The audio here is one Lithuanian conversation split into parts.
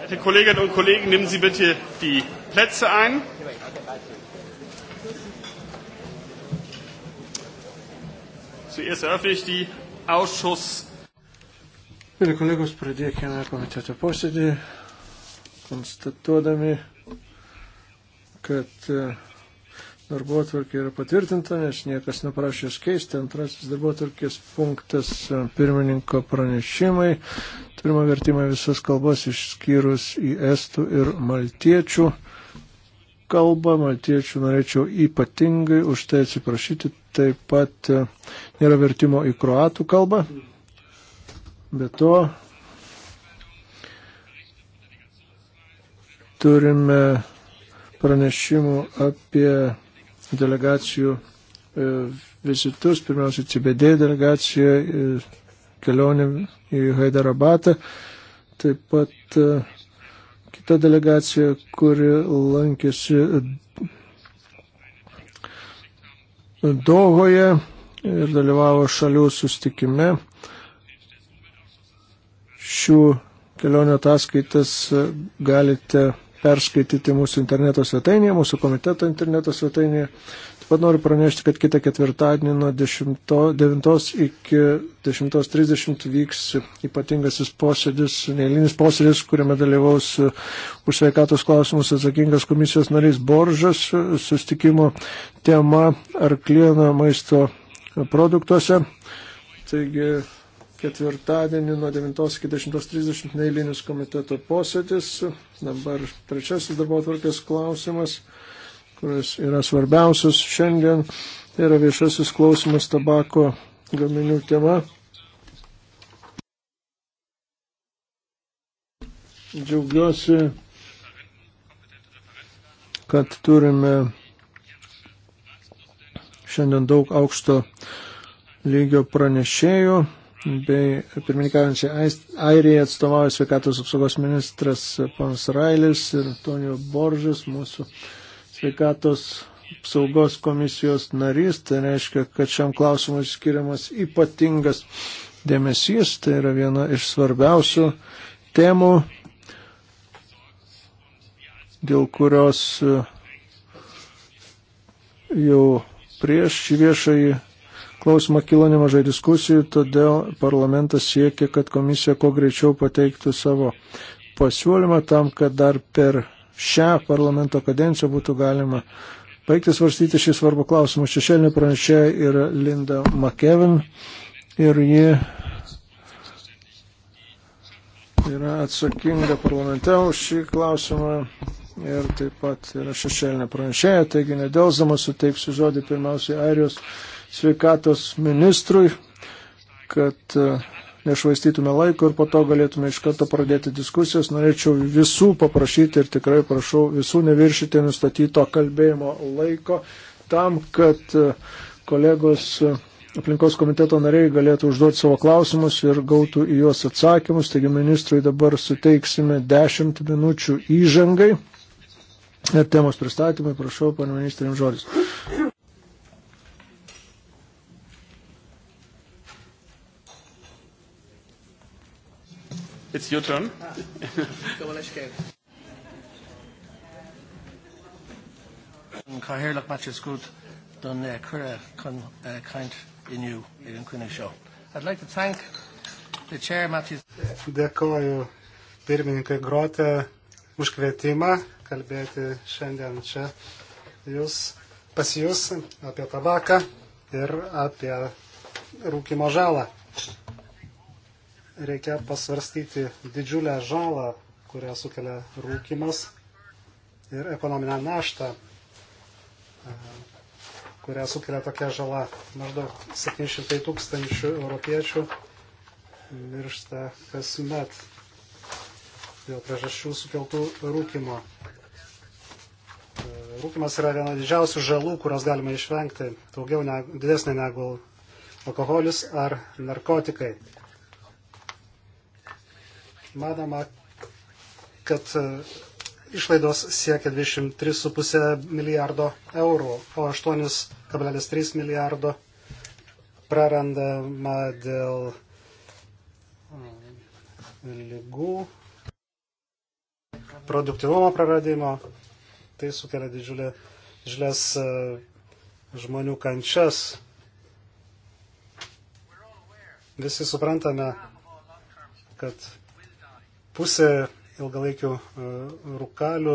Werte Kolleginnen und Kollegen, nehmen Sie bitte die Plätze ein. Zuerst eröffne ich die Ausschuss. Mėly kolegos, pradėkime komiteto posėdį, konstatuodami, kad uh, darbo atvarkė yra patvirtinta, nes niekas neprašė jos keisti. Antrasis darbo atvarkės punktas e, pirmininko pranešimai. Turime vertimą visas kalbas išskyrus į estų ir maltiečių kalbą. Maltiečių norėčiau ypatingai už tai atsiprašyti. Taip pat e, nėra vertimo į kroatų kalbą. Be to, turime pranešimų apie delegacijų e, vizitus, pirmiausia, CBD delegacija, e, kelionė į Haidarabatą, taip pat e, kita delegacija, kuri lankėsi Dohoje ir dalyvavo šalių sustikime. Šių kelionių ataskaitas galite perskaityti mūsų interneto svetainėje, mūsų komiteto interneto svetainėje. Taip pat noriu pranešti, kad kitą ketvirtadienį nuo 10, 9 iki 10.30 vyks ypatingasis posėdis, neįlinis posėdis, kuriame dalyvaus už sveikatos klausimus atsakingas komisijos narys Boržas, sustikimo tema ar klieno maisto produktuose. Taigi ketvirtadienį nuo 9 iki 10.30 neįlinis komiteto posėdis. Dabar trečiasis darbo atvarkės klausimas, kuris yra svarbiausias šiandien, tai yra viešasis klausimas tabako gaminių tema. Džiaugiuosi, kad turime šiandien daug aukšto lygio pranešėjų bei pirmininkaujančiai Airijai atstovauja sveikatos apsaugos ministras Pons Railis ir Tonio Boržas, mūsų sveikatos apsaugos komisijos narys. Tai reiškia, kad šiam klausimui skiriamas ypatingas dėmesys. Tai yra viena iš svarbiausių temų, dėl kurios jau prieš viešai klausimą kilo nemažai diskusijų, todėl parlamentas siekia, kad komisija kuo greičiau pateiktų savo pasiūlymą tam, kad dar per šią parlamento kadenciją būtų galima baigti svarstyti šį svarbų klausimą. Šešėlinė pranešė yra Linda McKevin ir ji yra atsakinga parlamente už šį klausimą ir taip pat yra šešėlinė pranešėja, taigi nedėlzama suteiksiu žodį pirmiausiai Airijos sveikatos ministrui, kad e, nešvaistytume laiko ir po to galėtume iš karto pradėti diskusijas. Norėčiau visų paprašyti ir tikrai prašau visų neviršyti nustatyto kalbėjimo laiko tam, kad e, kolegos e, aplinkos komiteto nariai galėtų užduoti savo klausimus ir gautų į juos atsakymus. Taigi ministrui dabar suteiksime 10 minučių įžangai ir temos pristatymai. Prašau, pan ministrėm žodis. It's your turn. Ah. Cairlach matches good done uh, Cura uh, con, uh, Count Inu ir in Quinn Show. I'd like to thank the chair Matthews. Dėkoju pirmininkai Grote už kvietimą kalbėti šiandien čia jūs, pas jūs apie tabaką ir apie rūkimo žalą reikia pasvarstyti didžiulę žalą, kurią sukelia rūkimas ir ekonominę naštą, e, kurią sukelia tokia žala. Maždaug 700 tūkstančių europiečių miršta kasmet dėl priežasčių sukeltų rūkimo. E, rūkimas yra viena didžiausių žalų, kurios galima išvengti, daugiau ne, didesnė negu alkoholis ar narkotikai. Manoma, kad e, išlaidos siekia 23,5 milijardo eurų, o 8,3 milijardo prarandama dėl e, lygų, produktivumo praradimo. Tai sukelia didžiulė, didžiulės e, žmonių kančias. Visi suprantame, kad pusė ilgalaikių e, rūkalių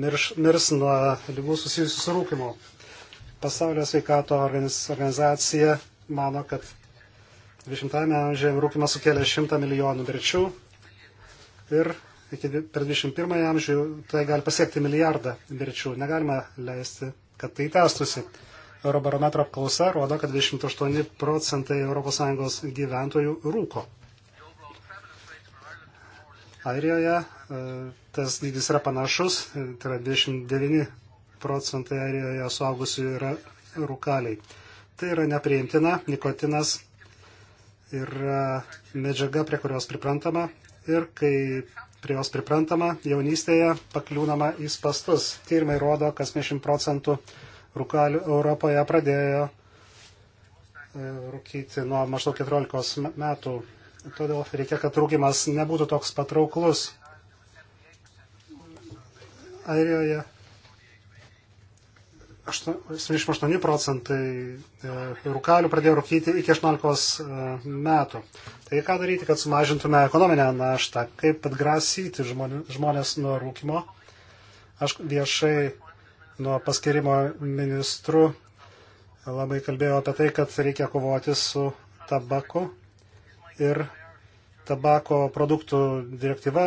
mirš, mirs nuo lygų susijusių su rūkimu. Pasaulio sveikato organizacija mano, kad 20-ame amžiuje rūkimas sukėlė 100 milijonų mirčių ir iki, per 21-ąjį amžių tai gali pasiekti milijardą mirčių. Negalima leisti, kad tai tęstusi. Eurobarometro apklausa rodo, kad 28 procentai ES gyventojų rūko. Airijoje e, tas lygis yra panašus, e, tai yra 29 procentai Airijoje suaugusių yra rūkaliai. Tai yra nepriimtina, nikotinas yra e, medžiaga, prie kurios priprantama ir kai prie jos priprantama, jaunystėje pakliūnama į spastus. Tyrimai rodo, kas 10 procentų rūkalių Europoje pradėjo rūkyti nuo maždaug 14 metų todėl reikia, kad rūkimas nebūtų toks patrauklus. Airijoje 78 procentai e, rūkalių pradėjo rūkyti iki 18 e, metų. Tai ką daryti, kad sumažintume ekonominę naštą, kaip atgrasyti žmonės nuo rūkimo. Aš viešai nuo paskirimo ministru labai kalbėjau apie tai, kad reikia kovoti su tabaku ir tabako produktų direktyva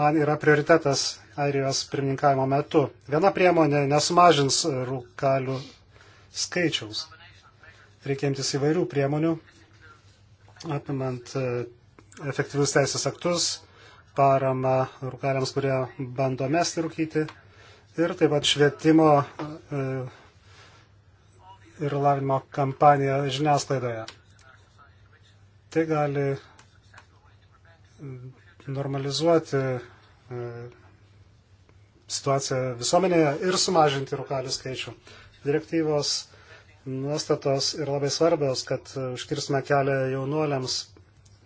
man yra prioritetas Airijos pirmininkavimo metu. Viena priemonė nesumažins rūkalių skaičiaus. Reikia imtis įvairių priemonių, apimant e, efektyvius teisės aktus, paramą rūkaliams, kurie bando mesti rūkyti ir taip pat švietimo e, ir lavinimo kampaniją žiniasklaidoje. Tai gali normalizuoti e, situaciją visuomenėje ir sumažinti rūkalių skaičių. Direktyvos nuostatos yra labai svarbios, kad užkirsime kelią jaunuoliams,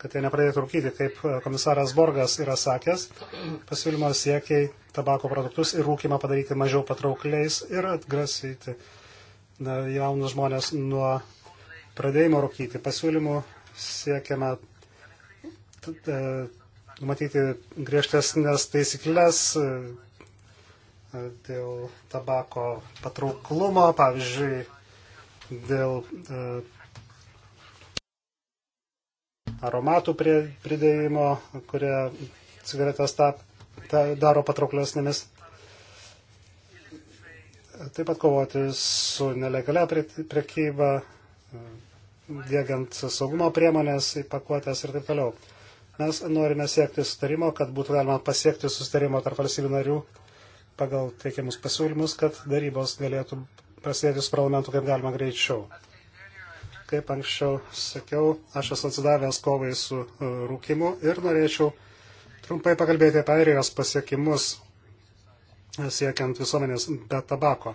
kad jie nepradėtų rūkyti, kaip komisaras Borgas yra sakęs, pasiūlymo siekiai tabako produktus ir rūkimą padaryti mažiau patraukliais ir atgrasyti jaunus žmonės nuo pradėjimo rūkyti. Pasiūlymų siekiame numatyti griežtesnės taisyklės e, dėl tabako patrauklumo, pavyzdžiui, dėl e, aromatų pridėjimo, kurie cigaretės ta, ta, daro patrauklesnėmis. Taip pat kovoti su nelegalia prekyba, dėgiant saugumo priemonės, pakuotės ir taip toliau. Mes norime siekti sustarimo, kad būtų galima pasiekti sustarimo tarp valstybių narių pagal teikiamus pasiūlymus, kad darybos galėtų prasidėti su parlamentu kaip galima greičiau. Kaip anksčiau sakiau, aš esu atsidavęs kovai su e, rūkimu ir norėčiau trumpai pakalbėti apie airijos pasiekimus siekiant visuomenės be tabako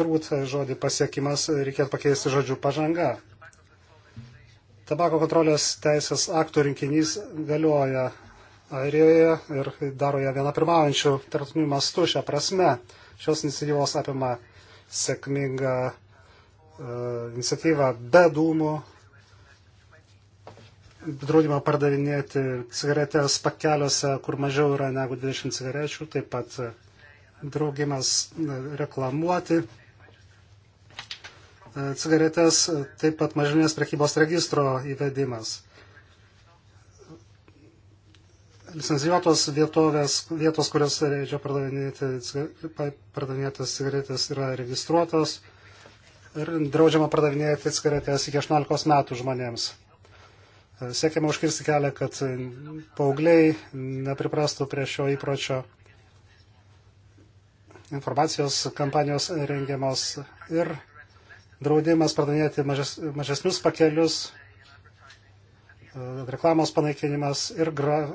turbūt žodį pasiekimas reikėtų pakeisti žodžiu pažanga. Tabako kontrolės teisės aktų rinkinys galioja Airijoje ir daro ją vieną pirmaujančių tarptautinių mastų šią prasme. Šios iniciatyvos apima sėkmingą e, iniciatyvą be dūmų, draudimą pardavinėti cigaretės pakeliuose, kur mažiau yra negu 20 cigarečių, taip pat draudimas e, reklamuoti cigaretės, taip pat mažinės prekybos registro įvedimas. Licenzijuotos vietovės, vietos, kurios leidžia pardavinėti cigaretės, yra registruotos ir draudžiama pardavinėti cigaretės iki 18 metų žmonėms. Siekiama užkirsti kelią, kad paaugliai nepriprastų prie šio įpročio informacijos kampanijos rengiamos ir draudimas pardavinėti mažes, mažesnius pakelius, e, reklamos panaikinimas ir gra, e,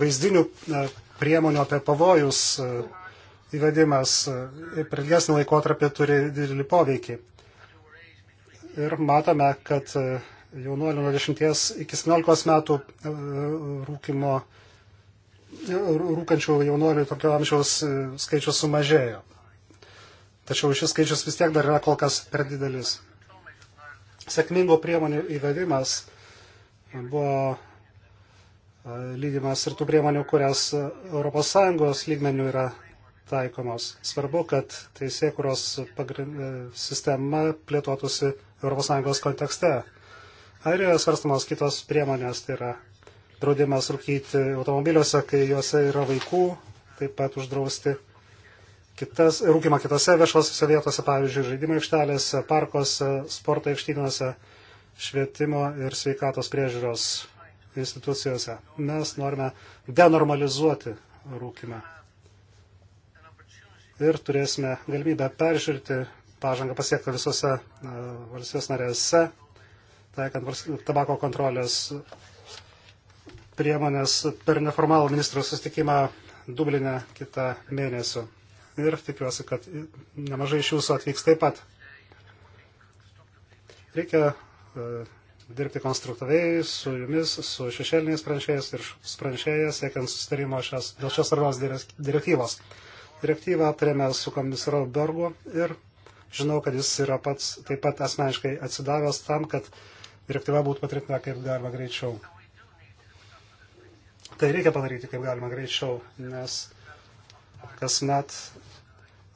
vaizdinių e, priemonių apie pavojus įvedimas per ilgesnį laikotarpį turi didelį poveikį. Ir matome, kad jaunuolių nuo 10 iki 17 metų rūkimo, rūkančių jaunuolių tokio amžiaus skaičius sumažėjo. Tačiau šis skaičius vis tiek dar yra kol kas per didelis. Sėkmingų priemonių įvedimas buvo e, lydimas ir tų priemonių, kurias ES lygmenių yra taikomos. Svarbu, kad teisėkuros e, sistema plėtotųsi ES kontekste. Ar yra svarstamos kitos priemonės, tai yra draudimas rūkyti automobiliuose, kai juose yra vaikų, taip pat uždrausti kitas, rūkimą kitose viešosiuose vietose, pavyzdžiui, žaidimų aikštelėse, parkuose, sporto aikštynuose, švietimo ir sveikatos priežiūros institucijose. Mes norime denormalizuoti rūkimą. Ir turėsime galimybę peržiūrėti pažangą pasiektą visose uh, valstybės narėse, taikant tabako kontrolės priemonės per neformalų ministro susitikimą Dublinę kitą mėnesį ir tikiuosi, kad nemažai iš jūsų atvyks taip pat. Reikia e, dirbti konstruktyviai su jumis, su šešėliniais pranešėjais ir pranešėjais, siekiant sustarimo šios, dėl šios svarbios direktyvos. Direktyvą aptarėme su komisaru Bergu ir žinau, kad jis yra pats taip pat asmeniškai atsidavęs tam, kad direktyva būtų patvirtinta kaip galima greičiau. Tai reikia padaryti kaip galima greičiau, nes kasmet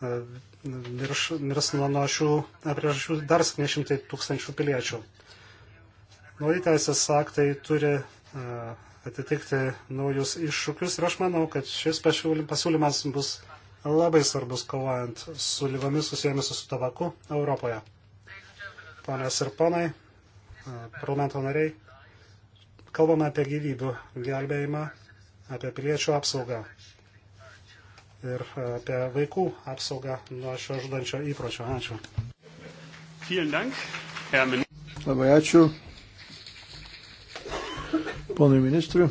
mirs, mirs nuo šių priežasčių dar 700 tūkstančių piliečių. Nauji teisės aktai turi e, atitikti naujus iššūkius ir aš manau, kad šis pasiūlymas bus labai svarbus kovojant su lygomis susijęmis su tabaku Europoje. Ponės ir ponai, e, parlamento nariai, kalbame apie gyvybių gelbėjimą, apie piliečių apsaugą ir apie vaikų apsaugą nuo šio žudančio įpročio. Ačiū. Labai ačiū. Ponui ministriui.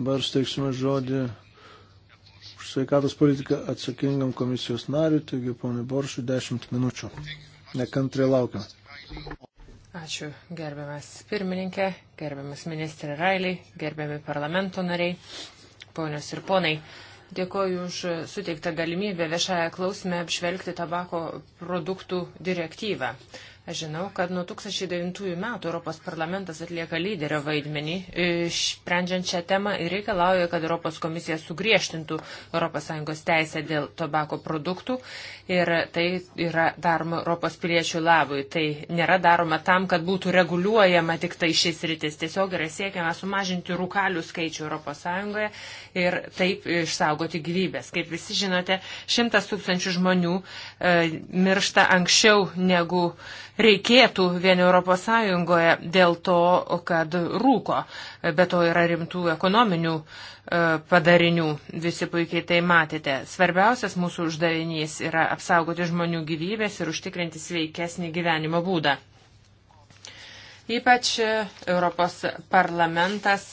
Dabar steiksime žodį už sveikatos politiką atsakingam komisijos nariui, taigi ponui Boršui 10 minučių. Nekantriai laukiam. Ačiū, gerbiamas pirmininkė, gerbiamas ministrė Railiai, gerbiami parlamento nariai ponios ir ponai. Dėkoju už suteiktą galimybę viešąją klausimę apžvelgti tabako produktų direktyvą. Aš žinau, kad nuo 2009 metų Europos parlamentas atlieka lyderio vaidmenį, e, sprendžiant šią temą ir reikalauja, kad Europos komisija sugriežtintų ES teisę dėl tobako produktų ir tai yra daroma Europos piliečių labui. Tai nėra daroma tam, kad būtų reguliuojama tik tai šis rytis. Tiesiog yra siekiama sumažinti rūkalių skaičių ES ir taip išsaugoti gyvybės. Kaip visi žinote, šimtas tūkstančių žmonių e, miršta anksčiau negu reikėtų vien Europos Sąjungoje dėl to, kad rūko, bet to yra rimtų ekonominių e, padarinių, visi puikiai tai matėte. Svarbiausias mūsų uždavinys yra apsaugoti žmonių gyvybės ir užtikrinti sveikesnį gyvenimo būdą. Ypač e, Europos parlamentas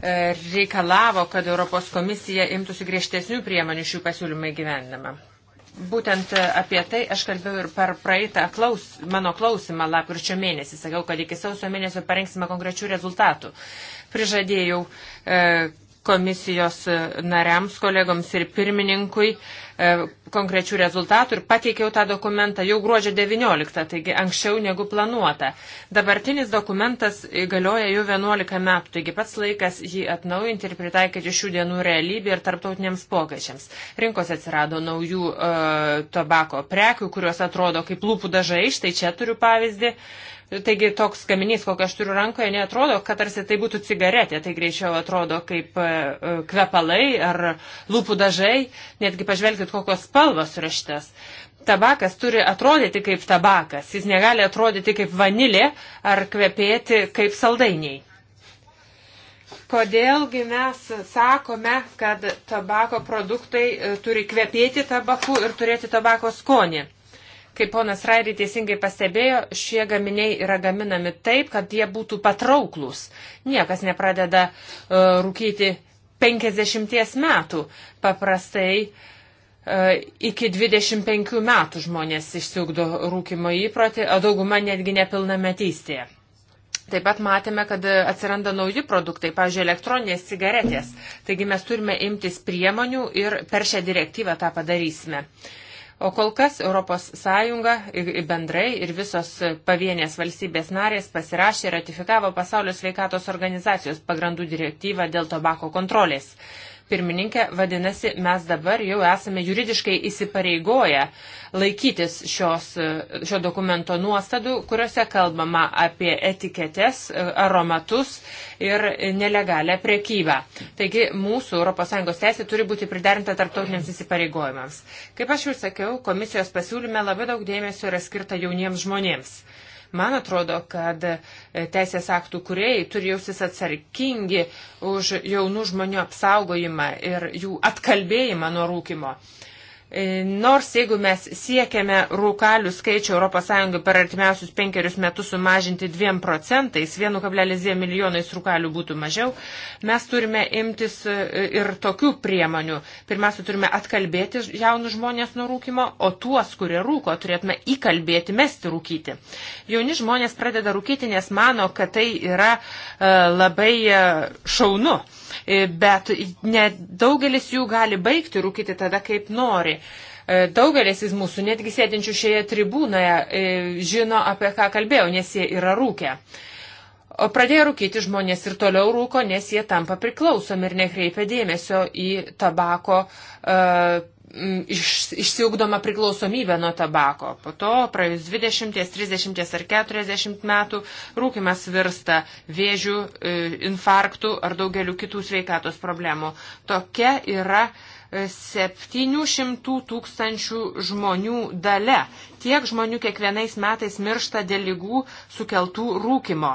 e, reikalavo, kad Europos komisija imtųsi griežtesnių priemonių šių pasiūlymų įgyvendinamą. Būtent e, apie tai aš kalbėjau ir per praeitą klaus, mano klausimą lapkričio mėnesį. Sakiau, kad iki sausio mėnesio parengsime konkrečių rezultatų. Prižadėjau e, komisijos e, nariams, kolegoms ir pirmininkui e, E, konkrečių rezultatų ir pateikiau tą dokumentą jau gruodžio 19, taigi anksčiau negu planuota. Dabartinis dokumentas galioja jau 11 metų, taigi pats laikas jį atnaujinti ir pritaikyti šių dienų realybę ir tarptautiniams pokaičiams. Rinkos atsirado naujų e, tobako prekių, kurios atrodo kaip lūpų dažai, štai čia turiu pavyzdį. E, Taigi toks gaminys, kokį aš turiu rankoje, netrodo, kad tarsi tai būtų cigaretė, tai greičiau atrodo kaip e, e, kvepalai ar lūpų dažai, netgi pažvelkit, kokios spalvos yra šitas. Tabakas turi atrodyti kaip tabakas, jis negali atrodyti kaip vanilė ar kvepėti kaip saldainiai. Kodėlgi mes sakome, kad tabako produktai e, turi kvepėti tabaku ir turėti tabako skonį? Kaip ponas Rairi teisingai pastebėjo, šie gaminiai yra gaminami taip, kad jie būtų patrauklus. Niekas nepradeda uh, rūkyti 50 metų. Paprastai uh, iki 25 metų žmonės išsiugdo rūkimo įprotį, o dauguma netgi nepilnametystėje. Taip pat matėme, kad atsiranda nauji produktai, pavyzdžiui, elektroninės cigaretės. Taigi mes turime imtis priemonių ir per šią direktyvą tą padarysime. Uh, O kol kas ES bendrai ir visos pavienės valstybės narės pasirašė ir ratifikavo Pasaulio sveikatos organizacijos pagrindų direktyvą dėl tabako kontrolės pirmininkė, vadinasi, mes dabar jau esame juridiškai įsipareigoję laikytis šios, šio dokumento nuostadų, kuriuose kalbama apie etiketes, aromatus ir nelegalę priekybą. Taigi mūsų ES teisė turi būti priderinta tarptautiniams įsipareigojimams. Kaip aš jau sakiau, komisijos pasiūlyme labai daug dėmesio yra skirta jauniems žmonėms. Man atrodo, kad e, teisės aktų kuriejai turi jausis atsarkingi už jaunų žmonių apsaugojimą ir jų atkalbėjimą nuo rūkimo. Uh, E, nors jeigu mes siekiame rūkalių skaičių ES per artimiausius penkerius metus sumažinti 2 procentais, 1,2 milijonais rūkalių būtų mažiau, mes turime imtis e, ir tokių priemonių. Pirmiausia, turime atkalbėti jaunus žmonės nuo rūkimo, o tuos, kurie rūko, turėtume įkalbėti mesti rūkyti. Jauni žmonės pradeda rūkyti, nes mano, kad tai yra e, labai šaunu. E, bet nedaugelis jų gali baigti rūkyti tada, kaip nori. E, daugelis iš mūsų, netgi sėdinčių šioje tribūnoje, e, žino, apie ką kalbėjau, nes jie yra rūkę. O pradėjo rūkyti žmonės ir toliau rūko, nes jie tampa priklausomi ir nekreipia dėmesio į tabako uh, iš, išsiugdoma priklausomybė nuo tabako. Po to, praėjus 20, 30 ar 40 metų, rūkimas virsta vėžių, e, infarktų ar daugeliu kitų sveikatos problemų. Tokia yra 700 e, tūkstančių žmonių dalė. Tiek žmonių kiekvienais metais miršta dėl lygų sukeltų rūkimo.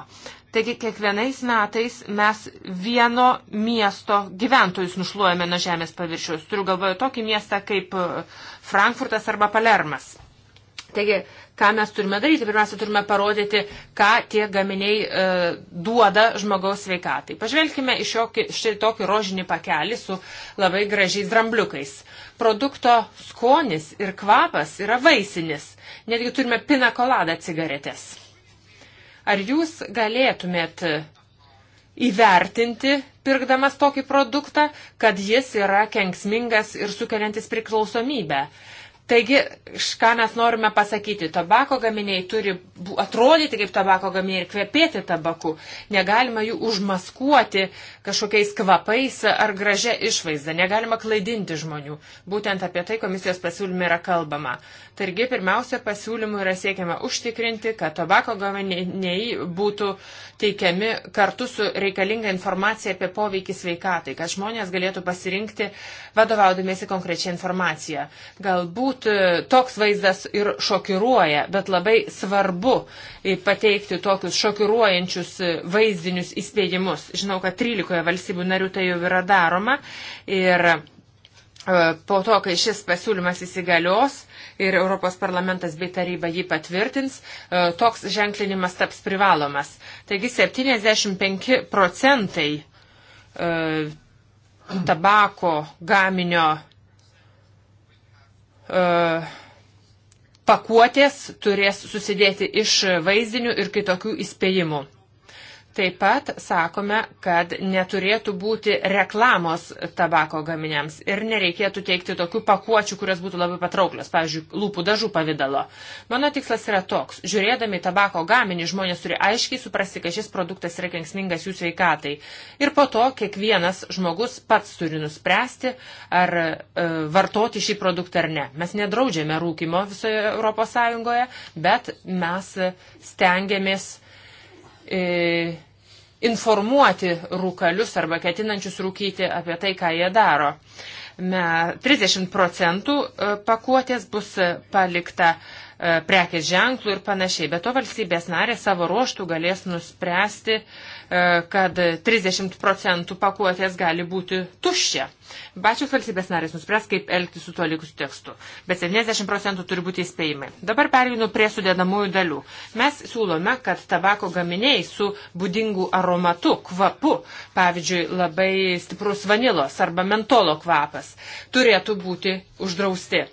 Taigi kiekvienais metais mes vieno miesto gyventojus nušluojame nuo žemės paviršiaus. Turiu galvoje tokį miestą kaip e, Frankfurtas arba Palermas. Taigi, ką mes turime daryti? Pirmiausia, turime parodyti, ką tie gaminiai e, duoda žmogaus sveikatai. Pažvelkime iš štai tokį rožinį pakelį su labai gražiais drambliukais. Produkto skonis ir kvapas yra vaisinis. Netgi turime pina koladą cigaretės. Ar jūs galėtumėt įvertinti, pirkdamas tokį produktą, kad jis yra kenksmingas ir sukeliantis priklausomybę? Taigi, ką mes norime pasakyti, tabako gaminiai turi atrodyti kaip tabako gaminiai ir kvepėti tabaku. Negalima jų užmaskuoti kažkokiais kvapais ar gražia išvaizda. Negalima klaidinti žmonių. Būtent apie tai komisijos pasiūlyme yra kalbama. Taigi, pirmiausia, pasiūlymų yra siekiama užtikrinti, kad tabako gaminiai būtų teikiami kartu su reikalinga informacija apie poveikį sveikatai, kad žmonės galėtų pasirinkti vadovaudomėsi konkrečią informaciją. Galbūt e, toks vaizdas ir šokiruoja, bet labai svarbu e, pateikti tokius šokiruojančius e, vaizdinius įspėjimus. Žinau, kad 13 valstybių narių tai jau yra daroma. Ir po to, kai šis pasiūlymas įsigalios, ir Europos parlamentas bei taryba jį patvirtins, e, toks ženklinimas taps privalomas. Taigi 75 procentai e, tabako gaminio e, pakuotės turės susidėti iš vaizdinių ir kitokių įspėjimų. Taip pat sakome, kad neturėtų būti reklamos tabako gaminiams ir nereikėtų teikti tokių pakuočių, kurios būtų labai patrauklios, pavyzdžiui, lūpų dažų pavydalo. Mano tikslas yra toks, žiūrėdami tabako gaminį žmonės turi aiškiai suprasti, kad šis produktas yra kengsmingas jų sveikatai. Ir po to kiekvienas žmogus pats turi nuspręsti, ar e, vartoti šį produktą ar ne. Mes nedraudžiame rūkimo visoje ES, bet mes stengiamės E, informuoti rūkalius arba ketinančius rūkyti apie tai, ką jie daro. 30 procentų e, pakuotės bus palikta uh, E, prekės ženklų ir panašiai. Bet to valstybės narė savo ruoštų galės nuspręsti, e, kad 30 procentų pakuotės gali būti tuščia. Bačios valstybės narės nuspręs, kaip elgti su tuo likusiu tekstu. Bet 70 procentų turi būti įspėjimai. Dabar pervinu prie sudėdamųjų dalių. Mes siūlome, kad tabako gaminiai su būdingu aromatu, kvapu, pavyzdžiui, labai stiprus vanilos arba mentolo kvapas, turėtų būti uždrausti.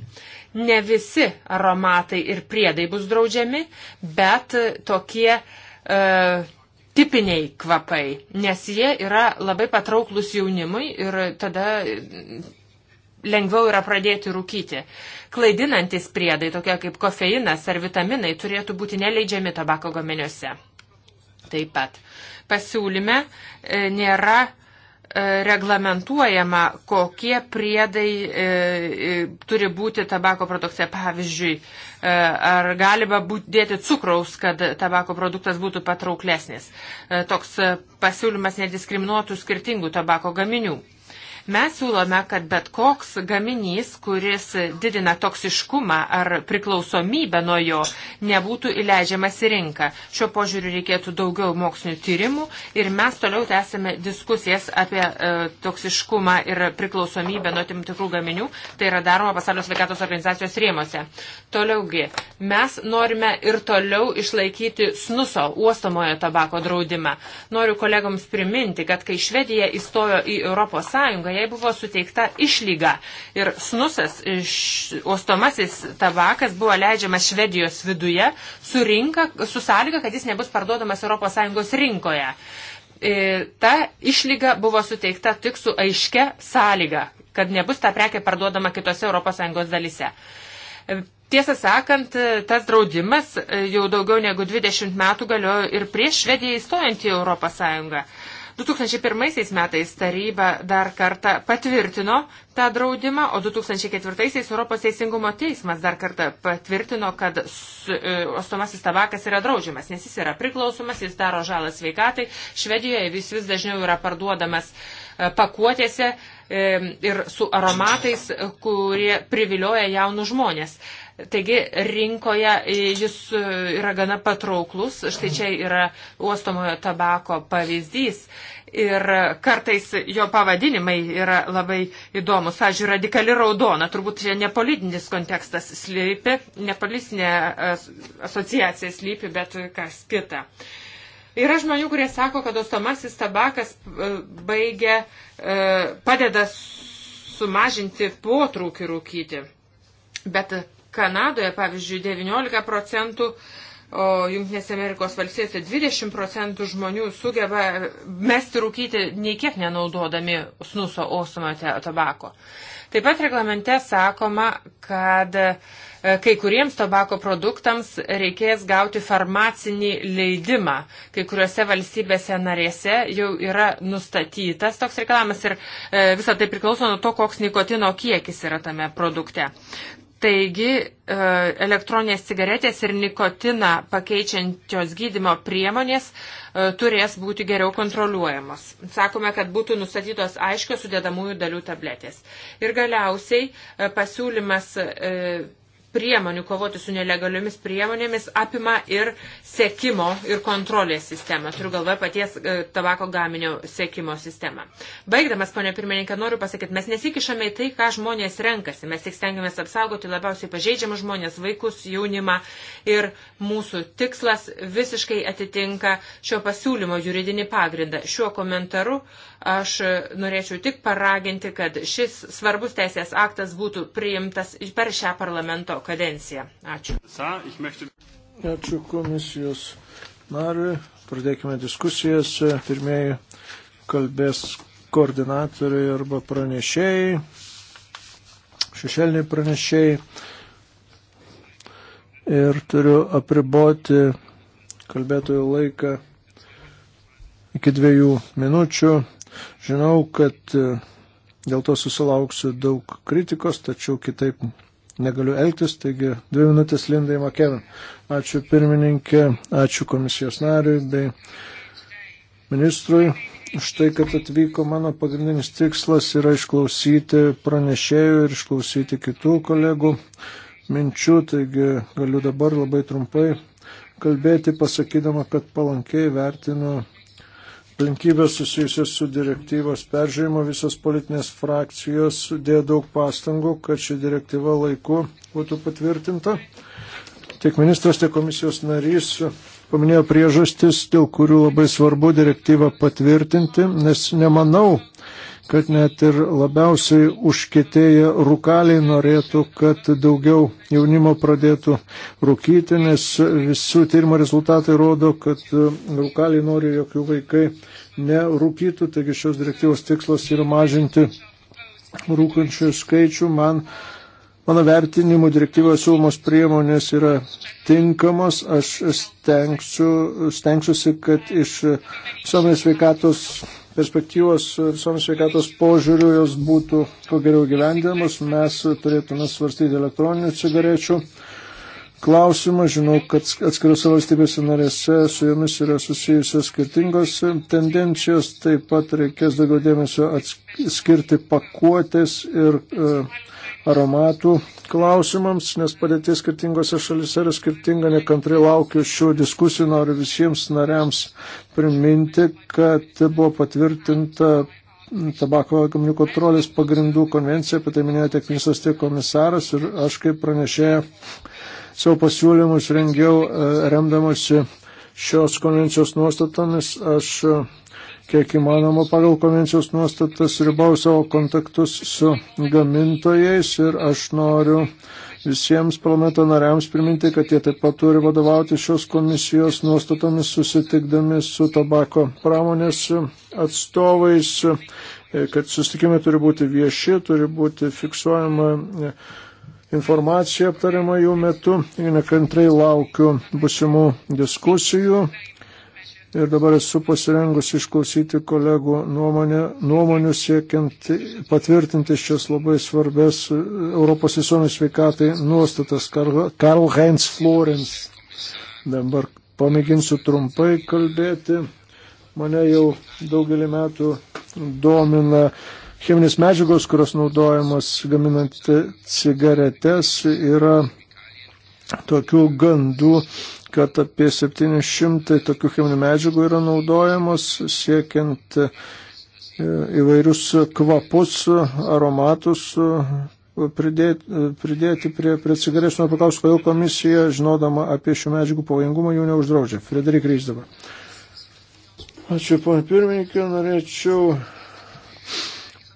Ne visi aromatai ir priedai bus draudžiami, bet tokie e, tipiniai kvapai, nes jie yra labai patrauklus jaunimui ir tada mm, lengviau yra pradėti rūkyti. Klaidinantis priedai, tokie kaip kofeinas ar vitaminai, turėtų būti neleidžiami tabako gaminiuose. Taip pat pasiūlyme e, nėra E, reglamentuojama, kokie priedai e, e, turi būti tabako produkcija. Pavyzdžiui, e, ar galima būti dėti cukraus, kad tabako produktas būtų patrauklesnis. E, toks pasiūlymas nediskriminuotų skirtingų tabako gaminių. E, Mes siūlome, kad bet koks gaminys, kuris didina toksiškumą ar priklausomybę nuo jo, nebūtų įleidžiamas į rinką. Šiuo požiūriu reikėtų daugiau mokslinių tyrimų ir mes toliau tęsime diskusijas apie e, toksiškumą ir priklausomybę nuo tam tikrų gaminių. Tai yra daroma pasaulio sveikatos organizacijos rėmose. Toliaugi, mes norime ir toliau išlaikyti snuso uostomojo tabako draudimą. Noriu kolegoms priminti, kad kai Švedija įstojo į Europos Sąjungą, jai buvo suteikta išlyga. Ir snusas, iš, ostomasis tabakas buvo leidžiamas Švedijos viduje su, rinka, su sąlyga, kad jis nebus parduodamas ES rinkoje. Ir e, ta išlyga buvo suteikta tik su aiškia sąlyga, kad nebus ta prekė parduodama kitose ES dalise. E, tiesą sakant, tas draudimas e, jau daugiau negu 20 metų galiojo ir prieš Švediją įstojant į Europos Sąjungą. 2001 metais taryba dar kartą patvirtino tą draudimą, o 2004 Europos Teisingumo teismas dar kartą patvirtino, kad e, ostomasis tabakas yra draudžiamas, nes jis yra priklausomas, jis daro žalą sveikatai. Švedijoje vis vis dažniau yra parduodamas e, pakuotėse e, ir su aromatais, kurie privilioja jaunus žmonės. Taigi rinkoje e, jis e, yra gana patrauklus, štai čia yra uostomojo tabako pavyzdys. Ir kartais jo pavadinimai yra labai įdomus. Pavyzdžiui, radikali raudona, turbūt čia ne politinis kontekstas slypi, ne politinė e, asociacija slypi, bet kas kita. Yra žmonių, kurie sako, kad uostomasis tabakas baigia, padeda sumažinti potraukį rūkyti. Bet Kanadoje, pavyzdžiui, 19 procentų, o Junktinėse Amerikos valstijose 20 procentų žmonių sugeba mesti rūkyti nei kiek nenaudodami snuso osumo tabako. Taip pat reglamente sakoma, kad e, kai kuriems tabako produktams reikės gauti farmacinį leidimą. Kai kuriuose valstybėse narėse jau yra nustatytas toks reikalavimas ir e, visą tai priklauso nuo to, koks nikotino kiekis yra tame produkte. Taigi e, elektroninės cigaretės ir nikotiną pakeičiančios gydimo priemonės e, turės būti geriau kontroliuojamos. Sakome, kad būtų nustatytos aiškios sudėdamųjų dalių tabletės. Ir galiausiai e, pasiūlymas priemonių kovoti su nelegaliomis priemonėmis apima ir sekimo ir kontrolės sistemą. Turiu galvoje paties e, tabako gaminio sekimo sistemą. Baigdamas, ponė pirmininkė, noriu pasakyti, mes nesikišame į tai, ką žmonės renkasi. Mes tik stengiamės apsaugoti labiausiai pažeidžiamus žmonės, vaikus, jaunimą. Ir mūsų tikslas visiškai atitinka šio pasiūlymo juridinį pagrindą. Šiuo komentaru uh, Aš norėčiau tik paraginti, kad šis svarbus teisės aktas būtų priimtas per šią parlamento kadenciją. Ačiū. Ačiū komisijos nariui. Pradėkime diskusijas. Pirmieji kalbės koordinatoriai arba pranešėjai, šešėliniai pranešėjai. Ir turiu apriboti kalbėtojų laiką iki dviejų minučių. Žinau, kad e, dėl to susilauksiu daug kritikos, tačiau kitaip negaliu elgtis, taigi dvi minutės Lindai Makėvin. Ačiū pirmininkė, ačiū komisijos nariui bei ministrui. Štai, kad atvyko mano pagrindinis tikslas yra išklausyti pranešėjų ir išklausyti kitų kolegų minčių, taigi galiu dabar labai trumpai kalbėti, pasakydama, kad palankiai vertinu aplinkybės susijusios su direktyvos peržiūrimu visos politinės frakcijos dėjo daug pastangų, kad ši direktyva laiku būtų patvirtinta. Tiek ministras, tiek komisijos narys paminėjo priežastis, dėl kurių labai svarbu direktyvą patvirtinti, nes nemanau, kad net ir labiausiai užkėtėję rūkaliai norėtų, kad daugiau jaunimo pradėtų rūkyti, nes visų tyrimo rezultatai rodo, kad rūkaliai nori, jog jų vaikai nerūkytų, taigi šios direktyvos tikslas yra mažinti rūkančių skaičių. Man Mano vertinimu direktyvos siūlomos priemonės yra tinkamos. Aš stengsiu, stengsiuosi, kad iš visuomenės sveikatos perspektyvos visoms sveikatos požiūrių jos būtų kuo geriau gyvendinamos, mes turėtume svarstyti elektroninių cigarečių klausimą. Žinau, kad atskirose valstybėse narėse su jomis yra susijusios skirtingos tendencijos, taip pat reikės daugiau dėmesio skirti pakuotės ir e, aromatų klausimams, nes padėtis skirtingose šalise yra skirtinga, nekantrai laukiu šių diskusijų, noriu visiems nariams priminti, kad buvo patvirtinta tabako gaminių kontrolės pagrindų konvencija, apie tai minėjo tiek ministras, tiek komisaras ir aš kaip pranešėja savo pasiūlymus rengiau e, remdamosi šios konvencijos nuostatomis. Aš kiek įmanoma pagal konvencijos nuostatas ribau savo kontaktus su gamintojais ir aš noriu visiems parlamento nariams priminti, kad jie taip pat turi vadovauti šios komisijos nuostatomis susitikdami su tabako pramonės atstovais, kad susitikimai turi būti vieši, turi būti fiksuojama informacija aptariama jų metu. Nekantrai laukiu busimų diskusijų ir dabar esu pasirengusi išklausyti kolegų nuomonę, nuomonių siekiant patvirtinti šias labai svarbės e, Europos visuomenės sveikatai nuostatas. Karl Heinz Florens. Dabar pamėginsiu trumpai kalbėti. Mane jau daugelį metų domina cheminės medžiagos, kurios naudojamos gaminant cigaretes, yra tokių gandų, kad apie 700 tokių cheminių medžiagų yra naudojamos siekiant e, įvairius kvapus, aromatus e, pridėti, e, pridėti prie, prie cigarečių. Noriu paklausti, kodėl komisija, žinodama apie šių medžiagų pavojingumą, jų neuždraudžia. Frederik Rys dabar. Ačiū, ponė pirmininkė, norėčiau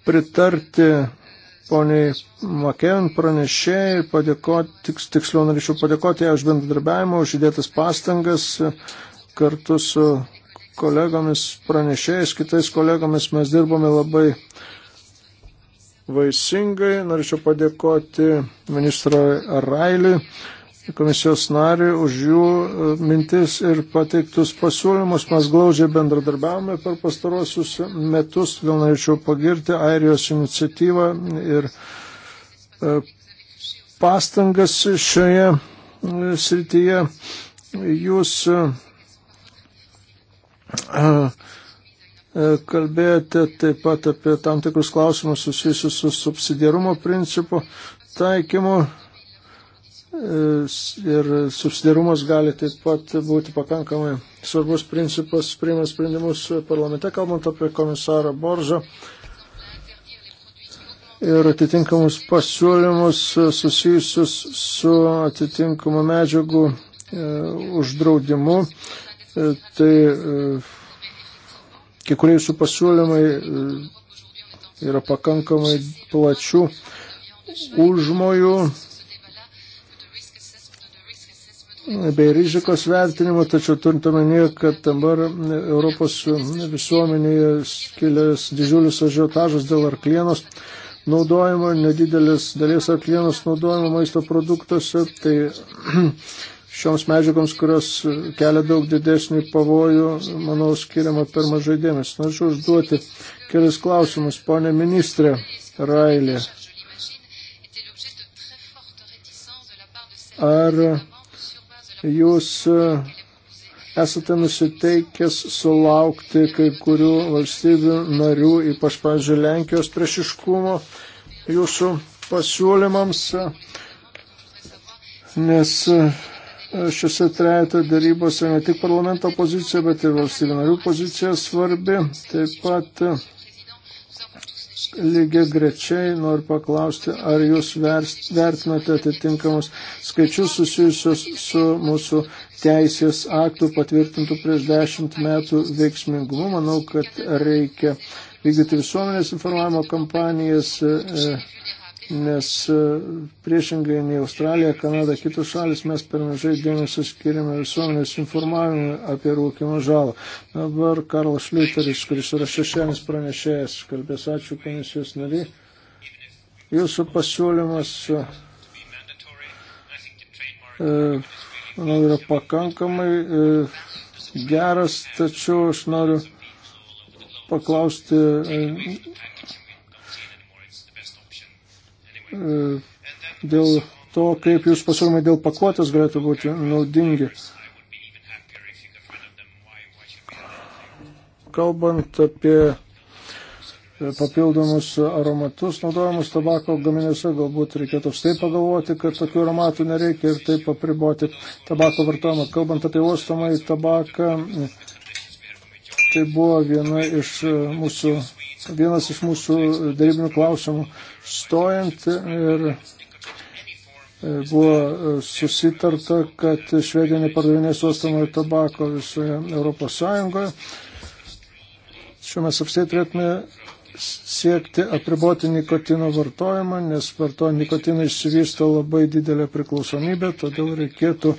pritarti poniai Makėn pranešėjai, padėkoti, tiks, tiksliau norėčiau padėkoti ją už bendradarbiavimą, už įdėtas pastangas kartu su kolegomis pranešėjais, kitais kolegomis mes dirbome labai vaisingai. Norėčiau padėkoti ministro Railiui komisijos nariui už jų e, mintis ir pateiktus pasiūlymus. Mes glaudžiai bendradarbiavome per pastarosius metus, gal norėčiau pagirti Airijos iniciatyvą ir e, pastangas šioje e, srityje. Jūs kalbėjote taip pat apie tam tikrus klausimus susijusius su subsidiarumo principu taikymu ir subsidiarumas gali taip pat būti pakankamai svarbus principas priimant sprendimus parlamente, kalbant apie komisarą Boržą ir atitinkamus pasiūlymus susijusius su atitinkamu medžiagų e, uždraudimu. E, tai e, kai kurie jūsų pasiūlymai e, yra pakankamai plačių užmojų bei rizikos vertinimo, tačiau turint omenyje, kad dabar Europos visuomenėje kilęs didžiulis ažiotažas dėl arklienos naudojimo, nedidelis dalies arklienos naudojimo maisto produktuose, tai šioms medžiagoms, kurios kelia daug didesnį pavojų, manau, skiriama per mažai dėmesio. Norėčiau užduoti kelis klausimus, ponė ministrė Railė. Ar jūs e, esate nusiteikęs sulaukti kai kurių valstybių narių, ypač, pavyzdžiui, Lenkijos priešiškumo jūsų pasiūlymams, nes e, šiuose trejato darybose ne tik parlamento pozicija, bet ir valstybių narių pozicija svarbi. Taip pat lygiai grečiai noriu paklausti, ar jūs vertinate atitinkamus skaičius susijusius su mūsų teisės aktų patvirtintų prieš dešimt metų veiksmingumu. Manau, kad reikia vykdyti visuomenės informavimo kampanijas. E, nes e, priešingai nei Australija, Kanada, kitos šalis mes per mažai dėmesio skiriame visuomenės informavimui apie rūkimo žalą. Dabar Karlas Šliuteris, kuris yra šešienis pranešėjas, kalbės ačiū komisijos nariai. Jūsų pasiūlymas, e, manau, yra pakankamai e, geras, tačiau aš noriu paklausti E, dėl to, kaip jūs pasiūlymai dėl pakuotės galėtų būti naudingi. Kalbant apie papildomus aromatus naudojamus tabako gaminiuose, galbūt reikėtų apstai pagalvoti, kad tokių aromatų nereikia ir taip apriboti tabako vartojimą. Kalbant apie uostomą į tabaką, tai buvo viena iš mūsų vienas iš mūsų darybinių klausimų stojant ir e, buvo e, susitarta, kad Švedija nepardavinės uostamojo tabako visoje Europos Sąjungoje. Šiuo mes apsiai turėtume siekti apriboti nikotino vartojimą, nes vartojant nikotiną išsivysto labai didelė priklausomybė, todėl reikėtų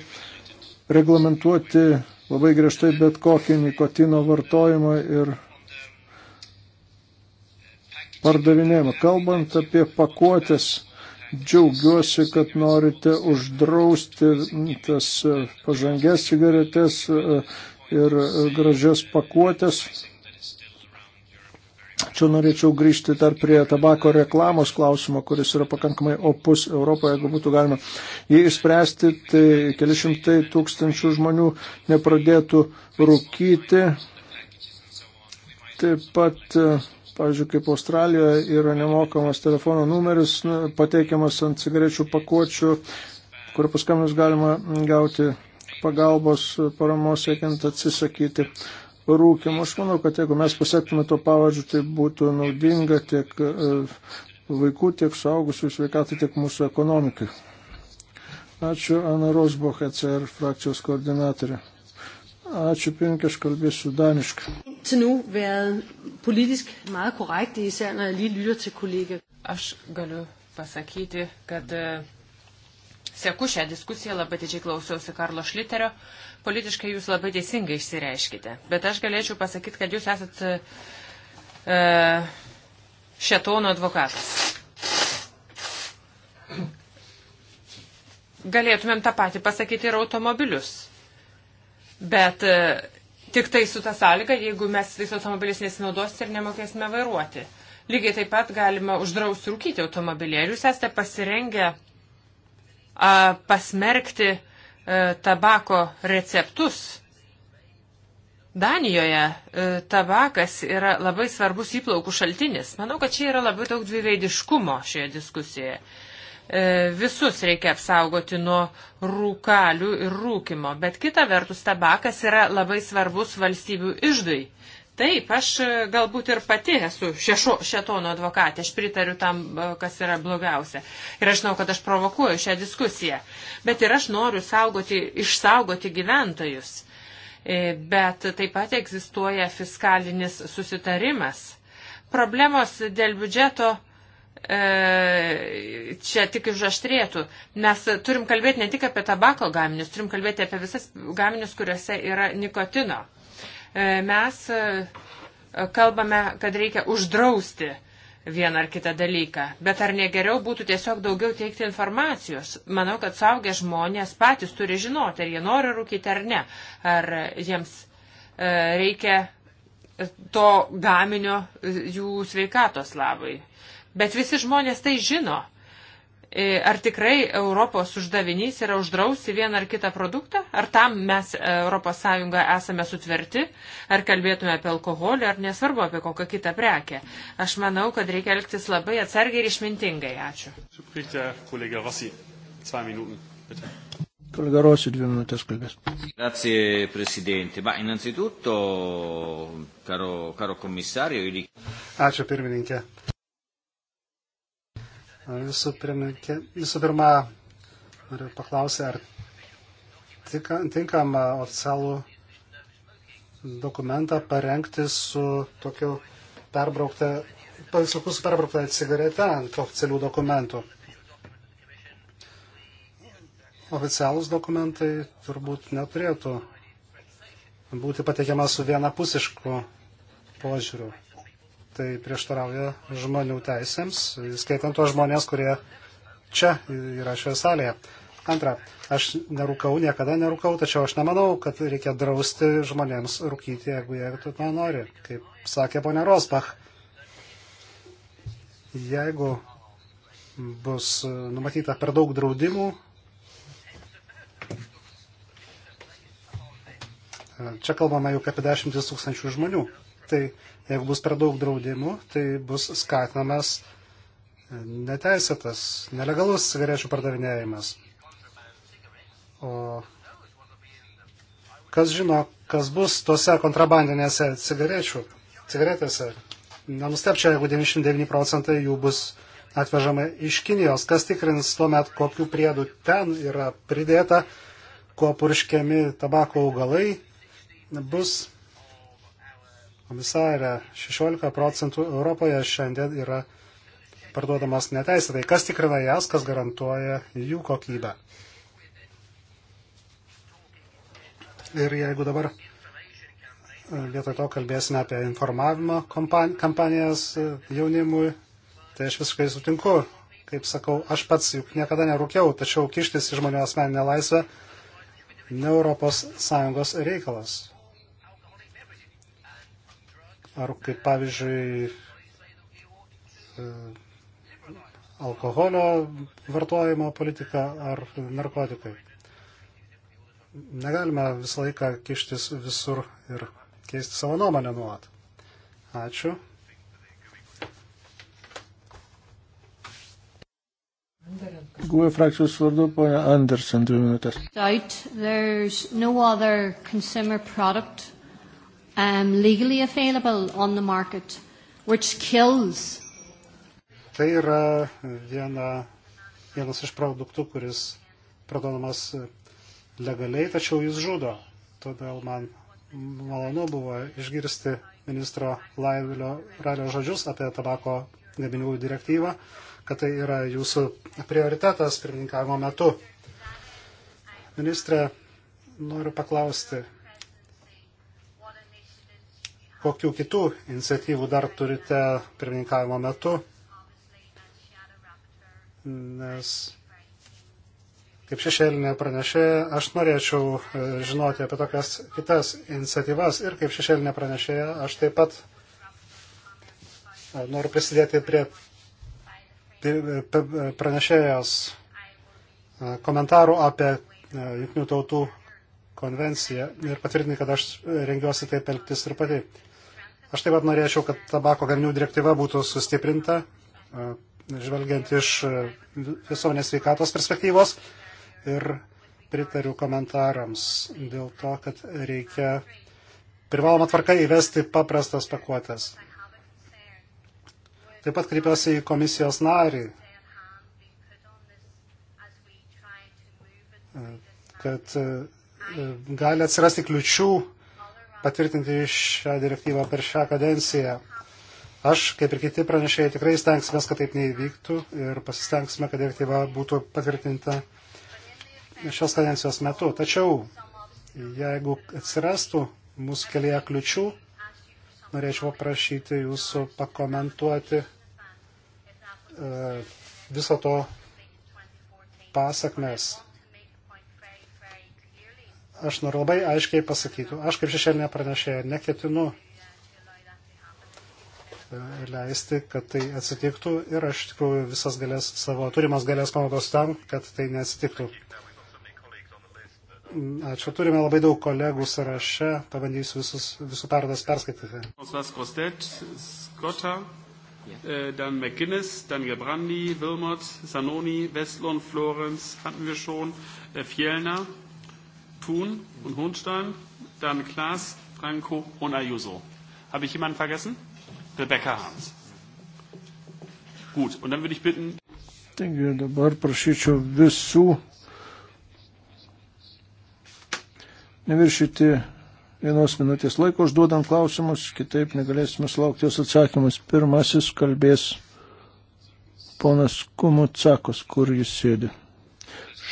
reglamentuoti labai griežtai bet kokį nikotino vartojimą ir pardavinėjimą. Kalbant apie pakuotės, džiaugiuosi, kad norite uždrausti tas pažangės cigaretės e, ir e, gražias pakuotės. Čia norėčiau grįžti dar prie tabako reklamos klausimo, kuris yra pakankamai opus Europoje, jeigu būtų galima jį išspręsti, tai keli šimtai tūkstančių žmonių nepradėtų rūkyti. Taip pat e, Pavyzdžiui, kaip Australijoje yra nemokamas telefono numeris pateikiamas ant cigarečių pakuočių, kur paskambinus galima gauti pagalbos paramos siekiant atsisakyti rūkimo. Aš manau, kad jeigu mes pasiektume to pavadžiu, tai būtų naudinga tiek e, vaikų, tiek suaugusių sveikatai, tiek mūsų ekonomikai. Ačiū Ana Rosboch, ECR frakcijos koordinatorė. Ačiū, Pinkė, aš kalbėsiu daniškai. Nu aš galiu pasakyti, kad e, seku šią diskusiją, labai didžiai klausiausi Karlo Šliterio. Politiškai jūs labai teisingai išsireiškite. Bet aš galėčiau pasakyti, kad jūs esat e, e šetono advokatas. Galėtumėm tą patį pasakyti ir automobilius Bet e, tik tai su ta sąlyga, jeigu mes tais automobiliais nesinaudosite ir nemokėsime vairuoti. Lygiai taip pat galima uždrausti rūkyti automobilį. Ar jūs esate pasirengę a, pasmerkti a, e, tabako receptus? Danijoje e, tabakas yra labai svarbus įplaukų šaltinis. Manau, kad čia yra labai daug dviveidiškumo šioje diskusijoje. E, visus reikia apsaugoti nuo rūkalių ir rūkimo. Bet kita vertus, tabakas yra labai svarbus valstybių išdui. Taip, aš e, galbūt ir pati esu šešo, šetono advokatė, aš pritariu tam, e, kas yra blogiausia. Ir aš žinau, kad aš provokuoju šią diskusiją. Bet ir aš noriu saugoti, išsaugoti gyventojus. Bet taip pat egzistuoja fiskalinis susitarimas. Problemos dėl biudžeto E, čia tik užaštrėtų. Mes turim kalbėti ne tik apie tabako gaminius, turim kalbėti apie visas gaminius, kuriuose yra nikotino. E, mes e, kalbame, kad reikia uždrausti vieną ar kitą dalyką. Bet ar negeriau būtų tiesiog daugiau teikti informacijos? Manau, kad saugę žmonės patys turi žinoti, ar jie nori rūkyti ar ne. Ar jiems reikia to gaminio jų sveikatos labai. Bet visi žmonės tai žino. E, ar tikrai Europos uždavinys yra uždrausi vieną ar kitą produktą? Ar tam mes ES esame sutverti? Ar kalbėtume apie alkoholį, ar nesvarbu apie kokią kitą prekę? Aš manau, kad reikia elgtis labai atsargiai ir išmintingai. Ačiū. Kolega Rosi, dvi minutės kalbės. Grazie, prezidentė. Ma, innanzitutto, karo, karo komisario, Ačiū, pirmininkė. Visų, pirmikė, visų pirma, noriu paklausyti, ar tika, tinkama oficialų dokumentą parengti su tokiu perbraukta, pasakus su perbraukta cigarete ant oficialių dokumentų. Oficialūs dokumentai turbūt neturėtų būti pateikiama su vienapusišku požiūriu tai prieštarauja žmonių teisėms, skaitant tuos žmonės, kurie čia yra šioje salėje. Antra, aš nerūkau, niekada nerūkau, tačiau aš nemanau, kad reikia drausti žmonėms rūkyti, jeigu jie to nori. Kaip sakė ponia Rosbach, jeigu bus numatyta per daug draudimų, čia kalbame juk apie dešimtis tūkstančių žmonių tai jeigu bus per daug draudimų, tai bus skatinamas neteisėtas, nelegalus cigarečių pardavinėjimas. O kas žino, kas bus tose kontrabandinėse cigarečių, cigaretėse. Nenustepčia, jeigu 99 procentai jų bus atvežama iš Kinijos. Kas tikrins tuomet, kokiu priedu ten yra pridėta, kuo purškiami tabako augalai, bus komisarė, 16 procentų Europoje šiandien yra parduodamos neteisėtai. Kas tikrina jas, kas garantuoja jų kokybę? Ir jeigu dabar e, vietoj to kalbėsime apie informavimo kampanijas e, jaunimui, tai aš visiškai sutinku. Kaip sakau, aš pats juk niekada nerūkiau, tačiau kištis į žmonių asmeninę laisvę ne Europos Sąjungos reikalas ar kaip pavyzdžiui e, alkoholio vartojimo politika ar narkotikai. Negalime visą laiką kištis visur ir keisti savo nuomonę nuolat. Ačiū. Gūvė frakcijos vardu, ponia Andersen, dvi minutės. Doubt, there's no other consumer product um, legally available on the market, which kills. Tai yra viena, vienas iš produktų, kuris parduodamas legaliai, tačiau jis žudo. Todėl man malonu buvo išgirsti ministro Laivilio Ralio žodžius apie tabako gaminių direktyvą, kad tai yra jūsų prioritetas pirmininkavimo metu. Ministrė, noriu paklausti, Kokių kitų iniciatyvų dar turite pirmininkavimo metu? Nes kaip šešėlinė pranešė, aš norėčiau e, žinoti apie tokias kitas iniciatyvas ir kaip šešėlinė pranešė, aš taip pat e, noriu prisidėti prie e, pranešėjos komentarų apie Junktinių tautų konvenciją ir patvirtinti, kad aš rengiuosi taip elgtis ir pati. Aš taip pat norėčiau, kad tabako gaminių direktyva būtų sustiprinta, e, žvelgiant iš e, visuomenės sveikatos perspektyvos. Ir pritariu komentarams dėl to, kad reikia privaloma tvarka įvesti paprastas pakuotės. Taip pat kreipiuosi į komisijos narį, e, kad gali atsirasti kliučių patvirtinti šią direktyvą per šią kadenciją. Aš, kaip ir kiti pranešėjai, tikrai stengsime, kad taip neįvyktų ir pasistengsime, kad direktyva būtų patvirtinta šios kadencijos metu. Tačiau, jeigu atsirastų mūsų kelyje kliučių, norėčiau paprašyti jūsų pakomentuoti e, viso to pasakmes. Aš noriu labai aiškiai pasakyti, aš kaip šešėlinė pranešėja neketinu e, leisti, kad tai atsitiktų ir aš iš tikrųjų visas galės, savo turimas galės panaudos tam, kad tai neatsitiktų. Ačiū, turime labai daug kolegų sąraše, pabandysiu visus, visų perdas perskaityti. Äh, dann McGuinness, dann Gebrandi, Wilmot, Sanoni, Westlund, Florence hatten wir schon, äh, Fjellner, Thun und Hohenstein, dann Klaas, Franco und Ayuso. Habe ich jemanden vergessen? Rebecca Harms. Gut, und dann würde ich bitten. Taigi dabar prašyčiau visų neviršyti vienos minutės laiko užduodant klausimus, kitaip negalėsime sulaukti jos atsakymus. Pirmasis kalbės ponas Kumutsakos, kur jis sėdi.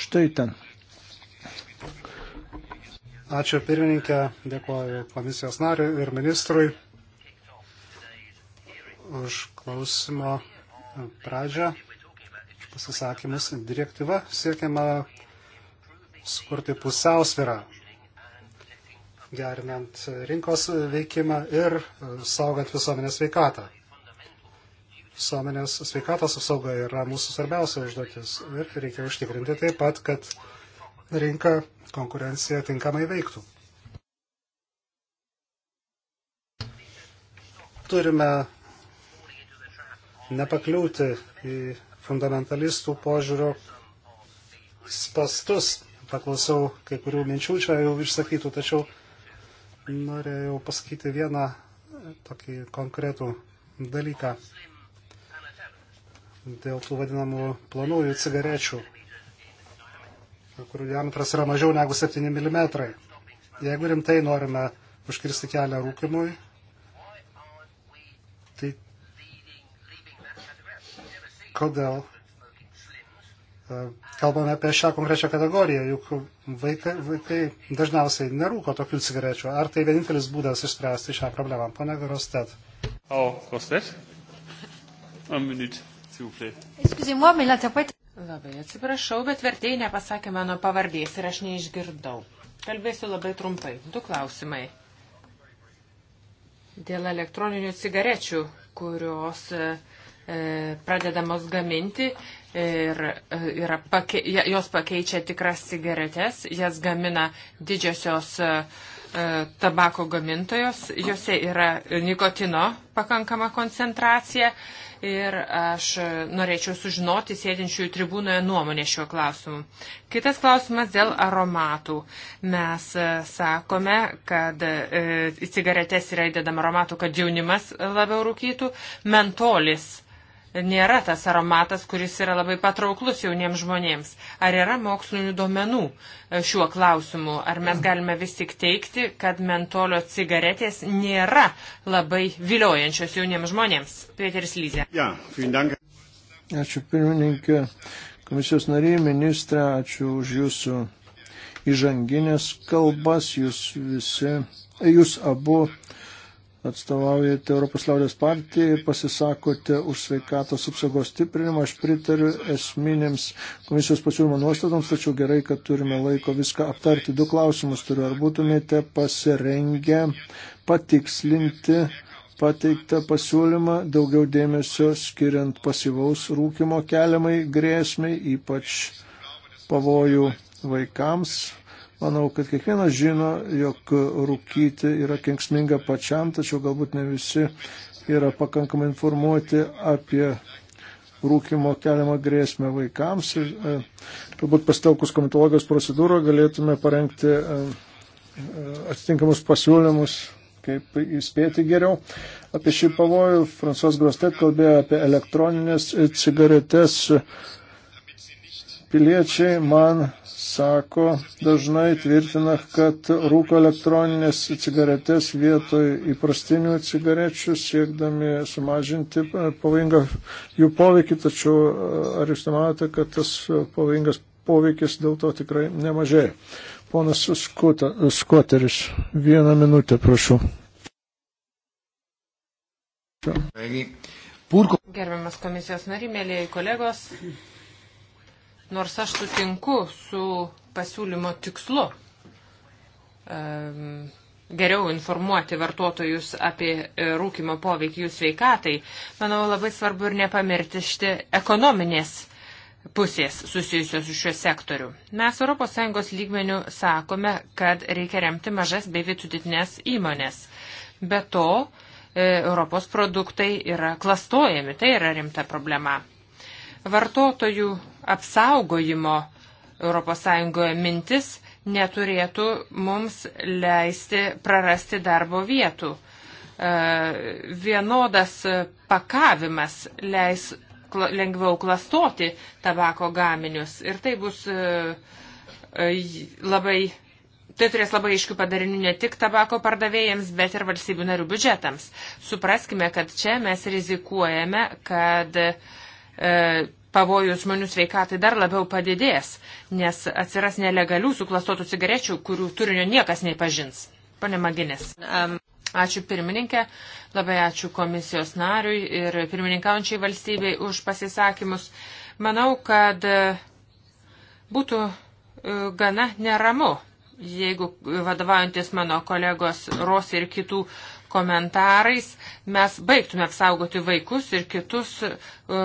Štai ten. Ačiū pirmininkė, dėkuoju komisijos nariui ir ministrui už klausimo pradžią, už pasisakymus. Direktyva siekiama sukurti pusiausvirą, gerinant rinkos veikimą ir saugant visuomenės sveikatą. Visuomenės sveikatos apsauga yra mūsų svarbiausia užduotis ir reikia užtikrinti taip pat, kad rinka konkurencija tinkamai veiktų. Turime nepakliūti į fundamentalistų požiūrio spastus. Paklausiau kai kurių minčių čia jau išsakytų, tačiau norėjau pasakyti vieną tokį konkretų dalyką dėl tų vadinamų planųjų cigarečių kurių diametras yra mažiau negu 7 mm. Jeigu rimtai norime užkirsti kelią rūkimui, tai kodėl e, kalbame apie šią konkrečią kategoriją, juk vaikai, vaikai dažniausiai nerūko tokių cigarečių. Ar tai vienintelis būdas išspręsti šią problemą? Pone Grostet. O, Grostet? Un minut, s'il vous plaît. Excusez-moi, mais l'interprète... Labai atsiprašau, bet vertėjai nepasakė mano pavardės ir aš neišgirdau. Kalbėsiu labai trumpai. Du klausimai. Dėl elektroninių cigarečių, kurios e, e pradedamos gaminti ir e, yra pake, jos pakeičia tikras cigaretės, jas gamina didžiosios e, e, tabako gamintojos, jose yra nikotino pakankama koncentracija ir aš norėčiau sužinoti sėdinčiųjų tribūnoje nuomonę šiuo klausimu. Kitas klausimas dėl aromatų. Mes e, sakome, kad e, į cigaretes yra įdedama aromatų, kad jaunimas labiau rūkytų. Mentolis nėra tas aromatas, kuris yra labai patrauklus jauniems žmonėms. Ar yra mokslinių duomenų e, šiuo klausimu? Ar mes galime vis tik teikti, kad mentolio cigaretės nėra labai viliojančios jauniems žmonėms? Pieteris Lyzė. Ja, ačiū pirmininkė, komisijos nariai, ministrė, ačiū už jūsų įžanginės kalbas, jūs visi, jūs abu atstovaujate Europos liaudės partiją ir pasisakote už sveikatos apsaugos stiprinimą. Aš pritariu esminėms komisijos pasiūlymo nuostatoms, tačiau gerai, kad turime laiko viską aptarti. Du klausimus turiu. Ar būtumėte pasirengę patikslinti pateiktą pasiūlymą, daugiau dėmesio skiriant pasivaus rūkimo keliamai grėsmiai, ypač pavojų vaikams, Manau, kad kiekvienas žino, jog rūkyti yra kenksminga pačiam, tačiau galbūt ne visi yra pakankamai informuoti apie rūkimo keliamą grėsmę vaikams. Ir e, turbūt pastelkus komitologijos procedūrą galėtume parengti e, e, atitinkamus pasiūlymus, kaip įspėti geriau. Apie šį pavojų Fransos Grostet kalbėjo apie elektroninės cigaretes. E, Piliečiai man sako, dažnai tvirtina, kad rūko elektroninės cigaretės vietoj įprastinių cigarečių, siekdami sumažinti pavojingą jų poveikį, tačiau e, ar jūs nematote, kad tas pavojingas poveikis dėl to tikrai nemažėja? Ponas Skuta, Skoteris, vieną minutę prašau. Gerbiamas komisijos narimėlėjai kolegos. Nors aš sutinku su pasiūlymo tikslu um, geriau informuoti vartotojus apie rūkimo poveikį jų sveikatai, manau labai svarbu ir nepamirti šitą ekonominės pusės susijusios su šiuo sektoriu. Mes ES lygmenių sakome, kad reikia remti mažas bei vidutinės įmonės. Be to, e, Europos produktai yra klastojami, tai yra rimta problema. Vartotojų apsaugojimo ES mintis neturėtų mums leisti prarasti darbo vietų. E, vienodas pakavimas leis lengviau klastoti tabako gaminius ir tai bus e, e, labai Tai turės labai aiškių padarinių ne tik tabako pardavėjams, bet ir valstybių narių biudžetams. Supraskime, kad čia mes rizikuojame, kad e, pavojus žmonių sveikatai dar labiau padidės, nes atsiras nelegalių suklastotų cigarečių, kurių turinio niekas neipažins. Pane Maginis. Ačiū pirmininkė, labai ačiū komisijos nariui ir pirmininkaujančiai valstybei už pasisakymus. Manau, kad e, būtų e, gana neramu, jeigu vadovaujantis mano kolegos Ros ir kitų komentarais mes baigtume apsaugoti vaikus ir kitus E,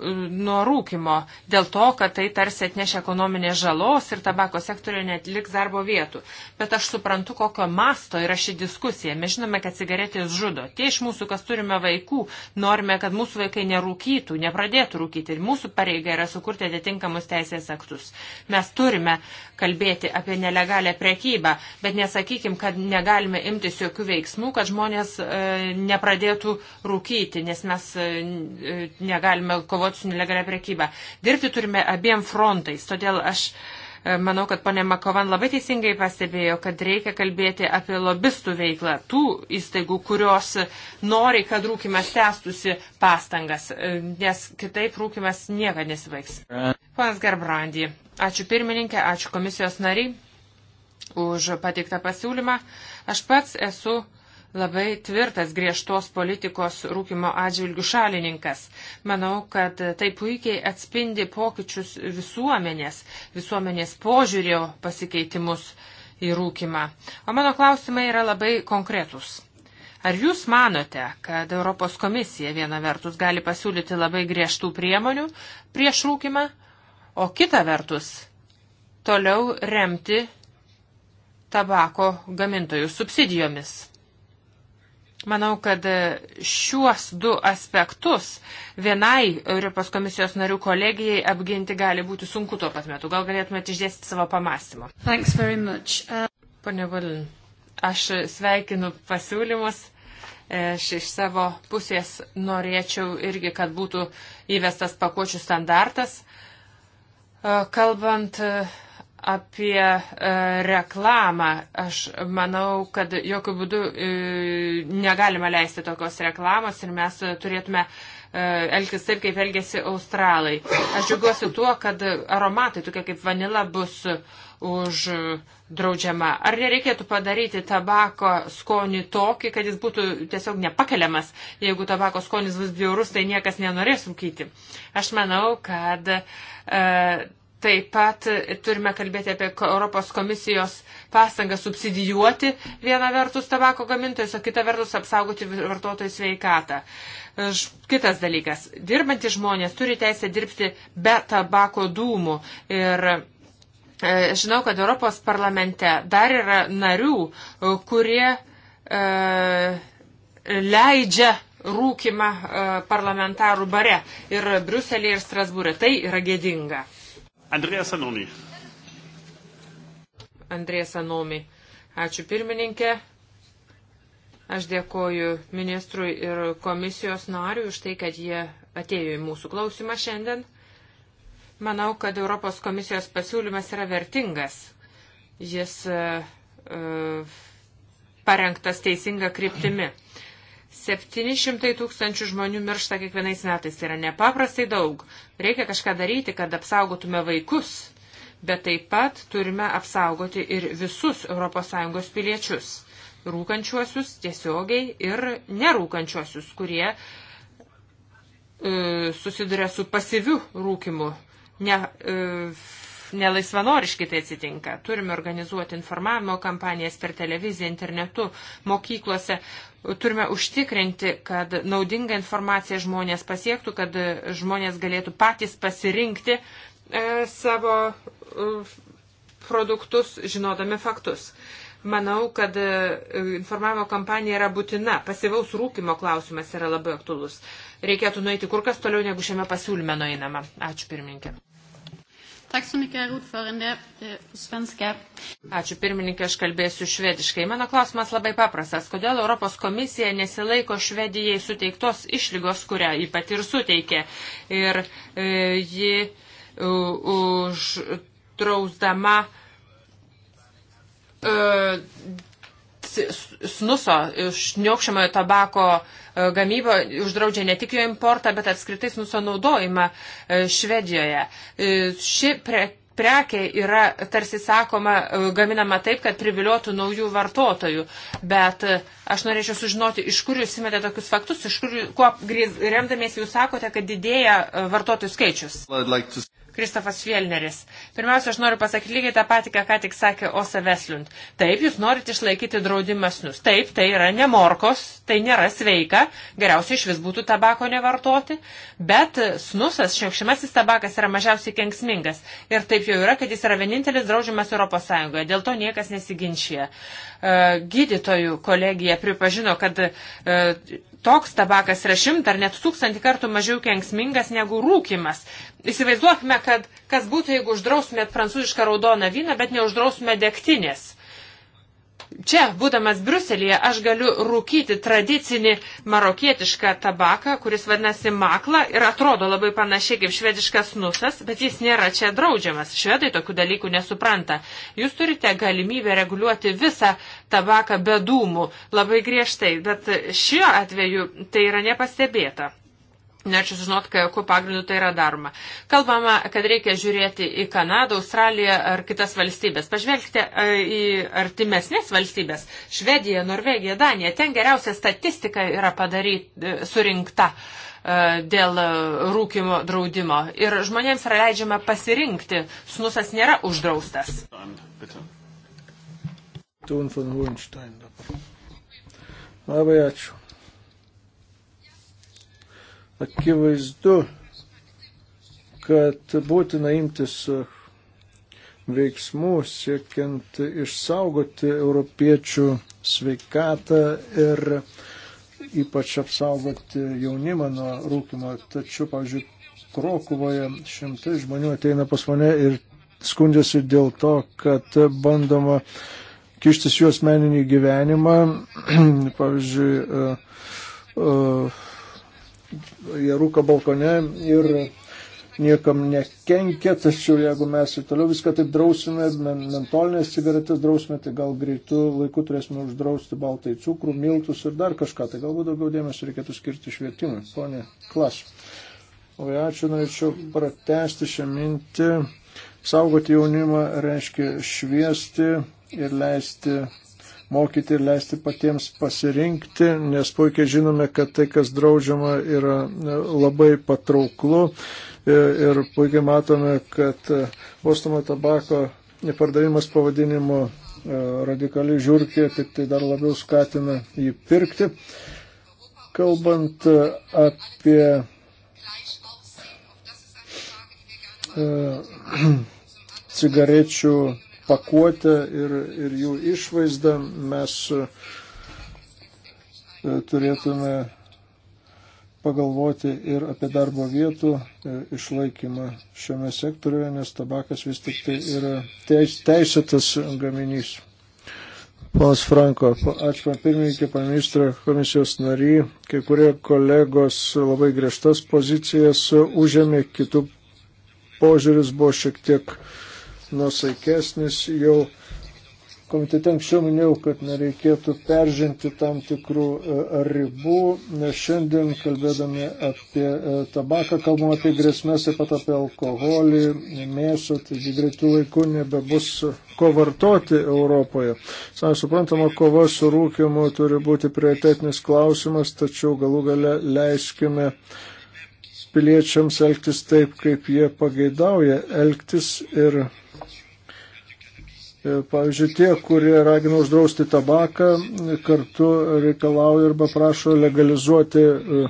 nuo rūkimo, dėl to, kad tai tarsi atneš ekonominės žalos ir tabako sektoriuje netliks darbo vietų. Bet aš suprantu, kokio masto yra ši diskusija. Mes žinome, kad cigaretės žudo. Tie iš mūsų, kas turime vaikų, norime, kad mūsų vaikai nerūkytų, nepradėtų rūkyti. Ir mūsų pareiga yra sukurti atitinkamus teisės aktus. Mes turime kalbėti apie nelegalę prekybą, bet nesakykim, kad negalime imtis jokių veiksmų, kad žmonės e, nepradėtų rūkyti, nes mes e, negalime kovoti su nelegalia prekyba. Dirbti turime abiem frontais, todėl aš e, manau, kad ponė Makovan labai teisingai pastebėjo, kad reikia kalbėti apie lobistų veiklą, tų įstaigų, kurios nori, kad rūkimas tęstusi pastangas, e, nes kitaip rūkimas niekada nesivaiks. Ponas Gerbrandy, ačiū pirmininkė, ačiū komisijos nariai už pateiktą pasiūlymą. Aš pats esu labai tvirtas griežtos politikos rūkimo atžvilgių šalininkas. Manau, kad tai puikiai atspindi pokyčius visuomenės, visuomenės požiūrio pasikeitimus į rūkimą. O mano klausimai yra labai konkretūs. Ar jūs manote, kad Europos komisija viena vertus gali pasiūlyti labai griežtų priemonių prieš rūkimą, o kita vertus toliau remti tabako gamintojų subsidijomis? Manau, kad šiuos du aspektus vienai Europos komisijos narių kolegijai apginti gali būti sunku tuo pat metu. Gal galėtumėte išdėstyti savo pamastymą? Uh... Pane Valin, aš sveikinu pasiūlymus. Aš iš savo pusės norėčiau irgi, kad būtų įvestas pakuočių standartas. Uh, kalbant uh, apie e, reklamą. Aš manau, kad jokių būdų e, negalima leisti tokios reklamos ir mes turėtume e, elgtis taip, kaip elgėsi australai. Aš džiaugiuosi tuo, kad aromatai tokie kaip vanila bus uždraudžiama. Ar nereikėtų padaryti tabako skonį tokį, kad jis būtų tiesiog nepakeliamas? Jeigu tabako skonis bus bjaurus, tai niekas nenorės rūkyti. Aš manau, kad e, Taip pat turime kalbėti apie Europos komisijos pastangą subsidijuoti vieną vertus tabako gamintojus, o kitą vertus apsaugoti vartotojų sveikatą. Kitas dalykas. Dirbantys žmonės turi teisę dirbti be tabako dūmų. Ir e, žinau, kad Europos parlamente dar yra narių, e, kurie e, leidžia rūkimą parlamentarų bare ir Bruselėje ir Strasbūrė. Tai yra gėdinga. Andrėja Sanomi. Andrėja Sanomi. Ačiū pirmininkė. Aš dėkoju ministrui ir komisijos nariui už tai, kad jie atėjo į mūsų klausimą šiandien. Manau, kad Europos komisijos pasiūlymas yra vertingas. Jis uh, parengtas teisinga kryptimi. Uh, 700 tūkstančių žmonių miršta kiekvienais metais. Tai yra nepaprastai daug. Reikia kažką daryti, kad apsaugotume vaikus, bet taip pat turime apsaugoti ir visus ES piliečius. Rūkančiuosius tiesiogiai ir nerūkančiuosius, kurie e, susiduria su pasiviu rūkimu. Ne, e, nelaisvanoriškai tai atsitinka. Turime organizuoti informavimo kampanijas per televiziją, internetu, mokyklose. Turime užtikrinti, kad naudinga informacija žmonės pasiektų, kad žmonės galėtų patys pasirinkti e, savo e, produktus, žinodami faktus. Manau, kad e, informavimo kampanija yra būtina. Pasivaus rūkimo klausimas yra labai aktuolus. Reikėtų nueiti kur kas toliau, negu šiame pasiūlyme nueinama. Ačiū pirmininkė. Tack så mycket, herr ordförande, eh, på svenska. Ačiū pirmininkė, aš kalbėsiu švediškai. Mano klausimas labai paprastas. Kodėl Europos komisija nesilaiko Švedijai suteiktos išlygos, kurią jį pat ir suteikė? Ir e, ji e, uždrausdama e, snuso iš neaukščiamojo tabako e, gamybą uždraudžia ne tik jo importą, bet apskritai snuso naudojimą e, Švedijoje. E, ši pre, prekė yra, tarsi sakoma, gaminama taip, kad priviliotų naujų vartotojų. Bet aš norėčiau sužinoti, iš kur jūs įmėte tokius faktus, iš kur, kuo remdamiesi jūs sakote, kad didėja vartotojų skaičius. Like to... Kristofas Fielneris. Pirmiausia, aš noriu pasakyti lygiai tą patį, ką, ką tik sakė Osa Veslund. Taip, jūs norite išlaikyti draudimasnius. Taip, tai yra nemorkos, tai nėra sveika, geriausia iš vis būtų tabako nevartoti, bet snusas, šiaukščiamasis tabakas yra mažiausiai kenksmingas. Ir taip jau yra, kad jis yra vienintelis draudžiamas ES, dėl to niekas nesiginčia. E, gydytojų kolegija pripažino, kad e, toks tabakas yra šimtą ar net tūkstantį kartų mažiau kenksmingas negu rūkimas. Įsivaizduokime, kad kas būtų, jeigu uždraustumėt prancūzišką raudoną vyną, bet neuždraustumėt degtinės čia, būdamas Bruselėje, aš galiu rūkyti tradicinį marokietišką tabaką, kuris vadinasi makla ir atrodo labai panašiai kaip švediškas nusas, bet jis nėra čia draudžiamas. Švedai tokių dalykų nesupranta. Jūs turite galimybę reguliuoti visą tabaką be dūmų labai griežtai, bet šiuo atveju tai yra nepastebėta. Norėčiau sužinoti, kokiu pagrindu tai yra daroma. Kalbama, kad reikia žiūrėti į Kanadą, Australiją ar kitas valstybės. Pažvelgite e, į artimesnės valstybės - Švediją, Norvegiją, Daniją. Ten geriausia statistika yra padaryt, e, surinkta e, dėl rūkimo draudimo. Ir žmonėms yra leidžiama pasirinkti. Snusas nėra uždraustas. Labai ačiū. Akivaizdu, kad būtina imtis veiksmų siekiant išsaugoti europiečių sveikatą ir ypač apsaugoti jaunimą nuo rūkimo. Tačiau, pavyzdžiui, Krokuvoje šimtai žmonių ateina pas mane ir skundžiasi dėl to, kad bandoma kištis juos meninį gyvenimą. pavyzdžiui, uh, uh, jie rūka balkone ir niekam nekenkia, tačiau jeigu mes ir toliau viską taip drausime, mentolinės cigaretės drausime, tai gal greitų laikų turėsime uždrausti baltai cukrų, miltus ir dar kažką, tai galbūt daugiau dėmesio reikėtų skirti švietimui, ponė Klas. O ačiū, norėčiau pratesti šią mintį. Saugoti jaunimą reiškia šviesti ir leisti mokyti ir leisti patiems pasirinkti, nes puikiai žinome, kad tai, kas draudžiama, yra e, labai patrauklu e, ir puikiai matome, kad e, Bostono tabako pardavimas pavadinimu radikali žiūrkė tik tai dar labiau skatina jį pirkti. Kalbant apie cigarečių pakuotę ir, ir jų išvaizdą mes e, turėtume pagalvoti ir apie darbo vietų e, išlaikymą šiame sektoriuje, nes tabakas vis tik tai yra teis, teisėtas gaminys. Ponas Franko, ačiū man pirmininkė, paministrė, komisijos nary, kai kurie kolegos labai griežtas pozicijas užėmė, kitų požiūris buvo šiek tiek uh, nusaikesnis. Jau komitete anksčiau minėjau, kad nereikėtų peržengti tam tikrų e, ribų, nes šiandien kalbėdami apie e, tabaką kalbam apie grėsmės, taip pat apie alkoholį, mėsą, taigi greitų laikų nebebus ko vartoti Europoje. Savai suprantama, kova su rūkimu turi būti prioritetinis klausimas, tačiau galų gale leiskime piliečiams elgtis taip, kaip jie pageidauja elgtis ir E, pavyzdžiui, tie, kurie ragina uždrausti tabaką, kartu reikalauja arba prašo legalizuoti e,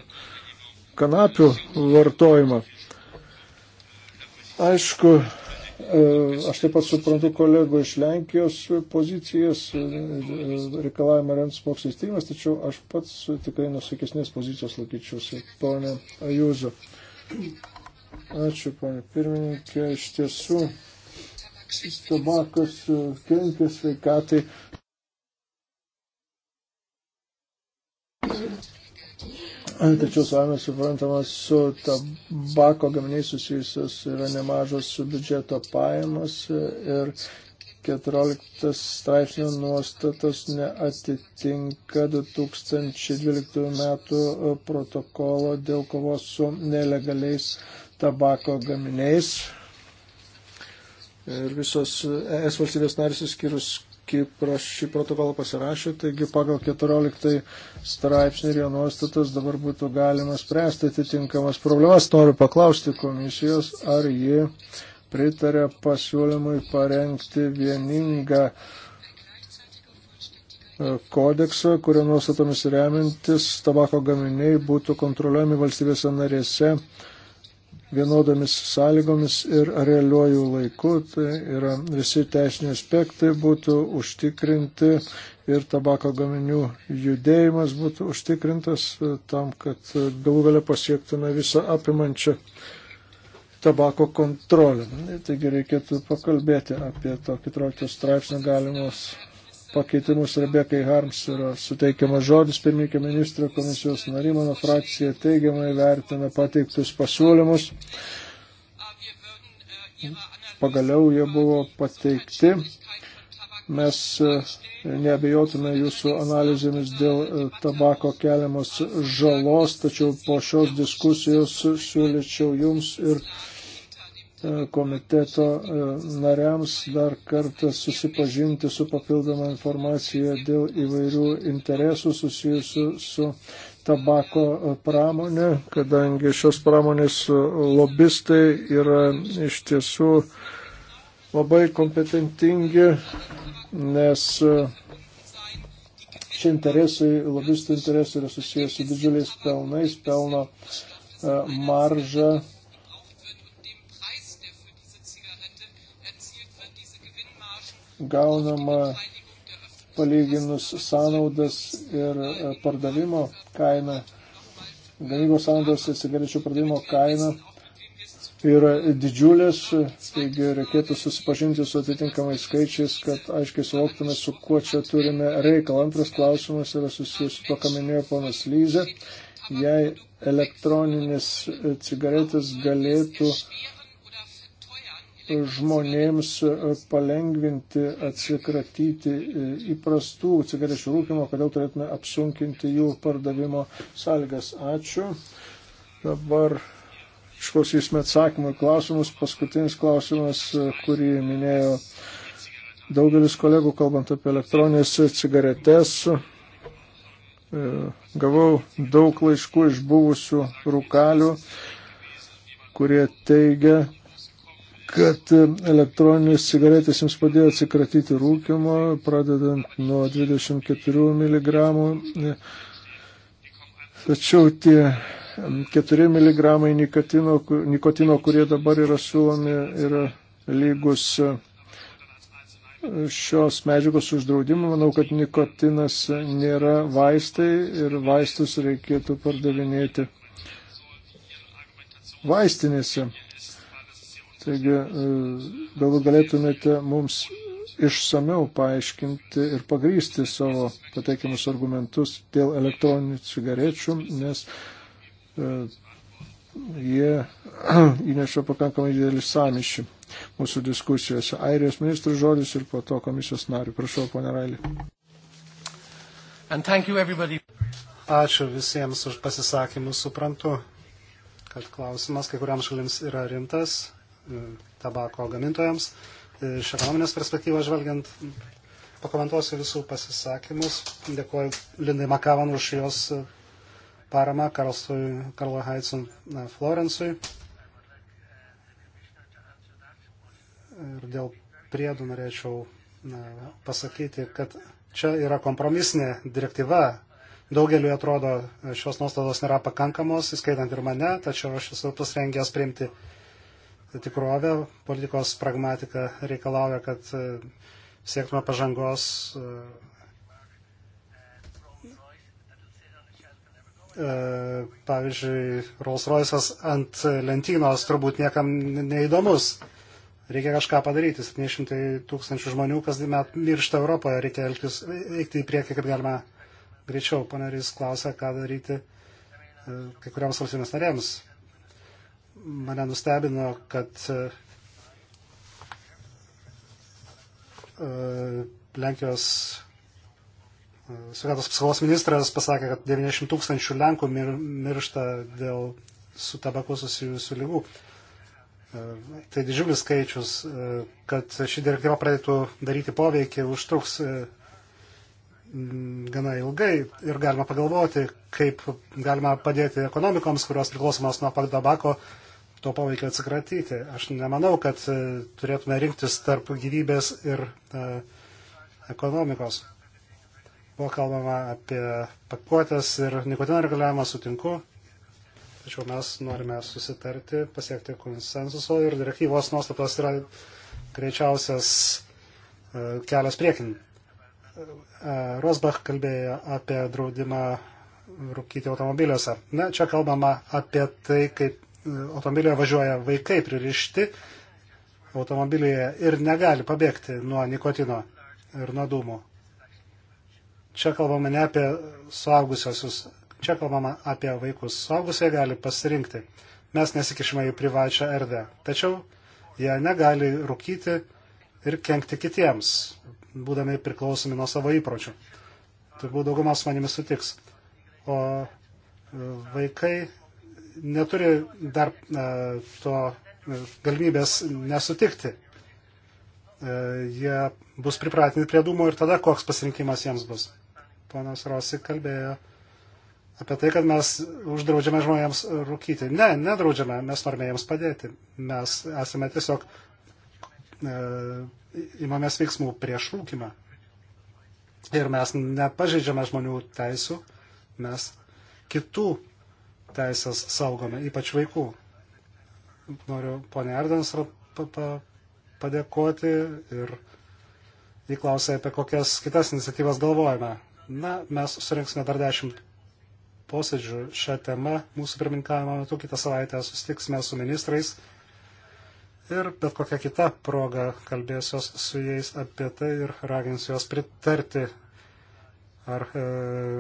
kanapių vartojimą. Aišku, e, aš taip pat suprantu kolegų iš Lenkijos pozicijas, reikalavimą rems mokslinis tyrimas, tačiau aš pats tikrai nusikesnės pozicijos laikyčiausi, ponė Ajūzo. Ačiū, ponė pirmininkė, iš tiesų tabakas e, kenkia sveikatai. Tačiau savame suprantamas su tabako gaminiais susijusios yra nemažos su biudžeto pajamos e, ir 14 straipsnio nuostatos neatitinka 2012 metų e, protokolo dėl kovos su nelegaliais tabako gaminiais. Ir visos ES valstybės narys, skyrus Kipras, šį protokolą pasirašė, taigi pagal 14 straipsnį ir jo nuostatas dabar būtų galima spręsti atitinkamas problemas. Noriu paklausti komisijos, ar ji pritarė pasiūlymui parengti vieningą e, kodeksą, kurio nuostatomis remiantis tabako gaminiai būtų kontroliuojami valstybėse narėse vienodomis sąlygomis ir realiuoju laiku. Tai yra visi teisiniai aspektai būtų užtikrinti ir tabako gaminių judėjimas būtų užtikrintas tam, kad galų gale pasiektume visą apimančią tabako kontrolę. Taigi reikėtų pakalbėti apie tokį trauktos straipsnį galimus pakeitimus Rebekai Harms yra suteikiamas žodis pirmininkė ministro komisijos nariai. Mano frakcija teigiamai vertina pateiktus pasiūlymus. Pagaliau jie buvo pateikti. Mes e, neabejotume jūsų analizėmis dėl e, tabako keliamos žalos, tačiau po šios diskusijos siūlyčiau jums ir komiteto e, nariams dar kartą susipažinti su papildoma informacija dėl įvairių interesų susijusių su tabako e, pramonė, kadangi šios pramonės e, lobistai yra iš tiesų labai kompetentingi, nes šie interesai, lobistų interesai yra susijęs su didžiuliais pelnais, pelno marža gaunama palyginus sąnaudas ir e, pardavimo kainą, gamybos sąnaudos ir cigarečių pardavimo kaina yra didžiulės, taigi reikėtų susipažinti su atitinkamais skaičiais, kad aiškiai suvoktume, su kuo čia turime reikalą. Antras klausimas yra susijęs su to, ką minėjo ponas Lyze. Jei elektroninis cigaretės galėtų uh, žmonėms e, palengvinti, atsikratyti e, įprastų cigarečių rūkimo, kodėl turėtume apsunkinti jų pardavimo sąlygas. Ačiū. Dabar išklausysime atsakymų į klausimus. Paskutinis klausimas, e, kurį minėjo daugelis kolegų, kalbant apie elektroninės cigaretes. Gavau daug laiškų iš buvusių rūkalių, kurie teigia, kad elektroninės cigaretės jums padėjo atsikratyti rūkimo, pradedant nuo 24 mg. Tačiau tie 4 mg nikotino, nikotino, kurie dabar yra siūlomi, yra lygus šios medžiagos uždraudimą. Manau, kad nikotinas nėra vaistai ir vaistus reikėtų pardavinėti vaistinėse. Taigi, e, galbūt galėtumėte mums išsameu paaiškinti ir pagrysti savo pateikiamus argumentus dėl elektroninių cigarečių, nes e, jie įneša pakankamai didelį samišį mūsų diskusijose. Airijos ministrų žodis ir po to komisijos nariu. Prašau, ponė Railį. Ačiū visiems už pasisakymus. Suprantu, kad klausimas kai kuriam šalims yra rimtas tabako gamintojams. Iš ekonominės perspektyvos žvelgiant, pakomentuosiu visų pasisakymus. Dėkuoju Lindai Makavan už jos paramą Karlsui, Karlo Heitsun Florensui. Ir dėl priedų norėčiau na, pasakyti, kad čia yra kompromisinė direktyva. Daugeliu atrodo, šios nuostatos nėra pakankamos, įskaitant ir mane, tačiau aš esu pasirengęs priimti tikrovę. Politikos pragmatika reikalauja, kad e, siektume pažangos e, e, pavyzdžiui, Rolls Royce'as ant lentynos turbūt niekam neįdomus. Reikia kažką padaryti. 700 tūkstančių žmonių kasdien miršta Europoje. Reikia elgtis, eikti į priekį, kad galima greičiau. Panerys klausia, ką daryti kai kuriams valstybės narėms mane nustebino, kad e, Lenkijos e, sveikatos apsaugos ministras pasakė, kad 90 tūkstančių Lenkų mir, miršta dėl su tabaku susijusių lygų. E, tai didžiulis skaičius, kad ši direktyva pradėtų daryti poveikį, užtruks gana ilgai ir galima pagalvoti, kaip galima padėti ekonomikoms, kurios priklausomos nuo tabako, to poveikio atsikratyti. Aš nemanau, kad e, turėtume rinktis tarp gyvybės ir e, ekonomikos. Buvo kalbama apie pakuotės ir nikotino reguliavimą sutinku, tačiau mes norime susitarti, pasiekti konsensuso ir direktyvos nuostatos yra greičiausias e, kelias priekin. E, Rosbach kalbėjo apie draudimą rūkyti automobiliuose. Na, čia kalbama apie tai, kaip automobilėje važiuoja vaikai pririšti automobilėje ir negali pabėgti nuo nikotino ir nuo dūmų. Čia kalbama ne apie suaugusiosius, čia kalbama apie vaikus. Suaugusiai gali pasirinkti. Mes nesikišime į privačią erdvę. Tačiau jie negali rūkyti ir kenkti kitiems, būdami priklausomi nuo savo įpročių. Turbūt daugumas manimi sutiks. O e, vaikai neturi dar e, to e, galimybės nesutikti. E, jie bus pripratinti prie dūmo ir tada koks pasirinkimas jiems bus. Ponas Rosi kalbėjo apie tai, kad mes uždraudžiame žmonėms rūkyti. Ne, nedraudžiame, mes norime jiems padėti. Mes esame tiesiog e, imamės veiksmų prieš rūkimą. Ir mes nepažeidžiame žmonių teisų, mes kitų teisės saugome, ypač vaikų. Noriu ponė Erdens pa pa padėkoti ir įklausė, apie kokias kitas iniciatyvas galvojame. Na, mes surinksime dar dešimt posėdžių šią temą. Mūsų pirmininkavimo metu kitą savaitę sustiksime su ministrais ir bet kokią kitą progą kalbėsiuos su jais apie tai ir raginsiu juos pritarti ar e,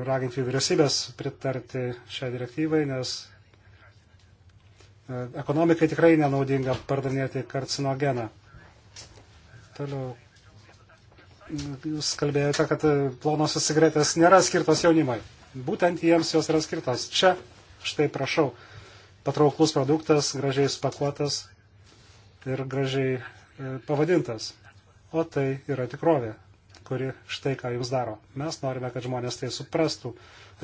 raginti vyriausybės pritarti šią direktyvai, nes e, ekonomikai tikrai nenaudinga pardavinėti karcinogeną. Toliau. Jūs kalbėjote, kad e, plonosios cigaretės nėra skirtos jaunimai. Būtent jiems jos yra skirtos. Čia, štai prašau, patrauklus produktas, gražiai spakuotas ir gražiai pavadintas. O tai yra tikrovė kuri štai ką jūs daro. Mes norime, kad žmonės tai suprastų,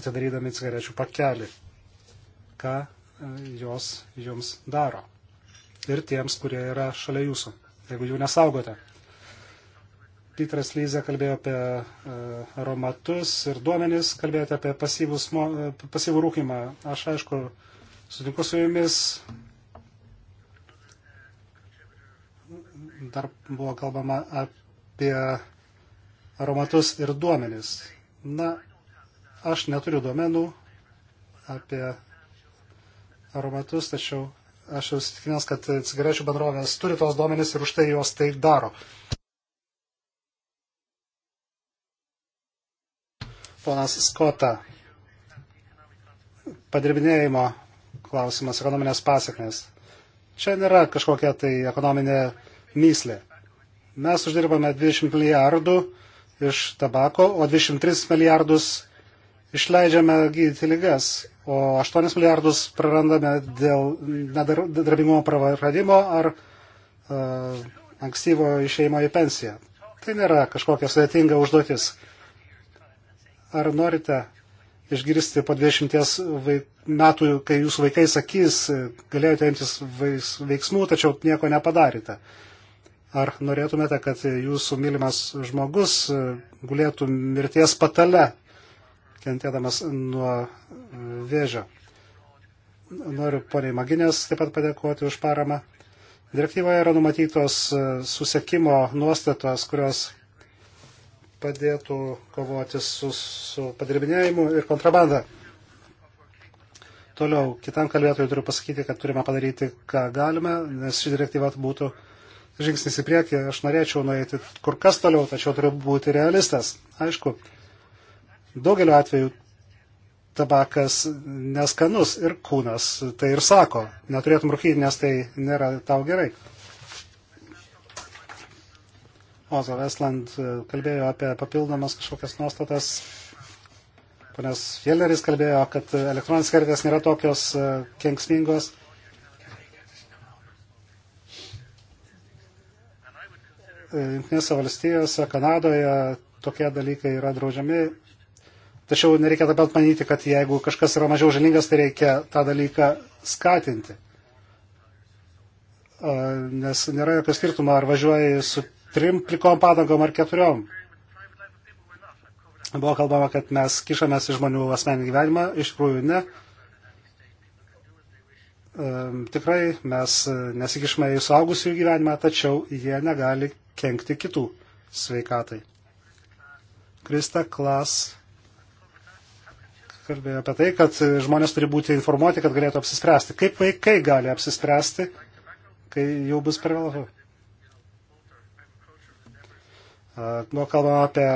atidarydami cigarečių pakelį, ką e, jos jums daro. Ir tiems, kurie yra šalia jūsų, jeigu jų nesaugote. Petras Lyze kalbėjo apie e, aromatus ir duomenys, kalbėjote apie pasyvus, e, pasyvų rūkimą. Aš aišku, sutinku su jumis. Dar buvo kalbama apie aromatus ir duomenis. Na, aš neturiu duomenų apie aromatus, tačiau aš jau įsitikinęs, kad cigarečių bendrovės turi tos duomenis ir už tai jos tai daro. Ponas Skota, padirbinėjimo klausimas, ekonominės pasiekmes. Čia nėra kažkokia tai ekonominė myslė. Mes uždirbame 20 milijardų iš tabako, o 23 milijardus išleidžiame gydyti lygas, o 8 milijardus prarandame dėl nedarbingumo praradimo ar uh, ankstyvo išeimo į pensiją. Tai nėra kažkokia sudėtinga užduotis. Ar norite išgirsti po 20 vaik... metų, kai jūsų vaikai sakys, galėjote imtis veiksmų, tačiau nieko nepadarėte. Ar norėtumėte, kad jūsų mylimas žmogus e, gulėtų mirties patale, kentėdamas nuo e, vėžio? Noriu poniai Maginės taip pat padėkoti už paramą. Direktyvoje yra numatytos e, susiekimo nuostatos, kurios padėtų kovoti su, su padirbinėjimu ir kontrabanda. Toliau, kitam kalbėtojui turiu pasakyti, kad turime padaryti, ką galime, nes ši direktyva būtų žingsnis į priekį, aš norėčiau nueiti kur kas toliau, tačiau turiu būti realistas. Aišku, daugeliu atveju tabakas neskanus ir kūnas tai ir sako, neturėtum rūkyti, nes tai nėra tau gerai. Ozo Westland e, kalbėjo apie papildomas kažkokias nuostatas. Ponas Jelleris kalbėjo, kad elektroninės karvės nėra tokios e, kenksmingos. Uh, E, Junktinėse valstijose, Kanadoje tokie dalykai yra draudžiami. Tačiau nereikia taip pat manyti, kad jeigu kažkas yra mažiau žalingas, tai reikia tą dalyką skatinti. E, Nes nėra jokio skirtumo, ar važiuoji su trim plikom padangom ar keturiom. Buvo kalbama, kad mes kišamės į žmonių asmeninį gyvenimą, iš tikrųjų ne e, tikrai mes nesikišame į suaugusių gyvenimą, tačiau jie negali kenkti kitų sveikatai. Krista Klas kalbėjo apie tai, kad žmonės turi būti informuoti, kad galėtų apsispręsti. Kaip vaikai gali apsispręsti, kai jau bus per vėlų? Nuo kalbama apie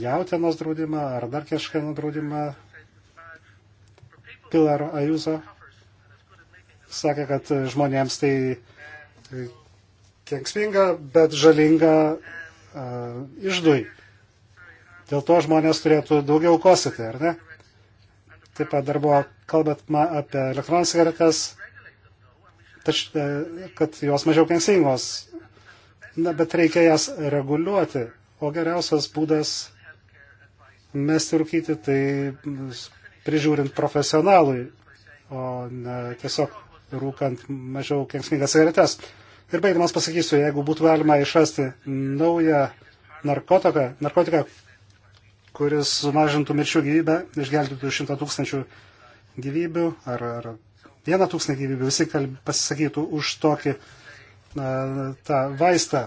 jautienos draudimą ar dar kažkieno draudimą. Pilar Ajuso sakė, kad žmonėms tai tai kenksminga, bet žalinga uh, e, išdui. Dėl to žmonės turėtų daugiau kosyti, ar ne? Taip pat dar buvo kalbama apie elektroninės cigaretės, e, kad jos mažiau kenksmingos. Na, bet reikia jas reguliuoti. O geriausias būdas mesti rūkyti, tai prižiūrint profesionalui, o ne tiesiog rūkant mažiau kenksmingas cigaretes. Ir baigdamas pasakysiu, jeigu būtų galima išrasti naują narkotiką, narkotiką kuris sumažintų mirčių gyvybę, išgelbėtų šimtą tūkstančių gyvybių ar, ar vieną tūkstantį gyvybių, visi kalb, pasisakytų už tokį na, tą vaistą.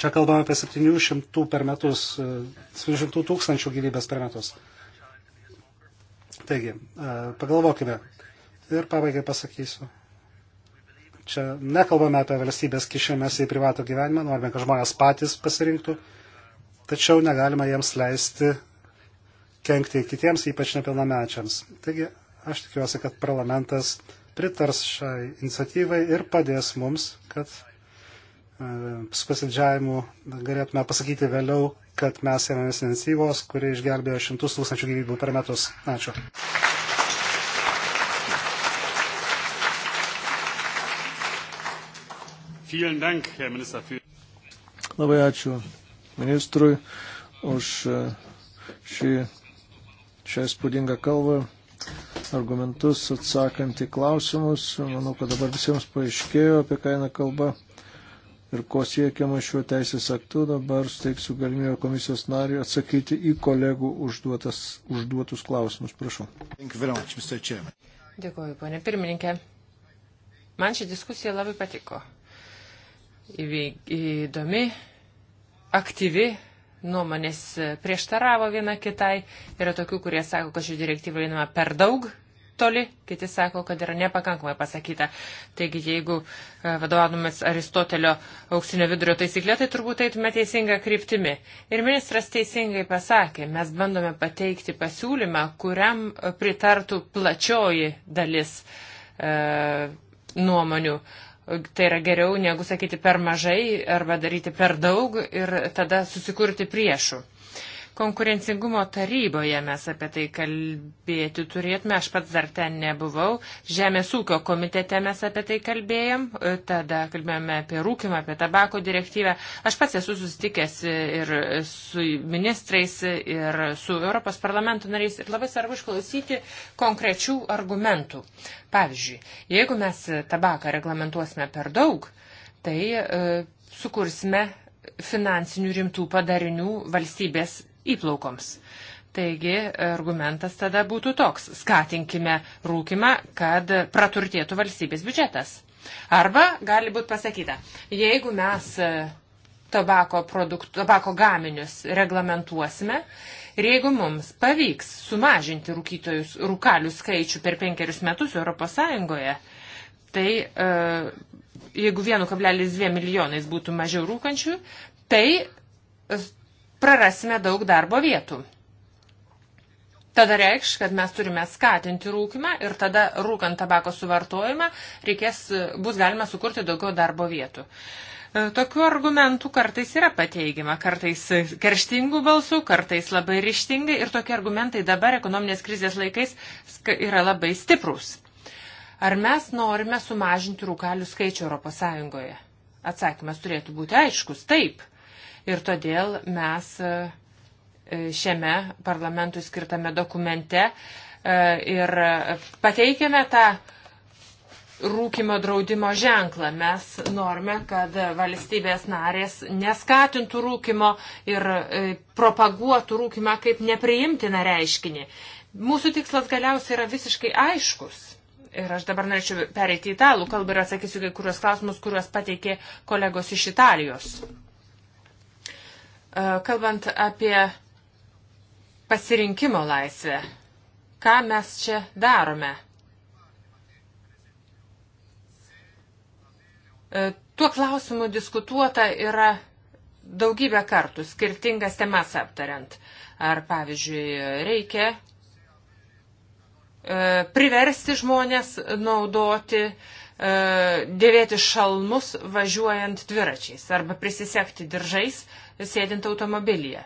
Čia kalbame apie 700 per metus, 700 e, tūkstančių gyvybės per metus. Taigi, e, pagalvokime, Ir pabaigai pasakysiu. Čia nekalbame apie valstybės kišimas į privato gyvenimą, norime, kad žmonės patys pasirinktų, tačiau negalima jiems leisti kenkti kitiems, ypač nepilnamečiams. Taigi aš tikiuosi, kad parlamentas pritars šiai iniciatyvai ir padės mums, kad e, su pasidžiavimu galėtume pasakyti vėliau, kad mes ėmėmės iniciatyvos, kuri išgelbėjo šimtus tūkstančių gyvybių per metus. Ačiū. Labai ačiū ministrui už e, šį, šią spūdingą kalbą, argumentus atsakant į klausimus. Manau, kad dabar visiems paaiškėjo, apie ką eina kalba ir ko siekiama šiuo teisės aktu. Dabar steiksiu galimybę komisijos nariui atsakyti į kolegų užduotas, užduotus klausimus. Prašau. Dėkuoju, ponė pirmininkė. Man ši diskusija labai patiko įdomi, aktyvi, nuomonės prieštaravo viena kitai. Yra tokių, kurie sako, kad ši direktyva einama per daug toli, kiti sako, kad yra nepakankamai pasakyta. Taigi, jeigu e, vadovaudomės Aristotelio auksinio vidurio taisyklė, tai turbūt eitume teisinga kryptimi. Ir ministras teisingai pasakė, mes bandome pateikti pasiūlymą, kuriam pritartų plačioji dalis e, nuomonių. E, tai yra geriau negu sakyti per mažai arba daryti per daug ir tada susikurti priešų. Konkurencingumo taryboje mes apie tai kalbėti turėtume, aš pats dar ten nebuvau. Žemės ūkio komitete mes apie tai kalbėjom, e, tada kalbėjome apie rūkimą, apie tabako direktyvę. Aš pats esu susitikęs ir su ministrais, ir su Europos parlamento nariais ir labai svarbu išklausyti konkrečių argumentų. Pavyzdžiui, jeigu mes tabaką reglamentuosime per daug, tai e, sukursime finansinių rimtų padarinių valstybės įplaukoms. Taigi argumentas tada būtų toks - skatinkime rūkimą, kad praturtėtų valstybės biudžetas. Arba gali būti pasakyta, jeigu mes e, tabako, produkt, tabako gaminius reglamentuosime ir jeigu mums pavyks sumažinti rūkytojus, rūkalių skaičių per penkerius metus ES, tai e, jeigu 1,2 milijonais būtų mažiau rūkančių, tai e, prarasime daug darbo vietų. Tada reikš, kad mes turime skatinti rūkimą ir tada rūkant tabako suvartojimą reikės, bus galima sukurti daugiau darbo vietų. E, tokių argumentų kartais yra pateigima, kartais kerštingų balsų, kartais labai ryštingai ir tokie argumentai dabar ekonominės krizės laikais yra labai stiprus. Ar mes norime sumažinti rūkalių skaičių ES? Atsakymas turėtų būti aiškus - taip. Ir todėl mes e, šiame parlamentui skirtame dokumente e, ir pateikėme tą rūkimo draudimo ženklą. Mes norime, kad valstybės narės neskatintų rūkimo ir e, propaguotų rūkimą kaip nepriimtiną reiškinį. Mūsų tikslas galiausiai yra visiškai aiškus. Ir aš dabar norėčiau pereiti į italų kalbą ir atsakysiu kai kurios klausimus, kuriuos pateikė kolegos iš Italijos. E, kalbant apie pasirinkimo laisvę, ką mes čia darome? E, tuo klausimu diskutuota yra daugybę kartų, skirtingas temas aptariant. Ar, pavyzdžiui, reikia e, priversti žmonės naudoti uh, E, dėvėti šalmus važiuojant dviračiais arba prisisekti diržais sėdint automobilyje.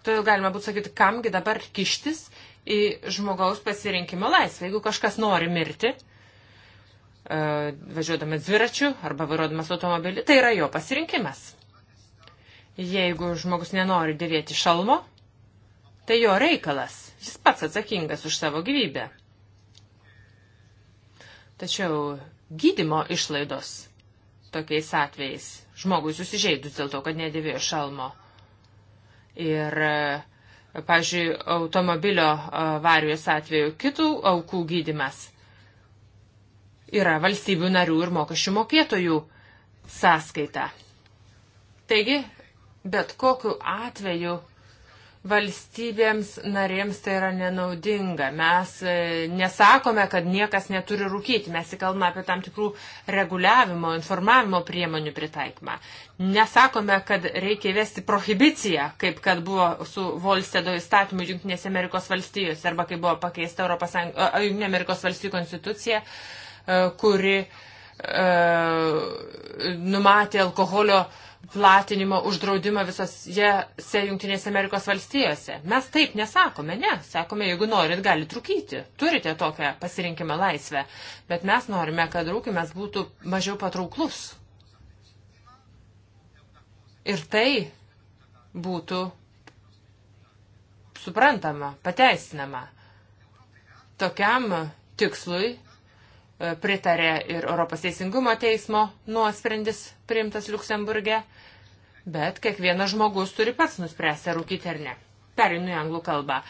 Todėl galima būtų sakyti, kamgi dabar kištis į žmogaus pasirinkimo laisvę. Jeigu kažkas nori mirti, e, važiuodamas dviračiu arba vairuodamas automobilį, tai yra jo pasirinkimas. Jeigu žmogus nenori dėvėti šalmo, tai jo reikalas. Jis pats atsakingas už savo gyvybę. Tačiau gydimo išlaidos tokiais atvejais žmogui susižeidus dėl to, kad nedėvėjo šalmo. Ir, e, pavyzdžiui, automobilio e, avarijos atveju kitų aukų gydimas yra valstybių narių ir mokesčių mokėtojų sąskaita. Taigi, bet kokiu atveju Valstybėms narėms tai yra nenaudinga. Mes e, nesakome, kad niekas neturi rūkyti. Mes įkalbame apie tam tikrų reguliavimo, informavimo priemonių pritaikymą. Nesakome, kad reikia įvesti prohibiciją, kaip kad buvo su Volstedo įstatymu Junktinėse Amerikos valstijose arba kaip buvo pakeista Junktinė Amerikos valstijų konstitucija, e, kuri uh, E, numatė alkoholio platinimo uždraudimą visose Junktinėse Amerikos valstijose. Mes taip nesakome, ne. Sakome, jeigu norit, galit rūkyti. Turite tokią pasirinkimą laisvę. Bet mes norime, kad rūkimas būtų mažiau patrauklus. Ir tai būtų suprantama, pateisinama. Tokiam tikslui pritarė ir Europos Teisingumo teismo nuosprendis priimtas Luksemburge, bet kiekvienas žmogus turi pats nuspręsti, ar rūkyti ar ne. Perinu į anglų kalbą.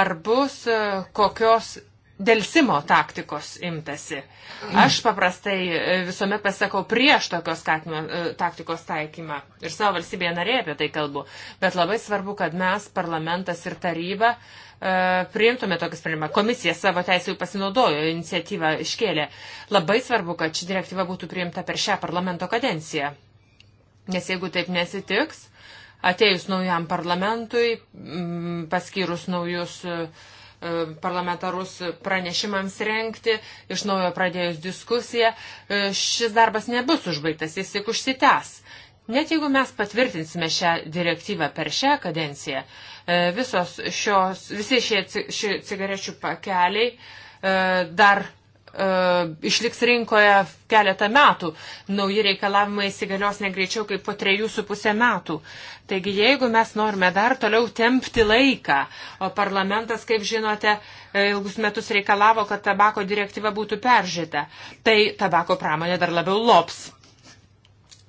Ar bus e, kokios dėlsimo taktikos imtasi. Aš paprastai e, visuomet pasakau prieš tokios skatimo, e, taktikos taikymą ir savo valstybėje narėje apie tai kalbu. Bet labai svarbu, kad mes, parlamentas ir taryba, e, priimtume tokį sprendimą. Komisija savo teisėjų pasinaudojo, iniciatyvą iškėlė. Labai svarbu, kad ši direktyva būtų priimta per šią parlamento kadenciją. Nes jeigu taip nesitiks, atėjus naujam parlamentui, paskyrus naujus uh, E, parlamentarus pranešimams renkti, iš naujo pradėjus diskusiją, e, šis darbas nebus užbaigtas, jis tik užsitęs. Net jeigu mes patvirtinsime šią direktyvą per šią kadenciją, e, visos šios, visi šie cigarečių pakeliai dar E, išliks rinkoje keletą metų. Nauji reikalavimai įsigalios negreičiau kaip po trejų su pusę metų. Taigi jeigu mes norime dar toliau tempti laiką, o parlamentas, kaip žinote, e, ilgus metus reikalavo, kad tabako direktyva būtų peržyta, tai tabako pramonė dar labiau lops.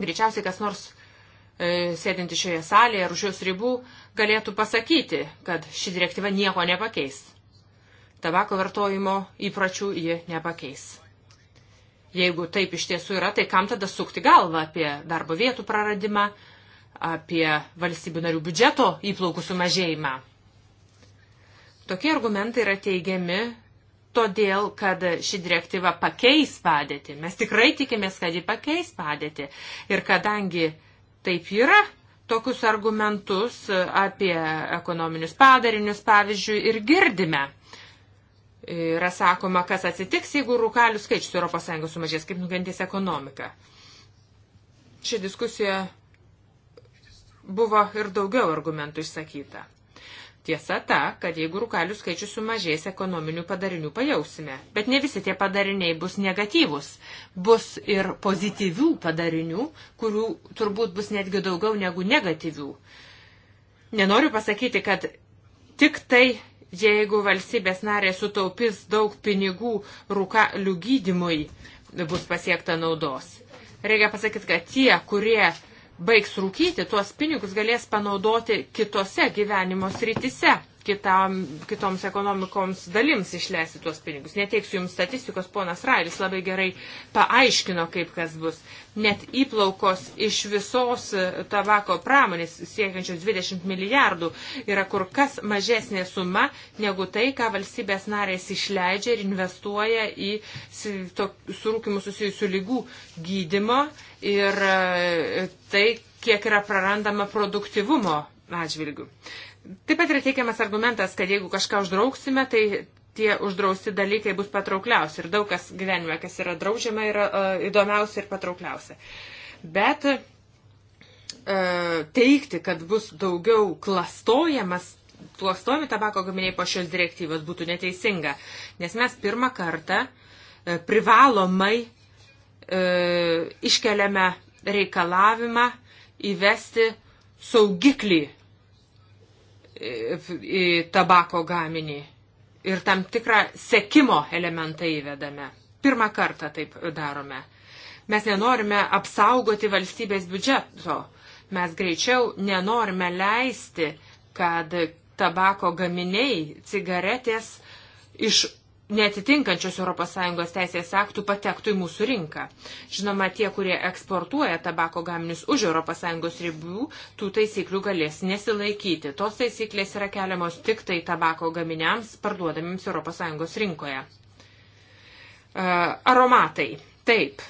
Greičiausiai kas nors e, sėdinti šioje salėje ar už jos ribų galėtų pasakyti, kad ši direktyva nieko nepakeis tabako vartojimo įpročių ji nepakeis. Jeigu taip iš tiesų yra, tai kam tada sukti galvą apie darbo vietų praradimą, apie valstybių narių biudžeto įplaukų sumažėjimą? Tokie argumentai yra teigiami todėl, kad ši direktyva pakeis padėtį. Mes tikrai tikimės, kad ji pakeis padėtį. Ir kadangi taip yra, tokius argumentus apie ekonominius padarinius, pavyzdžiui, ir girdime yra sakoma, kas atsitiks, jeigu rūkalių skaičius ES sumažės, kaip nukentės ekonomika. Ši diskusija buvo ir daugiau argumentų išsakyta. Tiesa ta, kad jeigu rūkalių skaičius sumažės, ekonominių padarinių pajausime. Bet ne visi tie padariniai bus negatyvus. Bus ir pozityvių padarinių, kurių turbūt bus netgi daugiau negu negatyvių. Nenoriu pasakyti, kad tik tai Jeigu valstybės narė sutaupys daug pinigų rūkalių gydimui, bus pasiekta naudos. Reikia pasakyti, kad tie, kurie baigs rūkyti, tuos pinigus galės panaudoti kitose gyvenimo srityse kitam, kitoms ekonomikoms dalims išleisti tuos pinigus. Neteiksiu jums statistikos, ponas Railis labai gerai paaiškino, kaip kas bus. Net įplaukos iš visos e, tabako pramonės siekiančios 20 milijardų yra kur kas mažesnė suma negu tai, ką valstybės narės išleidžia ir investuoja į surūkimų susijusių lygų gydimo ir e, tai, kiek yra prarandama produktivumo atžvilgių. Taip pat yra teikiamas argumentas, kad jeigu kažką uždrauksime, tai tie uždrausti dalykai bus patraukliausi. Ir daug kas gyvenime, kas yra draudžiama, yra uh, įdomiausia ir patraukliausia. Bet uh, teikti, kad bus daugiau klastojamas, klastojami tabako gaminiai po šios direktyvos būtų neteisinga, nes mes pirmą kartą uh, privalomai uh, iškeliame reikalavimą įvesti saugiklį į tabako gaminį ir tam tikrą sekimo elementą įvedame. Pirmą kartą taip darome. Mes nenorime apsaugoti valstybės biudžeto. Mes greičiau nenorime leisti, kad tabako gaminiai, cigaretės iš netitinkančios ES teisės aktų patektų į mūsų rinką. Žinoma, tie, kurie eksportuoja tabako gaminius už ES ribų, tų taisyklių galės nesilaikyti. Tos taisyklės yra keliamos tik tai tabako gaminiams parduodamiems ES rinkoje. E, aromatai. Taip.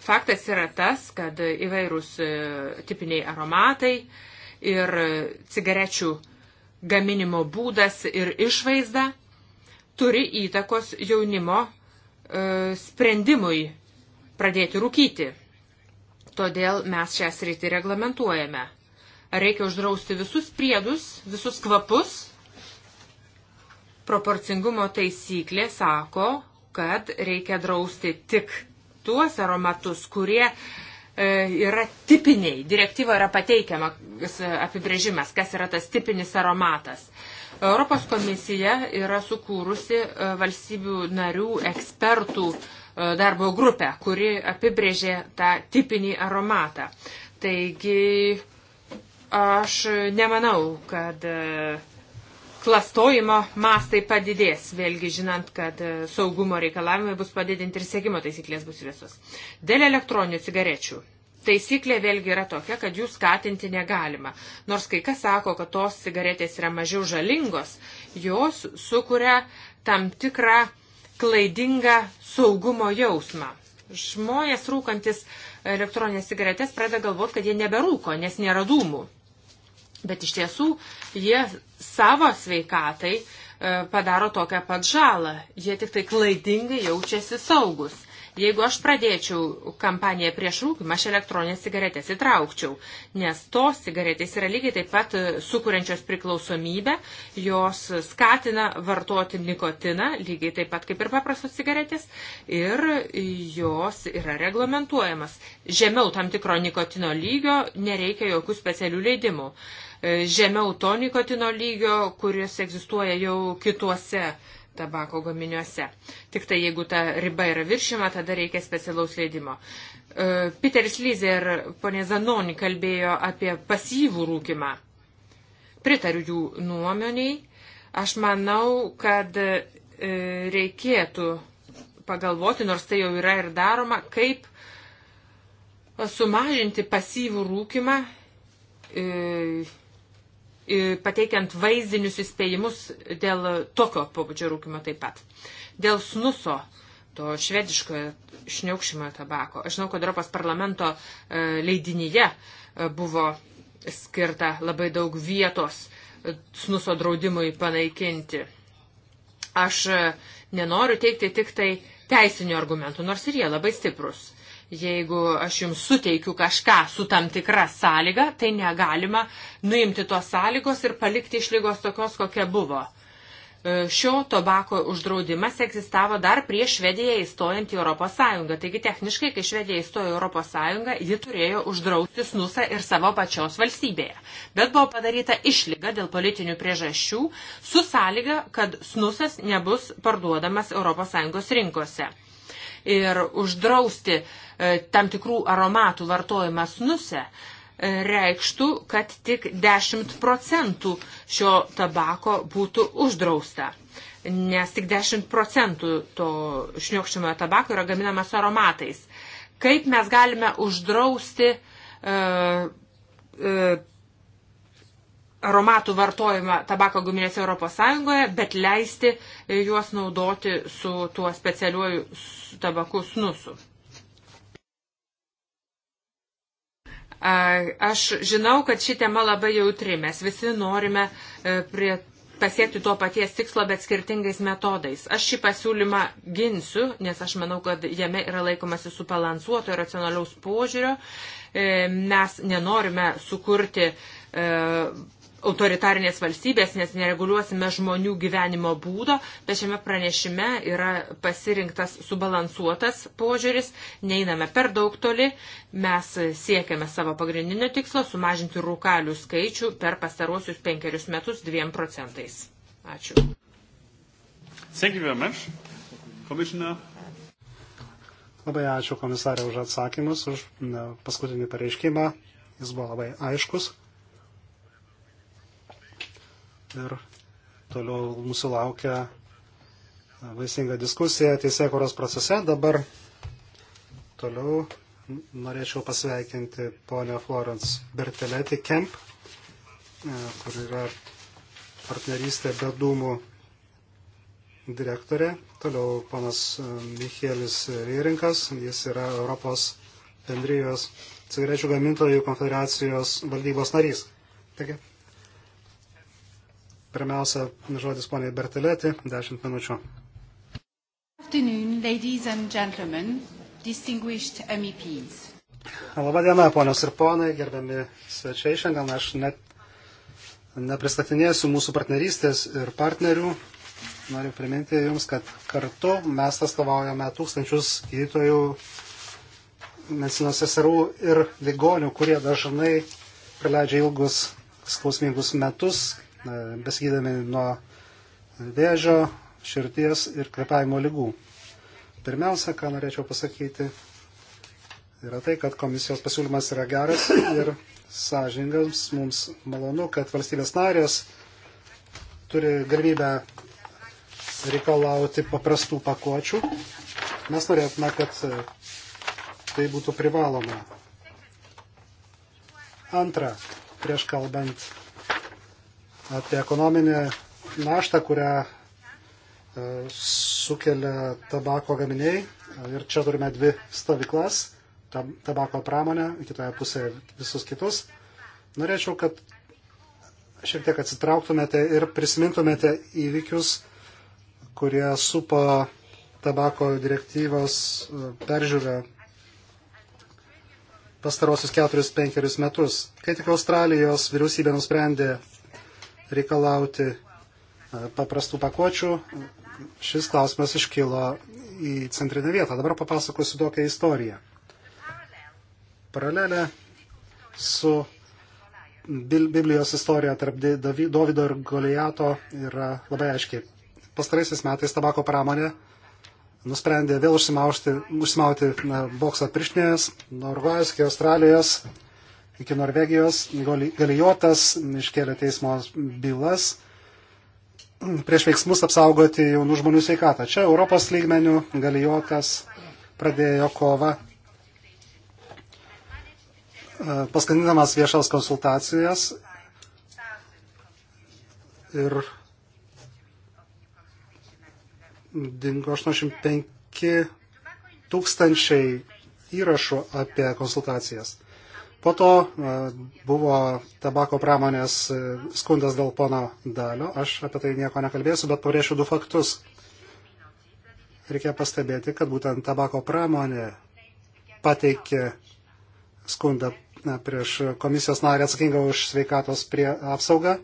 Faktas yra tas, kad įvairūs e, tipiniai aromatai ir cigarečių gaminimo būdas ir išvaizda turi įtakos jaunimo e, sprendimui pradėti rūkyti. Todėl mes šią sritį reglamentuojame. Ar reikia uždrausti visus priedus, visus kvapus? Proporcingumo taisyklė sako, kad reikia drausti tik tuos aromatus, kurie e, yra tipiniai. Direktyva yra pateikiamas apibrėžimas, kas yra tas tipinis aromatas. E, Europos komisija yra sukūrusi e, valstybių narių ekspertų e, darbo grupę, kuri apibrėžė tą tipinį aromatą. Taigi aš nemanau, kad e, klastojimo mastai padidės, vėlgi žinant, kad saugumo reikalavimai bus padidinti ir sėkimo taisyklės bus visos. Dėl elektroninių cigarečių Taisyklė vėlgi yra tokia, kad jų skatinti negalima. Nors kai kas sako, kad tos cigaretės yra mažiau žalingos, jos sukuria tam tikrą klaidingą saugumo jausmą. Žmonės rūkantis elektroninės cigaretės pradeda galvoti, kad jie neberūko, nes nėra dūmų. Bet iš tiesų jie savo sveikatai e, padaro tokią pat žalą. Jie tik tai klaidingai jaučiasi saugus. Jeigu aš pradėčiau kampaniją prieš rūkimą, aš elektroninės cigaretės įtraukčiau, nes tos cigaretės yra lygiai taip pat e, sukūrenčios priklausomybę, jos skatina vartoti nikotiną, lygiai taip pat kaip ir paprastos cigaretės, ir jos yra reglamentuojamas. Žemiau tam tikro nikotino lygio nereikia jokių specialių leidimų e, žemiau to nikotino lygio, kuris egzistuoja jau kituose tabako gaminiuose. Tik tai jeigu ta riba yra viršima, tada reikia specialaus leidimo. E, Peteris Lyzė ir ponė Zanoni kalbėjo apie pasyvų rūkimą. Pritariu jų nuomoniai. Aš manau, kad e, reikėtų pagalvoti, nors tai jau yra ir daroma, kaip sumažinti pasyvų rūkimą e, pateikiant vaizdinius įspėjimus dėl tokio pobūdžio rūkimo taip pat. Dėl snuso, to švediškojo šniaukšimo tabako. Aš žinau, kad Europos parlamento e, leidinyje e, buvo skirta labai daug vietos e, snuso draudimui panaikinti. Aš nenoriu teikti tik tai teisinių argumentų, nors ir jie labai stiprus. Jeigu aš jums suteikiu kažką su tam tikra sąlyga, tai negalima nuimti tos sąlygos ir palikti išlygos tokios, kokia buvo. E, šio tobako uždraudimas egzistavo dar prieš Švediją įstojant į Europos Sąjungą. Taigi techniškai, kai Švedija įstojo į Europos Sąjungą, ji turėjo uždrausti snusą ir savo pačios valstybėje. Bet buvo padaryta išlyga dėl politinių priežasčių su sąlyga, kad snusas nebus parduodamas Europos Sąjungos rinkose ir uždrausti e, tam tikrų aromatų vartojimą snuse e, reikštų, kad tik 10 procentų šio tabako būtų uždrausta. Nes tik 10 procentų to šniokščiamojo tabako yra gaminamas aromatais. Kaip mes galime uždrausti uh, e, uh, e, aromatų vartojimą tabako gaminėse Europos Sąjungoje, bet leisti juos naudoti su tuo specialiuoju tabaku snusu. Aš žinau, kad ši tema labai jautri. Mes visi norime e, prie pasiekti to paties tikslo, bet skirtingais metodais. Aš šį pasiūlymą ginsiu, nes aš manau, kad jame yra laikomasi subalansuoto ir racionaliaus požiūrio. E, mes nenorime sukurti e, autoritarinės valstybės, nes nereguliuosime žmonių gyvenimo būdo, bet šiame pranešime yra pasirinktas subalansuotas požiūris, neiname per daug toli, mes siekiame savo pagrindinio tikslo sumažinti rūkalių skaičių per pastaruosius penkerius metus dviem procentais. Ačiū. Labai ačiū komisarė už atsakymus, už paskutinį pareiškimą. Jis buvo labai aiškus ir toliau mūsų laukia vaisinga diskusija teisėkuros procese. Dabar toliau norėčiau pasveikinti ponę Florence Berteletti Kemp, e, kur yra partnerystė be dūmų direktorė. Toliau ponas e, Michielis Vyrinkas, jis yra Europos bendrijos cigarečių gamintojų konfederacijos valdybos narys. Taigi, Pirmiausia, žodis poniai Bertilėti, 10 minučių. E Labą dieną, ponios ir ponai, gerbiami svečiai. Šiandien aš net nepristatinėsiu mūsų partnerystės ir partnerių. Noriu priminti Jums, kad kartu mes atstovaujame tūkstančius gydytojų, medicinos seserų ir ligonių, kurie dažnai praleidžia ilgus skausmingus metus E, besgydami nuo vėžio, širdies ir kvepavimo lygų. Pirmiausia, ką norėčiau pasakyti, yra tai, kad komisijos pasiūlymas yra geras ir sąžingas. Mums malonu, kad valstybės narės turi galimybę reikalauti paprastų pakuočių. Mes norėtume, kad tai būtų privaloma. Antra, prieš kalbant apie ekonominę naštą, kurią e, sukelia tabako gaminiai. Ir čia turime dvi stovyklas - tabako pramonę, kitoje pusėje visus kitus. Norėčiau, kad šiek tiek atsitrauktumėte ir prisimintumėte įvykius, kurie supa tabako direktyvos e, peržiūrą pastarosius 4-5 metus. Kai tik Australijos vyriausybė nusprendė reikalauti e, paprastų pakuočių, šis klausimas iškilo į centrinę vietą. Dabar papasakosiu tokią istoriją. Paralelė su Biblijos istorija tarp Davido ir Goliato yra labai aiškiai. Pastaraisiais metais tabako pramonė nusprendė vėl užsimauti na, boksą pirštinės nuo Urugvajos iki Australijos iki Norvegijos. Galijotas iškėlė teismo bylas prieš veiksmus apsaugoti jaunų žmonių sveikatą. Čia Europos lygmenių Galijotas pradėjo kovą e, paskandinamas viešas konsultacijas ir dingo 85 tūkstančiai įrašų apie konsultacijas. Po to e, buvo tabako pramonės e, skundas dėl pono dalio. Aš apie tai nieko nekalbėsiu, bet pabrėšiu du faktus. Reikia pastebėti, kad būtent tabako pramonė pateikė skundą e, prieš komisijos narį atsakingą už sveikatos prie apsaugą.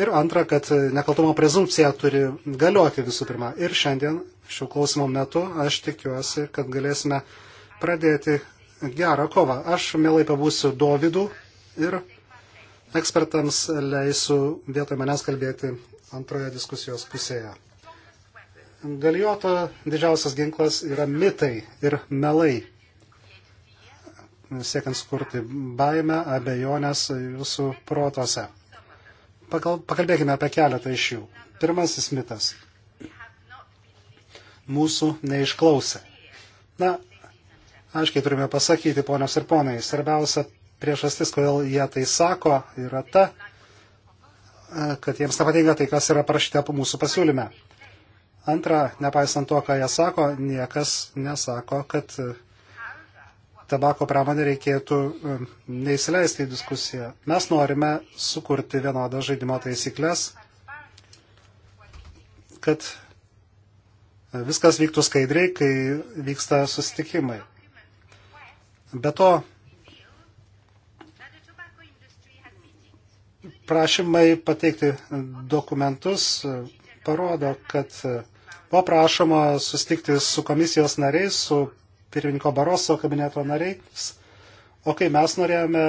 Ir antra, kad nekaltumo prezumcija turi galioti visų pirma. Ir šiandien, šių klausimų metu, aš tikiuosi, kad galėsime pradėti gerą kovą. Aš mielai pabūsiu Dovydų ir ekspertams leisiu vietoj manęs kalbėti antroje diskusijos pusėje. Galijoto didžiausias ginklas yra mitai ir melai. Siekiant skurti baimę, abejonės jūsų protose. Pakal, pakalbėkime apie keletą iš jų. Pirmasis mitas. Mūsų neišklausė. Na, aiškiai turime pasakyti, ponios ir ponai, svarbiausia priežastis, kodėl jie tai sako, yra ta, e, kad jiems nepatinka tai, kas yra parašyta mūsų pasiūlyme. Antra, nepaisant to, ką jie sako, niekas nesako, kad e, tabako pramonė reikėtų e, neįsileisti į diskusiją. Mes norime sukurti vienodą žaidimo taisyklės, kad viskas vyktų skaidriai, kai vyksta susitikimai. Be to, prašymai pateikti dokumentus e, parodo, kad e, buvo prašoma sustikti su komisijos nariais, su pirmininko Baroso kabineto nariais, o kai mes norėjome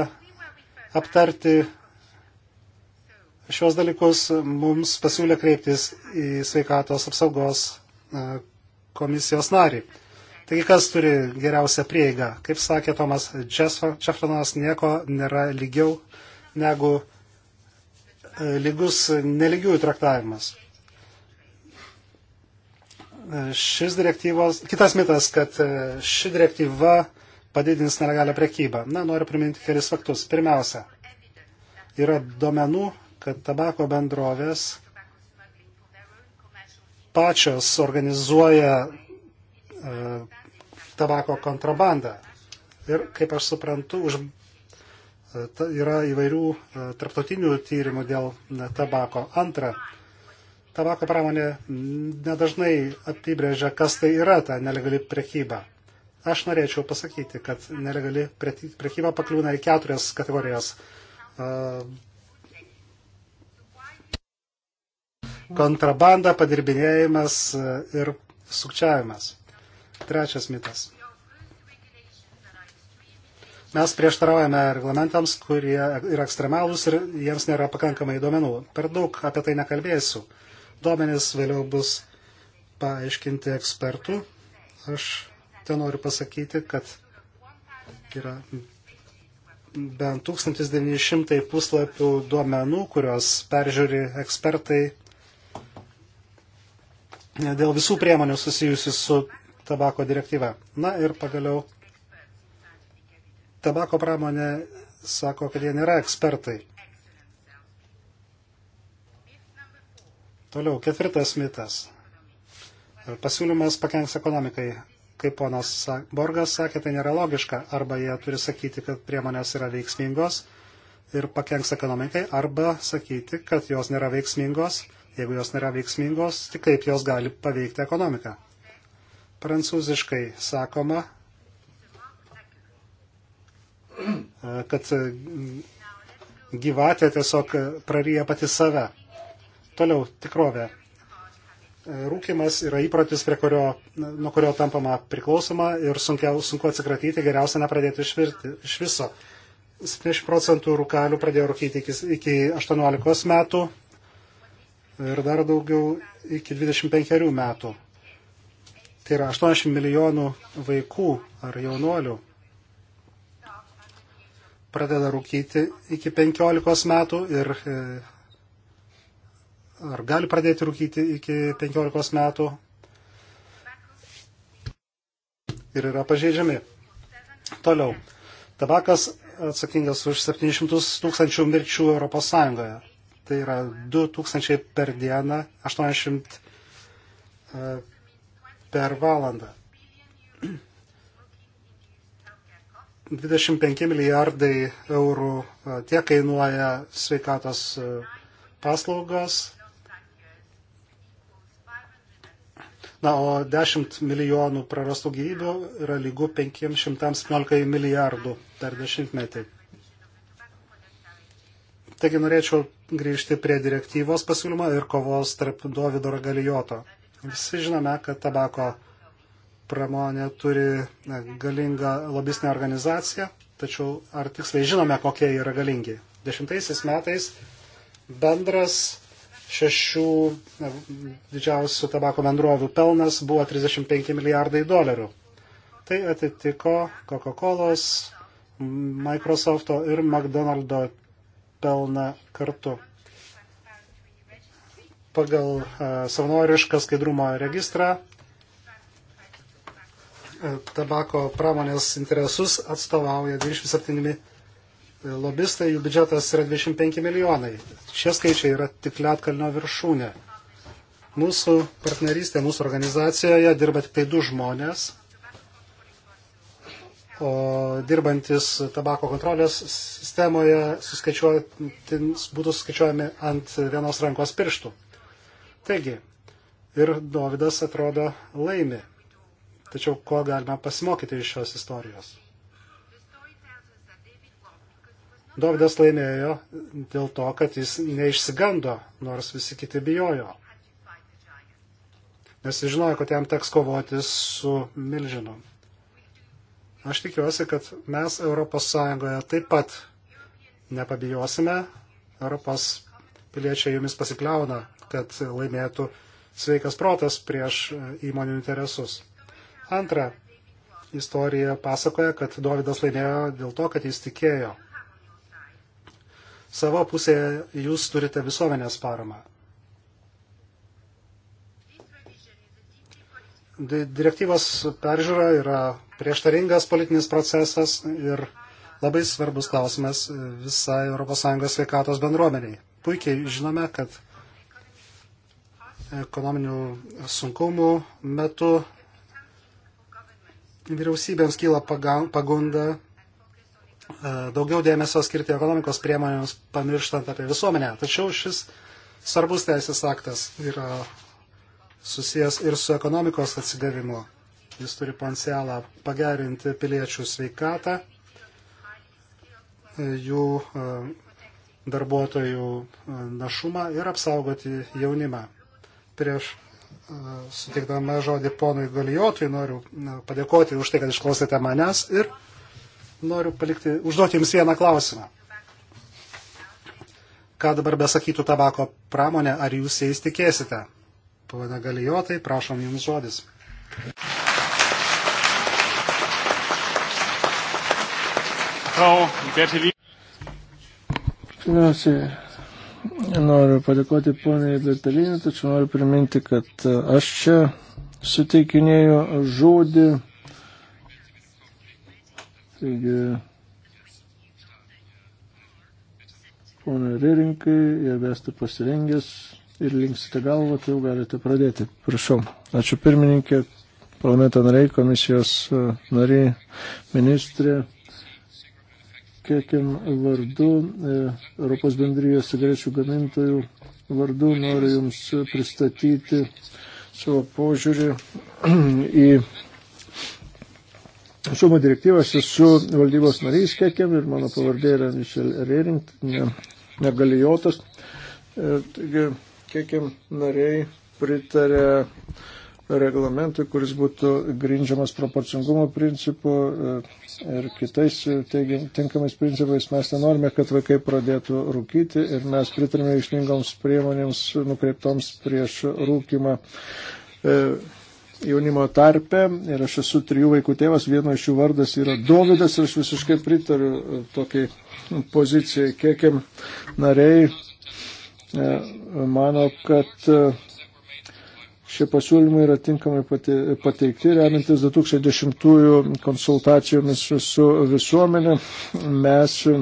aptarti šios dalykus, mums pasiūlė kreiptis į sveikatos apsaugos e, komisijos narį. Taigi kas turi geriausią prieigą? Kaip sakė Tomas Čefronas, nieko nėra lygiau negu e, lygus neligiųjų traktavimas. E, šis direktyvos, kitas mitas, kad e, ši direktyva padidins nelegalią prekybą. Na, noriu priminti kelis faktus. Pirmiausia, yra duomenų, kad tabako bendrovės pačios organizuoja E, tabako kontrabandą. Ir kaip aš suprantu, už, e, yra įvairių e, tarptautinių tyrimų dėl tabako. Antra, tabako pramonė nedažnai apibrėžia, kas tai yra ta nelegali prekyba. Aš norėčiau pasakyti, kad nelegali prekyba pakliūna į keturias kategorijas. Kontrabanda, padirbinėjimas ir sukčiavimas. Trečias mitas. Mes prieštaraujame reglamentams, kurie yra ekstremalūs ir jiems nėra pakankamai duomenų. Per daug apie tai nekalbėsiu. Duomenys vėliau bus paaiškinti ekspertų. Aš ten noriu pasakyti, kad yra bent 1900 puslapių duomenų, kurios peržiūri ekspertai dėl visų priemonių susijusių su tabako direktyva. Na ir pagaliau, tabako pramonė sako, kad jie nėra ekspertai. Toliau, ketvirtas mitas. Pasiūlymas pakenks ekonomikai. Kaip ponas Borgas sakė, tai nėra logiška. Arba jie turi sakyti, kad priemonės yra veiksmingos ir pakenks ekonomikai, arba sakyti, kad jos nėra veiksmingos. Jeigu jos nėra veiksmingos, tai kaip jos gali paveikti ekonomiką. Prancūziškai sakoma, kad gyvatė tiesiog praryja pati save. Toliau tikrovė. Rūkimas yra įprotis, kurio, nuo kurio tampama priklausoma ir sunkiau, sunku atsikratyti, geriausia nepradėti iš, virti, iš viso. 70 procentų rūkalių pradėjo rūkyti iki, iki 18 metų ir dar daugiau iki 25 metų. Tai yra 80 milijonų vaikų ar jaunuolių pradeda rūkyti iki 15 metų ir e, ar gali pradėti rūkyti iki 15 metų ir yra pažeidžiami. Toliau. Tabakas atsakingas už 700 tūkstančių mirčių Europos Sąjungoje. Tai yra 2 tūkstančiai per dieną, 80 per valandą. 25 milijardai eurų e, tiek kainuoja sveikatos e, paslaugos. Na, o 10 milijonų prarastų gyvybių yra lygu 517 milijardų per dešimtmetį. Taigi norėčiau grįžti prie direktyvos pasiūlymo ir kovos tarp Dovido ir Galijoto. Visi žinome, kad tabako pramonė turi galingą lobistinę organizaciją, tačiau ar tiksliai žinome, kokie yra galingi. Dešimtaisiais metais bendras šešių didžiausių tabako bendrovių pelnas buvo 35 milijardai dolerių. Tai atitiko Coca-Colos, Microsofto ir McDonald'o pelną kartu pagal e, savanorišką skaidrumo registrą e, tabako pramonės interesus atstovauja 27 e, lobistai, jų biudžetas yra 25 milijonai. Šie skaičiai yra tik lietkalnio viršūnė. Mūsų partnerystė, mūsų organizacijoje dirba tik tai du žmonės, o dirbantis tabako kontrolės sistemoje būtų skaičiuojami ant vienos rankos pirštų. Taigi, ir Dovydas atrodo laimi. Tačiau ko galime pasimokyti iš šios istorijos? Dovydas laimėjo dėl to, kad jis neišsigando, nors visi kiti bijojo. Nes jis žinojo, kad jam teks kovoti su milžinu. Aš tikiuosi, kad mes ES taip pat nepabijosime. Europos piliečiai jumis pasikliauna, kad laimėtų sveikas protas prieš įmonių interesus. Antra, istorija pasakoja, kad Dovydas laimėjo dėl to, kad jis tikėjo. Savo pusėje jūs turite visuomenės paramą. Direktyvos peržiūra yra prieštaringas politinis procesas ir labai svarbus klausimas visai ES sveikatos bendruomeniai puikiai žinome, kad ekonominių sunkumų metu vyriausybėms kyla pagunda e, daugiau dėmesio skirti ekonomikos priemonėms, pamirštant apie visuomenę. Tačiau šis svarbus teisės aktas yra susijęs ir su ekonomikos atsigavimu. Jis turi potencialą pagerinti piliečių sveikatą, e, jų e, darbuotojų e, našumą ir apsaugoti jaunimą. Prieš e, suteikdama žodį ponui Galijotui noriu e, padėkoti už tai, kad išklausėte manęs ir noriu palikti, užduoti jums vieną klausimą. Ką dabar besakytų tabako pramonė, ar jūs jais tikėsite? Pana Galijotai, prašom jums žodis. Frau Bertolini. Pirmiausiai, noriu padėkoti poniai Bertalinį, tačiau noriu priminti, kad e, aš čia suteikinėjau žodį. Taigi, ponai Ririnkai, jeigu esate pasirengęs ir linksite galvą, tai jau galite pradėti. Prašau. Ačiū pirmininkė, parlamento nariai, komisijos e, nariai, ministrė. Kekim vardu, e, Europos bendrijos cigarečių gamintojų vardu noriu Jums pristatyti savo požiūrį į šumo direktyvą. Aš esu valdybos narys Kekim ir mano pavardė yra Mišel Rering, ne, negalijotas. E, taigi, Kekim nariai pritarė reglamentui, kuris būtų grindžiamas proporcingumo principu e, ir kitais e, teigiam, tinkamais principais. Mes nenorime, kad vaikai pradėtų rūkyti ir mes pritarime išningoms priemonėms nukreiptoms prieš rūkimą e, jaunimo tarpe ir aš esu trijų vaikų tėvas, vieno iš jų vardas yra Dovydas ir aš visiškai pritariu tokiai pozicijai, kiekim nariai mano, kad Šie pasiūlymai yra tinkamai pateikti, remintis 2010 konsultacijomis su visuomenė. Mes e,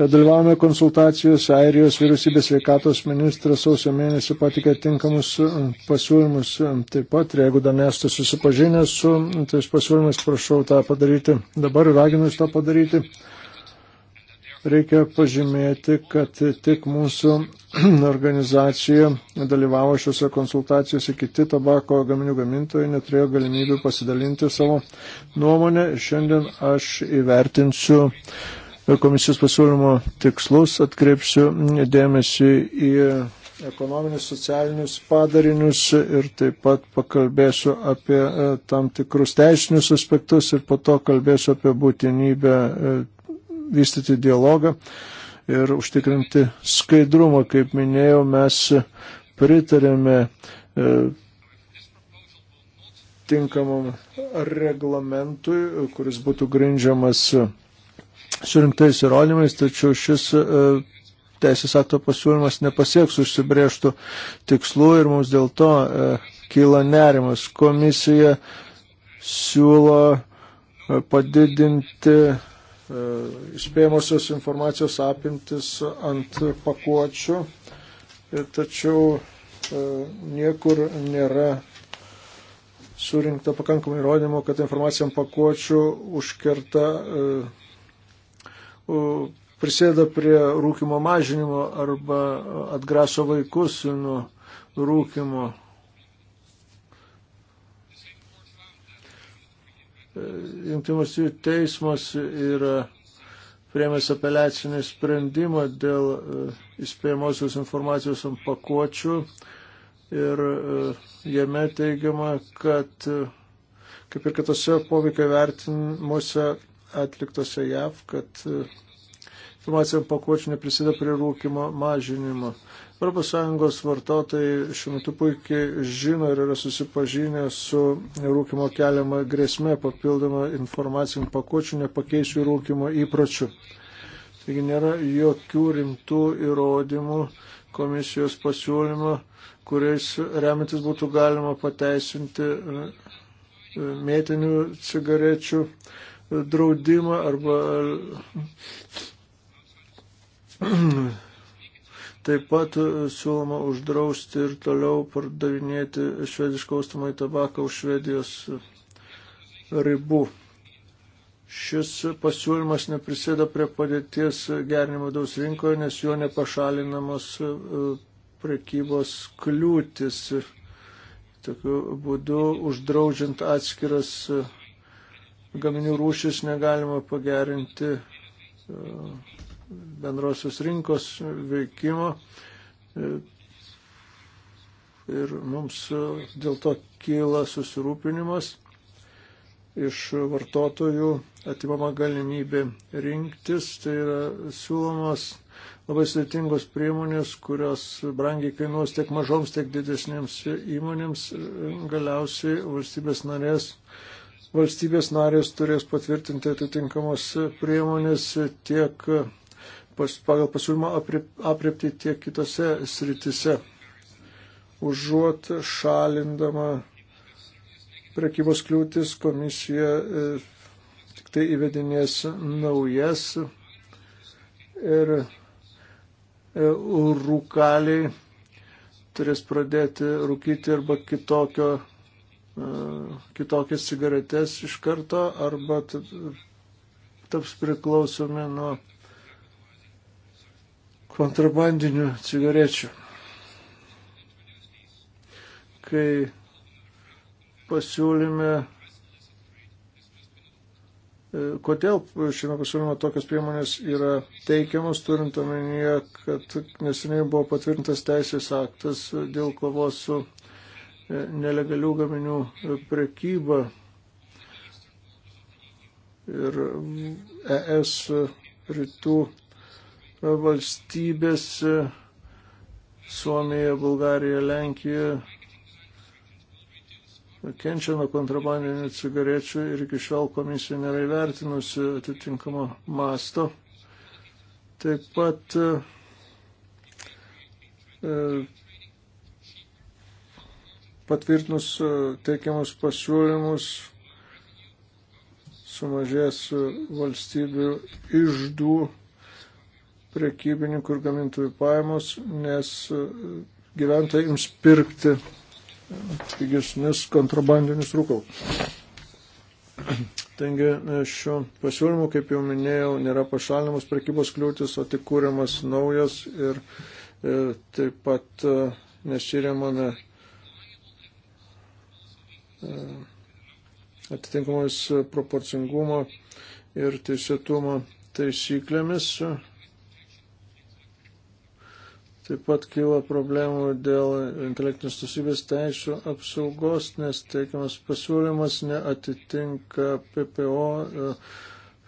Dalyvavome konsultacijos, Airijos vyriausybės sveikatos ministras sausio mėnesį patikė tinkamus e, pasiūlymus. E, taip pat, jeigu dar nesate susipažinę su tais pasiūlymais, prašau tą padaryti. Dabar raginu jūs tą padaryti. Reikia pažymėti, kad tik mūsų organizacija dalyvavo šiuose konsultacijose, kiti tabako gaminių gamintojai neturėjo galimybių pasidalinti savo nuomonę. Šiandien aš įvertinsiu komisijos pasiūlymo tikslus, atkreipsiu dėmesį į ekonominius, socialinius padarinius ir taip pat pakalbėsiu apie e, tam tikrus teisinius aspektus ir po to kalbėsiu apie būtinybę e, vystyti dialogą ir užtikrinti skaidrumą. Kaip minėjau, mes pritarėme e, tinkamam reglamentui, kuris būtų grindžiamas surinktais įrodymais, tačiau šis e, teisės akto pasiūlymas nepasieks užsibrieštų tikslų ir mums dėl to e, kyla nerimas. Komisija siūlo padidinti E, įspėjamosios informacijos apimtis ant pakuočių, tačiau e, niekur nėra surinkta pakankamai įrodymų, kad informacija ant pakuočių užkerta, e, prisėda prie rūkimo mažinimo arba atgraso vaikus nuo rūkimo Jungtimas jų teismas yra priemęs apeliacinį sprendimą dėl e, įspėjamosios informacijos ant pakuočių ir e, jame teigiama, kad e, kaip ir kitose poveikio vertinimuose atliktose JAV, kad informacija ant pakuočių neprisideda prie rūkimo mažinimo. ES vartotojai šiuo metu puikiai žino ir yra susipažinę su rūkimo keliama grėsme, papildoma informacija ant pakuočių nepakeisiu rūkimo įpročių. Taigi nėra jokių rimtų įrodymų komisijos pasiūlymo, kuriais remiantis būtų galima pateisinti e, e, mėtinių cigarečių e, draudimą arba Taip pat e, siūloma uždrausti ir toliau pardavinėti švedišką austamąjį tabaką už Švedijos ribų. Šis pasiūlymas neprisėda prie padėties gerinimo daus rinkoje, nes juo nepašalinamos e, prekybos kliūtis. Tokiu būdu uždraudžiant atskiras e, gaminių rūšis negalima pagerinti bendrosios rinkos veikimo. Ir mums dėl to kyla susirūpinimas iš vartotojų atimama galimybė rinktis, tai yra siūlomas labai sveitingos priemonės, kurios brangiai kainuos tiek mažoms, tiek didesnėms įmonėms. Galiausiai valstybės narės, valstybės narės turės patvirtinti atitinkamos priemonės tiek pas, pagal pasiūlymą apriepti tiek kitose sritise, užuot šalindama prekybos kliūtis komisija e, tik tai įvedinės naujas ir e, rūkaliai turės pradėti rūkyti arba kitokio, e, kitokias cigaretės iš karto arba taps priklausomi nuo kontrabandinių cigarečių. Kai pasiūlyme, e, kodėl šiame pasiūlyme tokios priemonės yra teikiamos, turint omenyje, kad neseniai buvo patvirtintas teisės aktas dėl kovos su e, nelegalių gaminių e, prekyba ir mm, ES rytų valstybės Suomija, Bulgarija, Lenkija kenčia nuo kontrabandinių cigarečių ir iki šiol komisija nėra įvertinusi atitinkamo masto. Taip pat e, patvirtinus e, teikiamus pasiūlymus sumažės e, valstybių išdų priekybininkų ir gamintojų pajamos, nes e, gyventojai ims pirkti e, pigesnius kontrabandinius rūkalus. Taigi e, šiuo pasiūlymu, kaip jau minėjau, nėra pašalinamas prekybos kliūtis, o tik kūriamas naujas ir, ir taip pat nesiriamame atitinkamomis proporcingumo ir teisėtumo taisyklėmis Taip pat kyla problemų dėl intelektinės tusybės teisų apsaugos, nes teikiamas pasiūlymas neatitinka PPO e,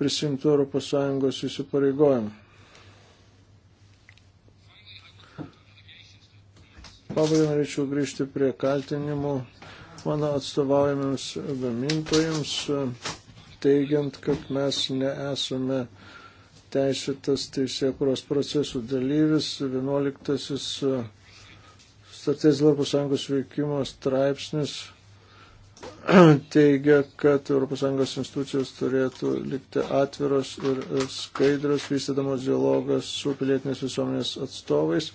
prisimtų ES įsipareigojimų. Pabaigai norėčiau grįžti prie kaltinimų mano atstovaujamiems gamintojams, e, teigiant, kad mes nesame teisėtas teisėkuros procesų dalyvis, 11 e, statės Europos Sąjungos veikimo straipsnis teigia, kad ES institucijos turėtų likti atviros ir e, skaidros, vystydamos dialogą su pilietinės visuomenės atstovais.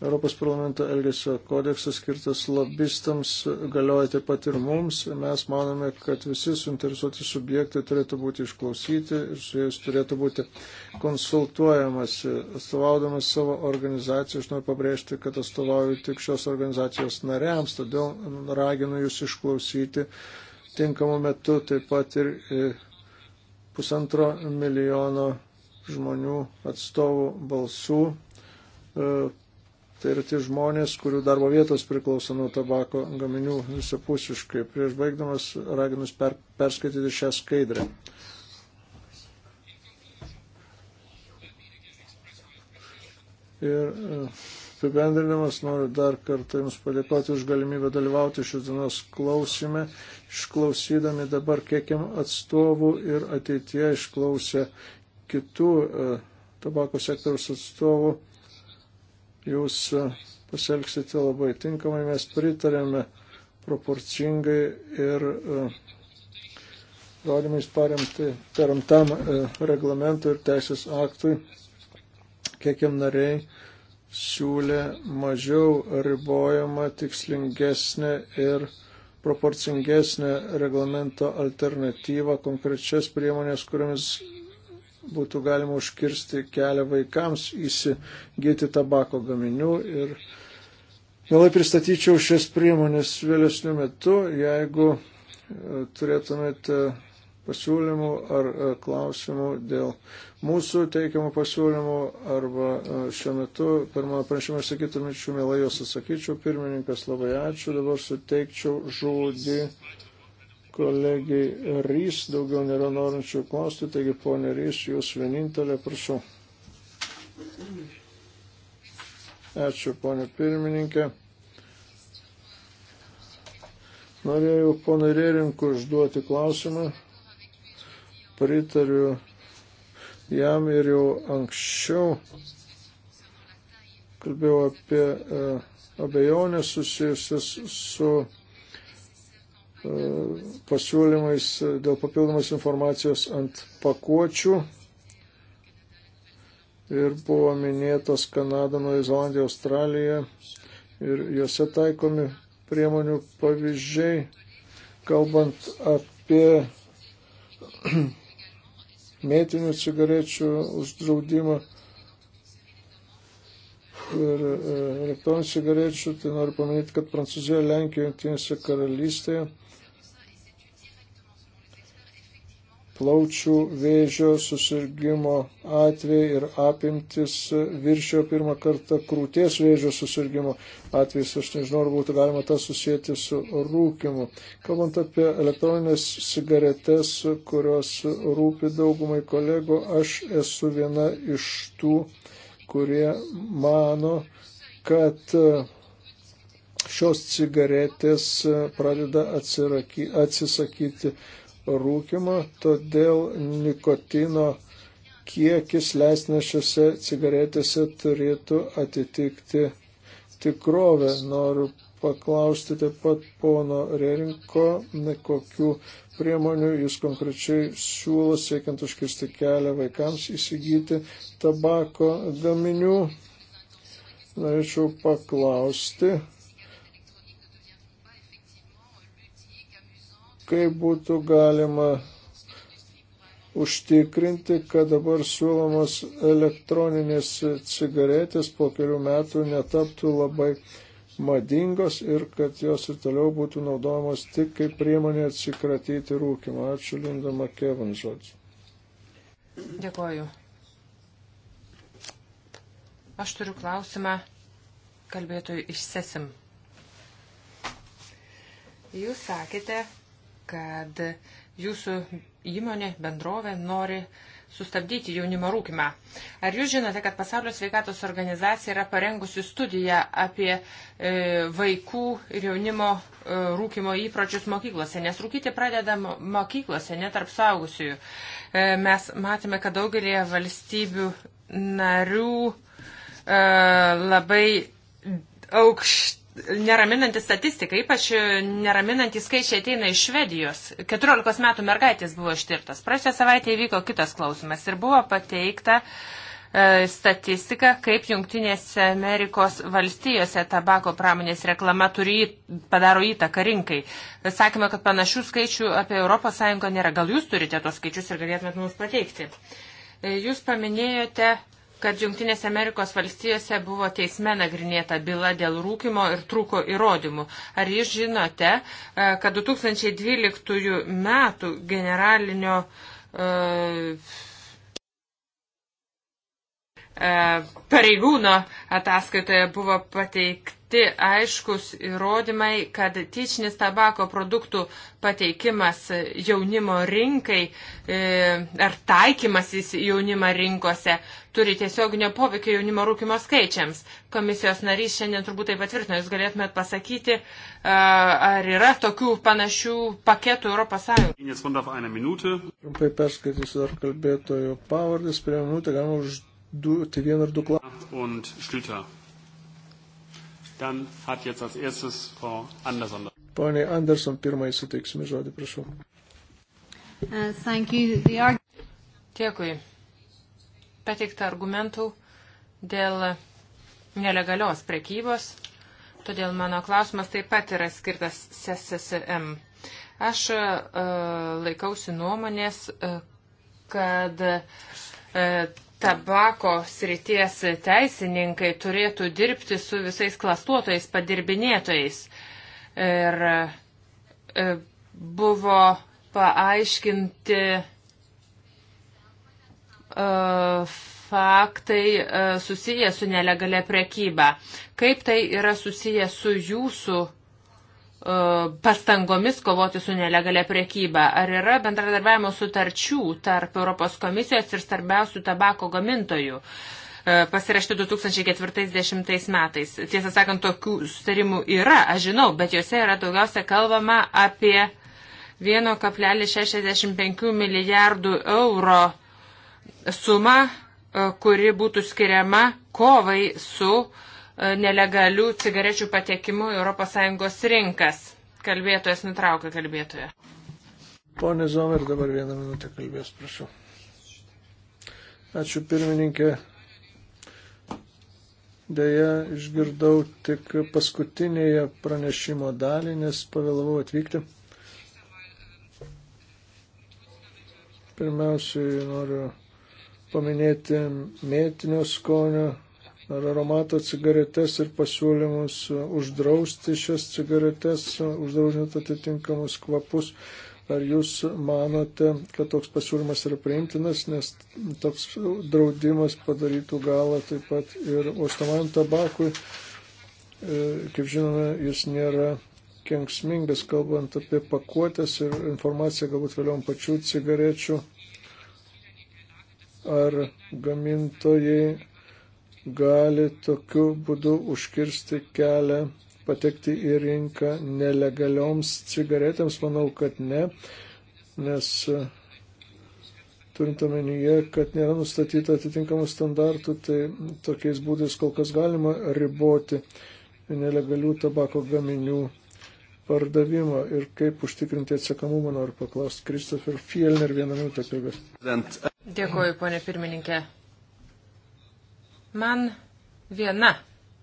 Europos parlamento elgesio kodeksas skirtas lobistams galioja taip pat ir mums. Mes manome, kad visi suinteresuoti subjektai turėtų būti išklausyti ir su jais turėtų būti konsultuojamas. Atstovaudamas savo organizaciją, aš noriu pabrėžti, kad atstovauju tik šios organizacijos nariams, todėl raginu jūs išklausyti tinkamu metu taip pat ir e, pusantro milijono žmonių atstovų balsų e, Tai yra tie žmonės, kurių darbo vietos priklauso nuo tabako gaminių visapusiškai. Prieš baigdamas raginus per, perskaityti šią skaidrę. Ir e, apibendrinamas noriu dar kartą Jums padėkoti už galimybę dalyvauti šios dienos klausime, išklausydami dabar kiekim atstovų ir ateitie išklausę kitų e, tabako sektoriaus atstovų jūs e, pasielgsite labai tinkamai, mes pritarėme proporcingai ir rodymais e, paremti, paremtam e, reglamentui ir teisės aktui, kiek jam nariai siūlė mažiau ribojama, tikslingesnė ir proporcingesnė reglamento alternatyva, konkrečias priemonės, kuriamis būtų galima užkirsti kelią vaikams įsigyti tabako gaminių ir mielai pristatyčiau šias priemonės vėlesniu metu, jeigu e, turėtumėte pasiūlymų ar e, klausimų dėl mūsų teikiamų pasiūlymų arba e, šiuo metu per mano pranešimą sakytumėčiau, mielai jos atsakyčiau. Pirmininkas, labai ačiū, dabar suteikčiau žodį kolegiai Rys, daugiau nėra norinčių klausti, taigi ponė Rys, jūs vienintelė, prašau. Ačiū, ponė pirmininkė. Norėjau ponui Rėrinkui užduoti klausimą. Pritariu jam ir jau anksčiau kalbėjau apie e, abejonės susijusias su. su pasiūlymais dėl papildomos informacijos ant pakuočių. Ir buvo minėtos Kanada, Nauja Zelandija, Australija ir juose taikomi priemonių pavyzdžiai, kalbant apie mėtinių cigarečių uždraudimą ir e, elektroninių cigarečių, tai noriu paminėti, kad Prancūzijoje, Lenkijoje, Junktinėse karalystėje plaučių vėžio susirgymo atvejai ir apimtis viršio pirmą kartą krūties vėžio susirgymo atvejais. Aš nežinau, ar būtų galima tą susijęti su rūkimu. Kalbant apie elektroninės cigaretes, kurios rūpi daugumai kolegų, aš esu viena iš tų, kurie mano, kad šios cigaretės pradeda atsisakyti rūkimo, todėl nikotino kiekis leisnašiuose cigaretėse turėtų atitikti tikrovę. Noriu paklausti taip pat pono Rerinko, kokiu priemonių jūs konkrečiai siūlo siekiant užkirsti kelią vaikams įsigyti tabako gaminių. Norėčiau paklausti, kaip būtų galima užtikrinti, kad dabar siūlomos elektroninės cigaretės po kelių metų netaptų labai madingos ir kad jos ir toliau būtų naudojamos tik kaip priemonė atsikratyti rūkimą. Ačiū Linda Makevan žodžiu. Dėkoju. Aš turiu klausimą kalbėtojų iš sesim. Jūs sakėte, kad jūsų įmonė, bendrovė nori sustabdyti jaunimo rūkimą. Ar jūs žinote, kad Pasaulio sveikatos organizacija yra parengusi studiją apie e, vaikų ir jaunimo e, rūkimo įpročius mokyklose, nes rūkyti pradeda mokyklose, netarp saugusiųjų. E, mes matėme, kad daugelėje valstybių narių e, labai aukšt neraminanti statistika, ypač neraminantys skaičiai ateina iš Švedijos. 14 metų mergaitės buvo ištirtas. Praėjusią savaitę įvyko kitas klausimas ir buvo pateikta e, statistika, kaip Junktinėse Amerikos valstijose tabako pramonės reklama turi padaro įtaką rinkai. Sakėme, kad panašių skaičių apie ES nėra. Gal jūs turite tos skaičius ir galėtumėt mums pateikti? E, jūs paminėjote uh, kad Junktinėse Amerikos valstijose buvo teisme nagrinėta byla dėl rūkimo ir trūko įrodymų. Ar jūs žinote, e, kad 2012 metų generalinio uh, uh, pareigūno ataskaitoje buvo pateikti aiškus įrodymai, kad tyčinis tabako produktų pateikimas jaunimo rinkai uh, ar taikymas į jaunimą rinkose turi tiesioginio poveikio jaunimo rūkimo skaičiams. Komisijos narys šiandien turbūt tai patvirtino. Jūs galėtumėt pasakyti, ar yra tokių panašių paketų Europos Sąjungoje? Trumpai perskaitysiu dar kalbėtojo pavardės. Per minutę galima užduoti vieną ar du klausimus. Dann hat jetzt als erstes Frau Anderson. Pone Anderson, pirmai suteiksime žodį, prašau. Uh, Dėkui pateikta argumentų dėl nelegalios prekybos, todėl mano klausimas taip pat yra skirtas SSM. Aš uh, laikausi nuomonės, uh, kad uh, tabako srities teisininkai turėtų dirbti su visais klastuotojais, padirbinėtojais. Ir buvo paaiškinti E, faktai e, susiję su nelegalia prekyba. Kaip tai yra susiję su jūsų e, pastangomis kovoti su nelegalia prekyba? Ar yra bendradarbiavimo sutarčių tarp Europos komisijos ir svarbiausių tabako gamintojų? Pasirašti 2040 metais. Tiesą sakant, tokių sustarimų yra, aš žinau, bet juose yra daugiausia kalbama apie 1,65 milijardų euro suma, e, kuri būtų skiriama kovai su e, nelegalių cigarečių patekimu į ES rinkas. Kalbėtojas nutraukia kalbėtoją. Pone Zomer, dabar vieną minutę kalbės, prašau. Ačiū pirmininkė. Deja, išgirdau tik paskutinėje pranešimo dalį, nes pavėlavau atvykti. Pirmiausiai noriu paminėti mėtinio skonio ar aromato cigaretes ir pasiūlymus uždrausti šias cigaretes, uždraudžiant atitinkamus kvapus. Ar jūs manote, kad toks pasiūlymas yra priimtinas, nes toks draudimas padarytų galą taip pat ir uostamajam tabakui? E, kaip žinome, jis nėra kenksmingas, kalbant apie pakuotės ir informaciją galbūt vėliau pačių cigarečių ar gamintojai gali tokiu būdu užkirsti kelią patekti į rinką nelegalioms cigaretėms? Manau, kad ne, nes turint omenyje, kad nėra nustatyta atitinkamų standartų, tai tokiais būdais kol kas galima riboti nelegalių tabako gaminių pardavimą ir kaip užtikrinti atsekamumą, noriu paklausti Kristofer Fielner vieną minutę kalbės. Dėkuoju, ponė pirmininkė. Man viena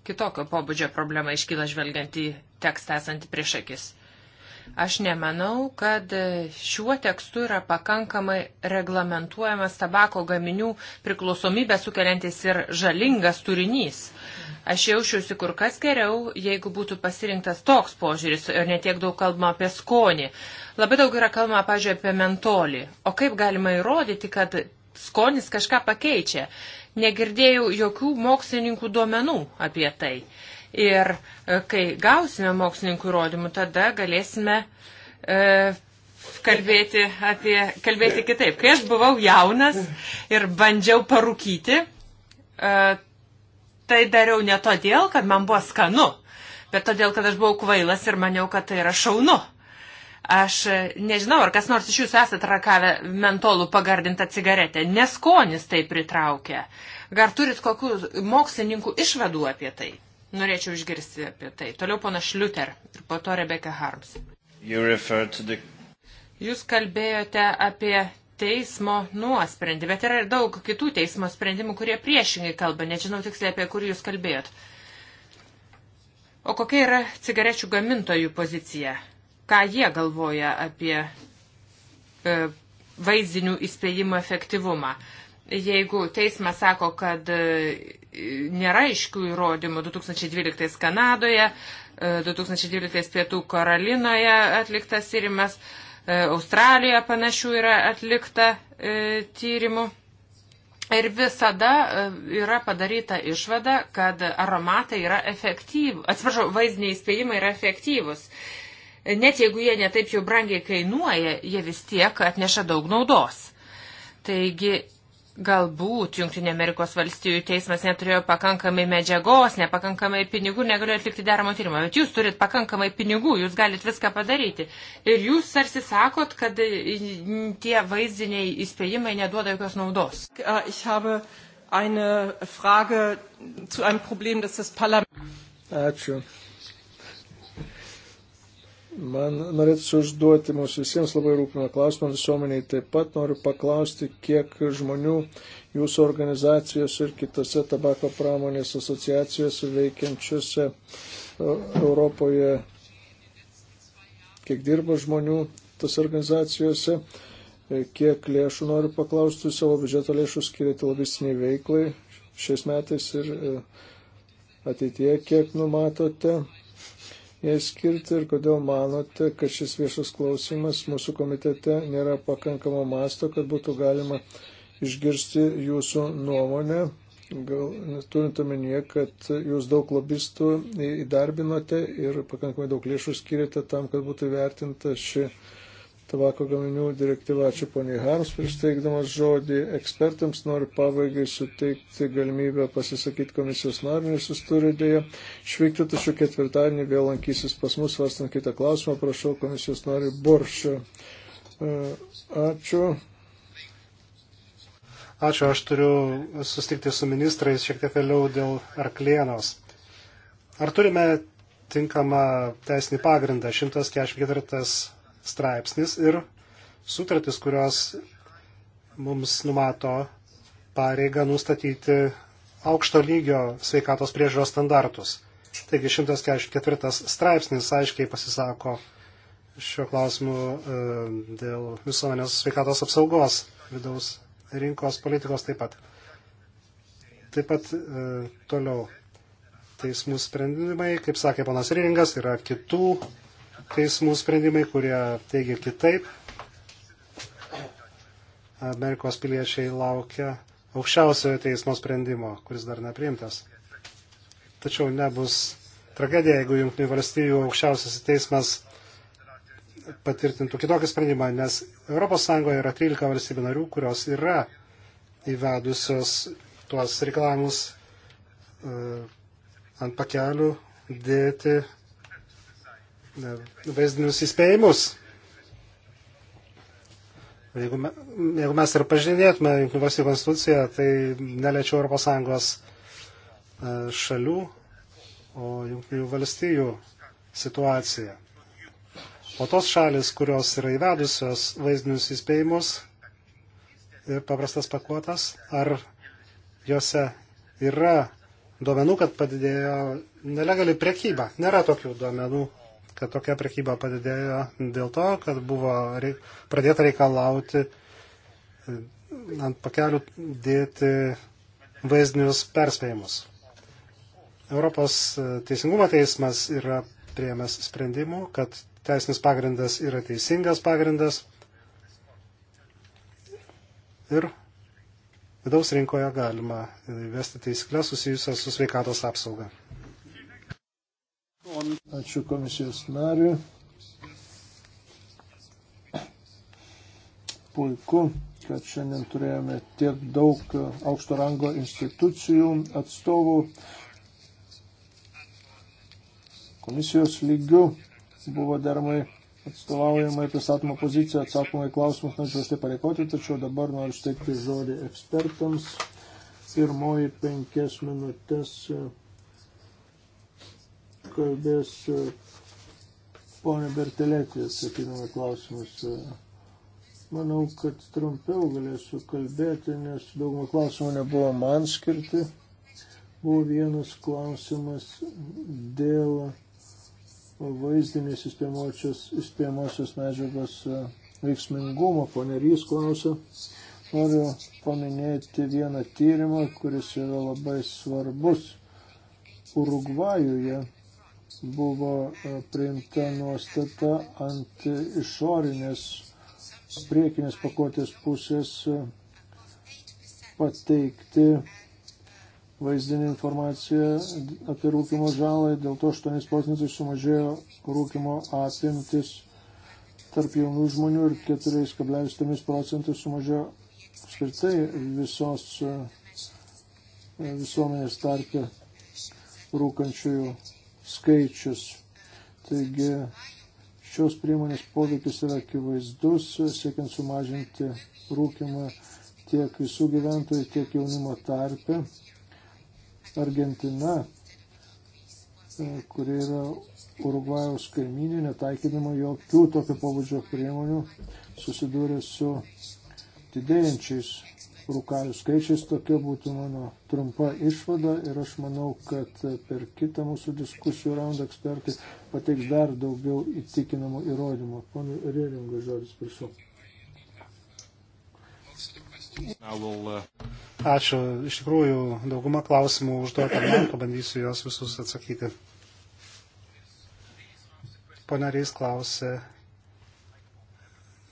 kitokio pobūdžio problema iškyla žvelgiant į tekstą esantį prieš akis. Aš nemanau, kad šiuo tekstu yra pakankamai reglamentuojamas tabako gaminių priklausomybę sukeliantis ir žalingas turinys. Aš jaučiausi kur kas geriau, jeigu būtų pasirinktas toks požiūris ir netiek daug kalbama apie skonį. Labai daug yra kalbama, pažiūrėjau, apie mentolį. O kaip galima įrodyti, kad skonis kažką pakeičia? Negirdėjau jokių mokslininkų duomenų apie tai. Ir e, kai gausime mokslininkų įrodymų, tada galėsime e, kalbėti, apie, kalbėti kitaip. Kai aš buvau jaunas ir bandžiau parūkyti, e, tai dariau ne todėl, kad man buvo skanu, bet todėl, kad aš buvau kvailas ir maniau, kad tai yra šaunu. Aš e, nežinau, ar kas nors iš jūsų esate rakavę mentolų pagardintą cigaretę. Neskonis tai pritraukia. Ar turit kokių mokslininkų išvadų apie tai? Norėčiau išgirsti apie tai. Toliau pana Šliuter ir po to Rebecca Harms. The... Jūs kalbėjote apie teismo nuosprendį, bet yra ir daug kitų teismo sprendimų, kurie priešingai kalba. Nežinau tiksliai, apie kurį jūs kalbėjot. O kokia yra cigarečių gamintojų pozicija? Ką jie galvoja apie e, vaizdinių įspėjimo efektyvumą? Jeigu teismas sako, kad e, nėra aiškių įrodymų. 2012 Kanadoje, 2012 e, Pietų Karolinoje atliktas tyrimas, e, Australijoje panašių yra atlikta e, tyrimų. Ir visada yra padaryta išvada, kad aromatai yra efektyvūs, atsiprašau, vaizdiniai įspėjimai yra efektyvūs. Net jeigu jie netaip jau brangiai kainuoja, jie vis tiek atneša daug naudos. Taigi Galbūt Junktinė Amerikos valstijų teismas neturėjo pakankamai medžiagos, nepakankamai pinigų, negalėjo atlikti deramo tyrimo. Bet jūs turit pakankamai pinigų, jūs galite viską padaryti. Ir jūs tarsi sakot, kad tie vaizdiniai įspėjimai neduoda jokios naudos. Äh, Ačiū. Man norėtųsi užduoti mums visiems labai rūpimą klausimą visuomeniai. Taip pat noriu paklausti, kiek žmonių jūsų organizacijos ir kitose tabako pramonės asociacijose veikiančiose e, Europoje, kiek dirba žmonių tas organizacijose, e, kiek lėšų noriu paklausti, savo biudžeto lėšų skiriate lobistiniai veiklai šiais metais ir e, ateitie, kiek numatote jai skirti ir kodėl manote, kad šis viešas klausimas mūsų komitete nėra pakankamo masto, kad būtų galima išgirsti jūsų nuomonę, gal, turint omenyje, kad jūs daug lobistų įdarbinote ir pakankamai daug lėšų skiriate tam, kad būtų vertinta ši. Šį tabako gaminių direktyva. Ačiū poniai Harms, prieš teikdamas žodį ekspertams noriu pabaigai suteikti galimybę pasisakyti komisijos narminis, jis turi dėja išvykti, tačiau ketvirtadienį vėl lankysis pas mus, varstant kitą klausimą, prašau komisijos narių Boršio. E, ačiū. Ačiū, aš turiu sustikti su ministrais šiek tiek vėliau dėl arklienos. Ar turime tinkamą teisinį pagrindą? 144 straipsnis ir sutartis, kurios mums numato pareigą nustatyti aukšto lygio sveikatos priežiūros standartus. Taigi 144 straipsnis aiškiai pasisako šiuo klausimu e, dėl visuomenės sveikatos apsaugos vidaus rinkos politikos taip pat. Taip pat e, toliau teismų sprendimai, kaip sakė panas Riringas, yra kitų teismų sprendimai, kurie teigia kitaip. Amerikos piliečiai laukia aukščiausiojo teismo sprendimo, kuris dar nepriimtas. Tačiau nebus tragedija, jeigu Junktinių valstybių aukščiausiasis teismas patvirtintų kitokį sprendimą, nes ES yra 13 valstybių narių, kurios yra įvedusios tuos reikalavimus uh, ant pakelių dėti vaizdinius įspėjimus. Jeigu, me, jeigu mes ir pažinėtume Junktinių valstybių konstituciją, tai neliečiau ES e, šalių, o Junktinių valstybių situaciją. O tos šalis, kurios yra įvedusios vaizdinius įspėjimus ir paprastas pakuotas, ar juose yra duomenų, kad padidėjo nelegali priekyba. Nėra tokių duomenų kad tokia prekyba padidėjo dėl to, kad buvo reik, pradėta reikalauti e, ant pakelių dėti vaizdinius perspėjimus. Europos e, teisingumo teismas yra priemęs sprendimų, kad teisinis pagrindas yra teisingas pagrindas ir vidaus rinkoje galima įvesti teisiklę susijusią su sveikatos apsauga. Ačiū komisijos nariui. Puiku, kad šiandien turėjome tiek daug aukšto rango institucijų atstovų komisijos lygių buvo dermai atstovaujama ir pristatoma pozicija, atsakoma į klausimus, norėčiau už tai pareikoti, tačiau dabar noriu steigti žodį ekspertams. Pirmoji penkias minutės kalbės e, ponė Bertelėtė, sakydama klausimus. E, manau, kad trumpiau galėsiu kalbėti, nes daugumą klausimų nebuvo man skirti. Buvo vienas klausimas dėl vaizdinės įspėjamosios medžiagos e, veiksmingumo. Pone Rys klausė, noriu paminėti vieną tyrimą, kuris yra labai svarbus Urugvajuje buvo e, priimta nuostata ant išorinės priekinės pakuotės pusės e, pateikti vaizdinį informaciją apie rūkimo žalą, dėl to 8 procentai sumažėjo rūkimo apimtis tarp jaunų žmonių ir 4,3 procentai sumažėjo apskritai visos e, visuomenės tarpė rūkančiųjų skaičius. Taigi šios priemonės poveikis yra akivaizdus, siekiant sumažinti rūkimą tiek visų gyventojų, tiek jaunimo tarpe. Argentina, kuri yra Urugvajaus kaiminė, netaikydama jokių tokio pabudžio priemonių, susidūrė su didėjančiais rūkalių skaičiais. Tokia būtų mano trumpa išvada ir aš manau, kad per kitą mūsų diskusijų raundą ekspertai pateiks dar daugiau įtikinamų įrodymų. Pone Rėringo žodis, prašau. Ačiū. Iš tikrųjų, dauguma klausimų užduota man, pabandysiu juos visus atsakyti. Pone Reis klausė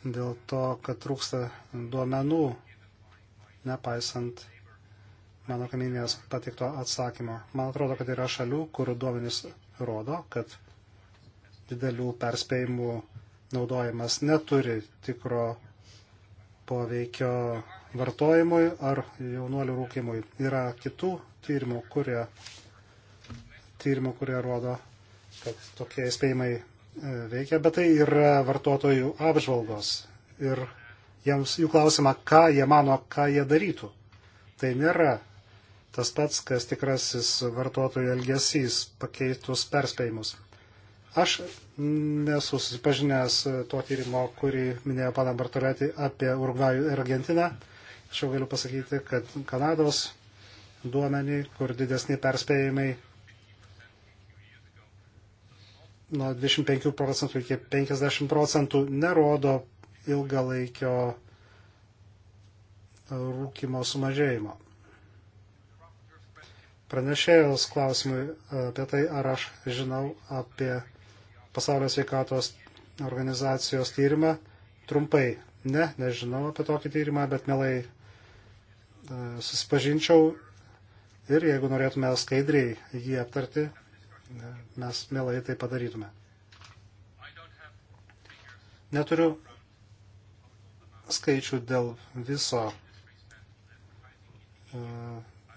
dėl to, kad trūksta duomenų nepaisant mano kaminės patikto atsakymo. Man atrodo, kad yra šalių, kur duomenys rodo, kad didelių perspėjimų naudojimas neturi tikro poveikio vartojimui ar jaunuolių rūkimui. Yra kitų tyrimų, kurie, tyrimų, kurie rodo, kad tokie įspėjimai e, veikia, bet tai yra vartotojų apžvalgos ir jiems jų klausimą, ką jie mano, ką jie darytų. Tai nėra tas pats, kas tikrasis vartotojų elgesys pakeitus perspėjimus. Aš nesu susipažinęs to tyrimo, kurį minėjo pana Bartoletį apie Urugvajų ir Argentiną. Aš jau galiu pasakyti, kad Kanados duomenį, kur didesni perspėjimai nuo 25 procentų iki 50 procentų nerodo ilgalaikio rūkimo sumažėjimo. Pranešėjos klausimui apie tai, ar aš žinau apie pasaulio sveikatos organizacijos tyrimą, trumpai, ne, nežinau apie tokį tyrimą, bet mielai e, susipažinčiau ir jeigu norėtume skaidriai jį aptarti, e, mes mielai tai padarytume. Neturiu skaičių dėl viso e,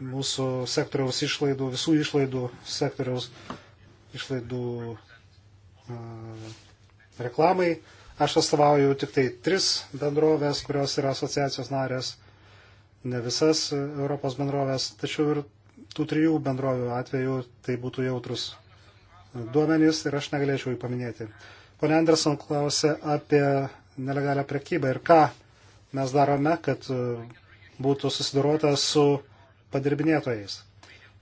mūsų sektoriaus išlaidų, visų išlaidų sektoriaus išlaidų e, reklamai. Aš atstovauju tik tai tris bendrovės, kurios yra asociacijos narės, ne visas Europos bendrovės, tačiau ir tų trijų bendrovių atveju tai būtų jautrus duomenys ir aš negalėčiau jų paminėti. Pone Anderson klausė apie nelegalią prekybą ir ką mes darome, kad e, būtų susidorota su padirbinėtojais.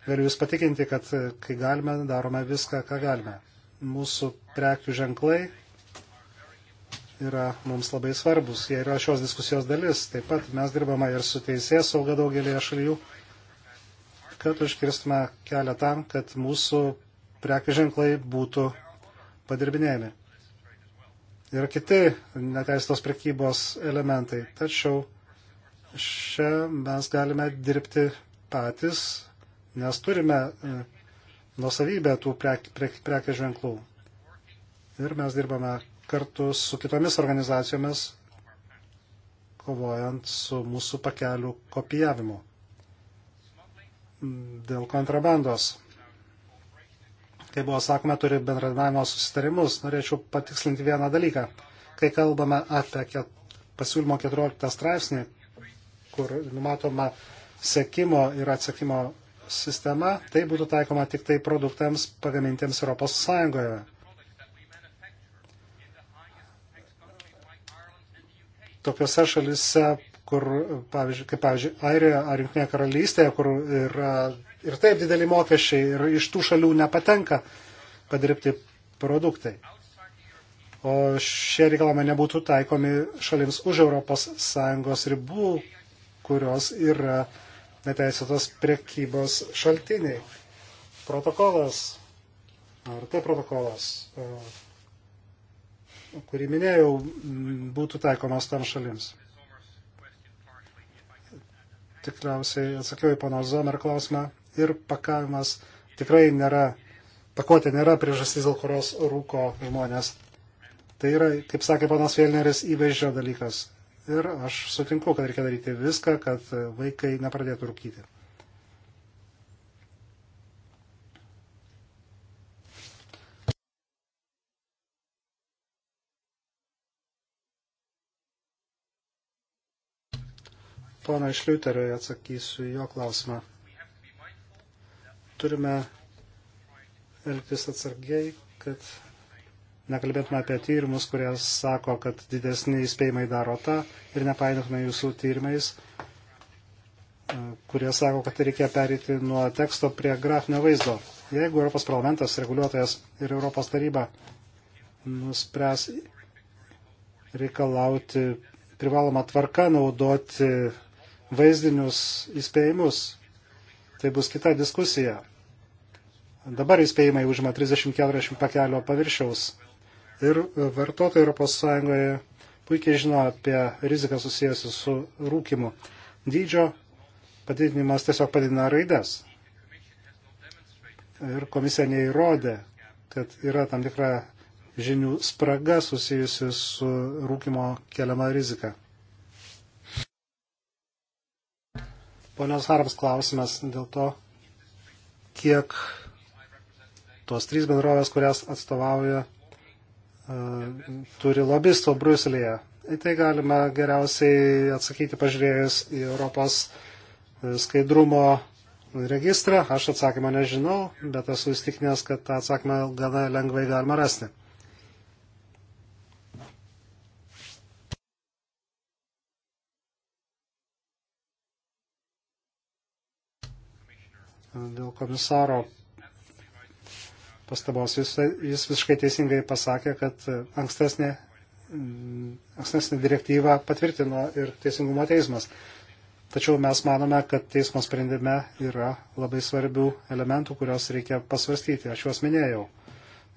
Galiu Jūs patikinti, kad e, kai galime, darome viską, ką galime. Mūsų prekių ženklai yra mums labai svarbus. Jie yra šios diskusijos dalis. Taip pat mes dirbame ir su teisės sauga daugelėje šalių, kad užkirstume kelią tam, kad mūsų prekių ženklai būtų padirbinėjami ir kiti neteisėtos prekybos elementai. Tačiau čia mes galime dirbti patys, nes turime e, nusavybę tų prekės prek, prek ženklų. Ir mes dirbame kartu su kitomis organizacijomis, kovojant su mūsų pakelių kopijavimu. Dėl kontrabandos kai buvo sakoma, turi bendradavimo susitarimus. Norėčiau patikslinti vieną dalyką. Kai kalbame apie ket... pasiūlymo 14 straipsnį, kur numatoma sekimo ir atsekimo sistema, tai būtų taikoma tik tai produktams pagamintiems Europos Sąjungoje. Tokiuose šalise, kur, pavyzdžiui, kaip pavyzdžiui, Airijoje ar Junktinėje karalystėje, kur yra ir taip dideli mokesčiai ir iš tų šalių nepatenka padirbti produktai. O šie reikalavimai nebūtų taikomi šalims už ES ribų, kurios yra neteisėtos priekybos šaltiniai. Protokolas, ar tai protokolas, kurį minėjau, būtų taikomas tam šalims. Tikriausiai atsakiau į pono Zomer klausimą ir pakavimas tikrai nėra, pakuotė nėra priežastis, dėl kurios rūko žmonės. Tai yra, kaip sakė panas Vėlneris, įvaizdžio dalykas. Ir aš sutinku, kad reikia daryti viską, kad vaikai nepradėtų rūkyti. Pana Šliuteriui atsakysiu jo klausimą turime elgtis atsargiai, kad nekalbėtume apie tyrimus, kurie sako, kad didesni įspėjimai daro tą ir nepainiotume jūsų tyrimais, e, kurie sako, kad reikia perėti nuo teksto prie grafinio vaizdo. Jeigu Europos parlamentas, reguliuotojas ir Europos taryba nuspręs reikalauti privalomą tvarką naudoti vaizdinius įspėjimus, Tai bus kita diskusija. Dabar įspėjimai užima 30-40 pakelio paviršiaus. Ir vartotojai ES puikiai žino apie riziką susijusiu su rūkimu. Dydžio padidinimas tiesiog padidina raides. Ir komisija neįrodė, kad yra tam tikra žinių spraga susijusi su rūkimo keliama rizika. Ponios Harams klausimas dėl to, kiek tos trys bendrovės, kurias atstovauja, e, turi lobistų Bruselėje. Į tai galima geriausiai atsakyti pažiūrėjus į Europos e, skaidrumo registrą. Aš atsakymą nežinau, bet esu įstikinęs, kad tą atsakymą gana lengvai galima rasti. dėl komisaro pastabos. Jis, jis visiškai teisingai pasakė, kad ankstesnė, ankstesnė direktyva patvirtino ir Teisingumo teismas. Tačiau mes manome, kad teismo sprendime yra labai svarbių elementų, kuriuos reikia pasvarstyti. Aš juos minėjau.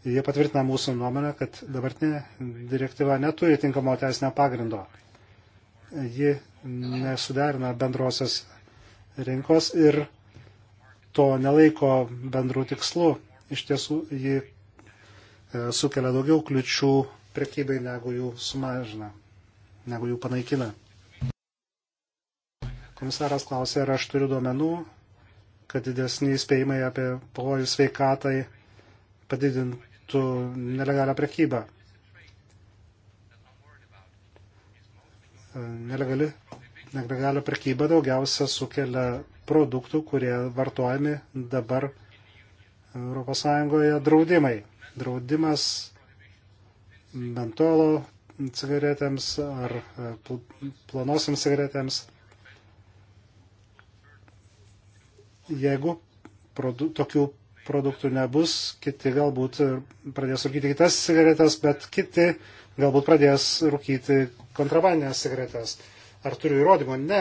Jie patvirtina mūsų nuomonę, kad dabartinė direktyva neturi tinkamo teisinio pagrindo. Ji nesuderina bendrosios rinkos ir to nelaiko bendrų tikslų. Iš tiesų, ji e, sukelia daugiau kliučių prekybai, negu jų sumažina, negu jų panaikina. Komisaras klausė, ar aš turiu duomenų, kad didesni įspėjimai apie pavojų sveikatai padidintų nelegalią prekybą. E, nelegali Negalio prekyba daugiausia sukelia produktų, kurie vartojami dabar ES draudimai. Draudimas mentolo cigaretėms ar e, planosiams cigaretėms. Jeigu produ tokių produktų nebus, kiti galbūt pradės rūkyti kitas cigaretės, bet kiti galbūt pradės rūkyti kontrabandinės cigaretės. Ar turiu įrodymą? Ne.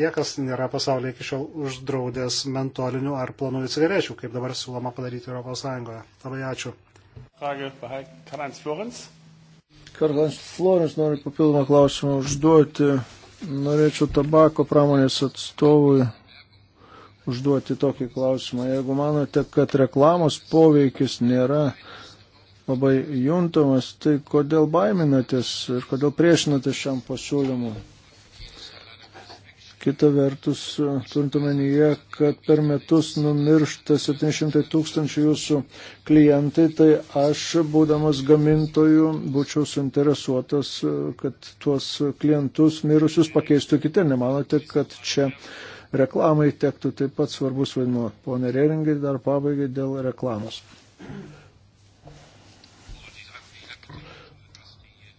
Niekas nėra pasaulyje iki šiol uždraudęs mentolinių ar plonųjų cigarečių, kaip dabar siūloma padaryti ES. Labai ačiū. Karlans Florens nori papildomą klausimą užduoti. Norėčiau tabako pramonės atstovui užduoti tokį klausimą. Jeigu manote, kad reklamos poveikis nėra labai juntamas, tai kodėl baiminatės ir kodėl priešinatės šiam pasiūlymui? Kita vertus, e, turint omenyje, kad per metus numiršta 700 tūkstančių jūsų klientai, tai aš, būdamas gamintoju, būčiau suinteresuotas, e, kad tuos klientus mirusius pakeistų kiti. Nemanote, kad čia reklamai tektų taip pat svarbus vaidmuo. Pone Reringai, dar pabaigai dėl reklamos.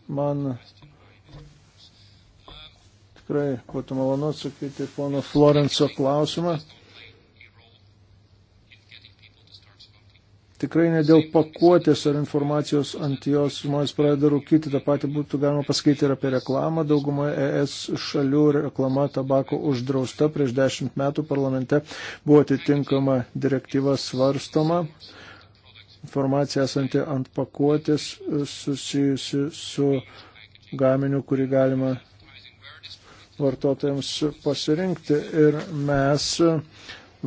Man Tikrai būtų malonu atsakyti pono Florenco klausimą. Tikrai ne dėl pakuotės ar informacijos ant jos žmonės pradeda rūkyti, tą patį būtų galima pasakyti ir apie reklamą. Dauguma ES šalių reklama tabako uždrausta. Prieš dešimt metų parlamente buvo atitinkama direktyva svarstoma informacija esanti ant pakuotės susijusi su gaminiu, kurį galima vartotojams pasirinkti ir mes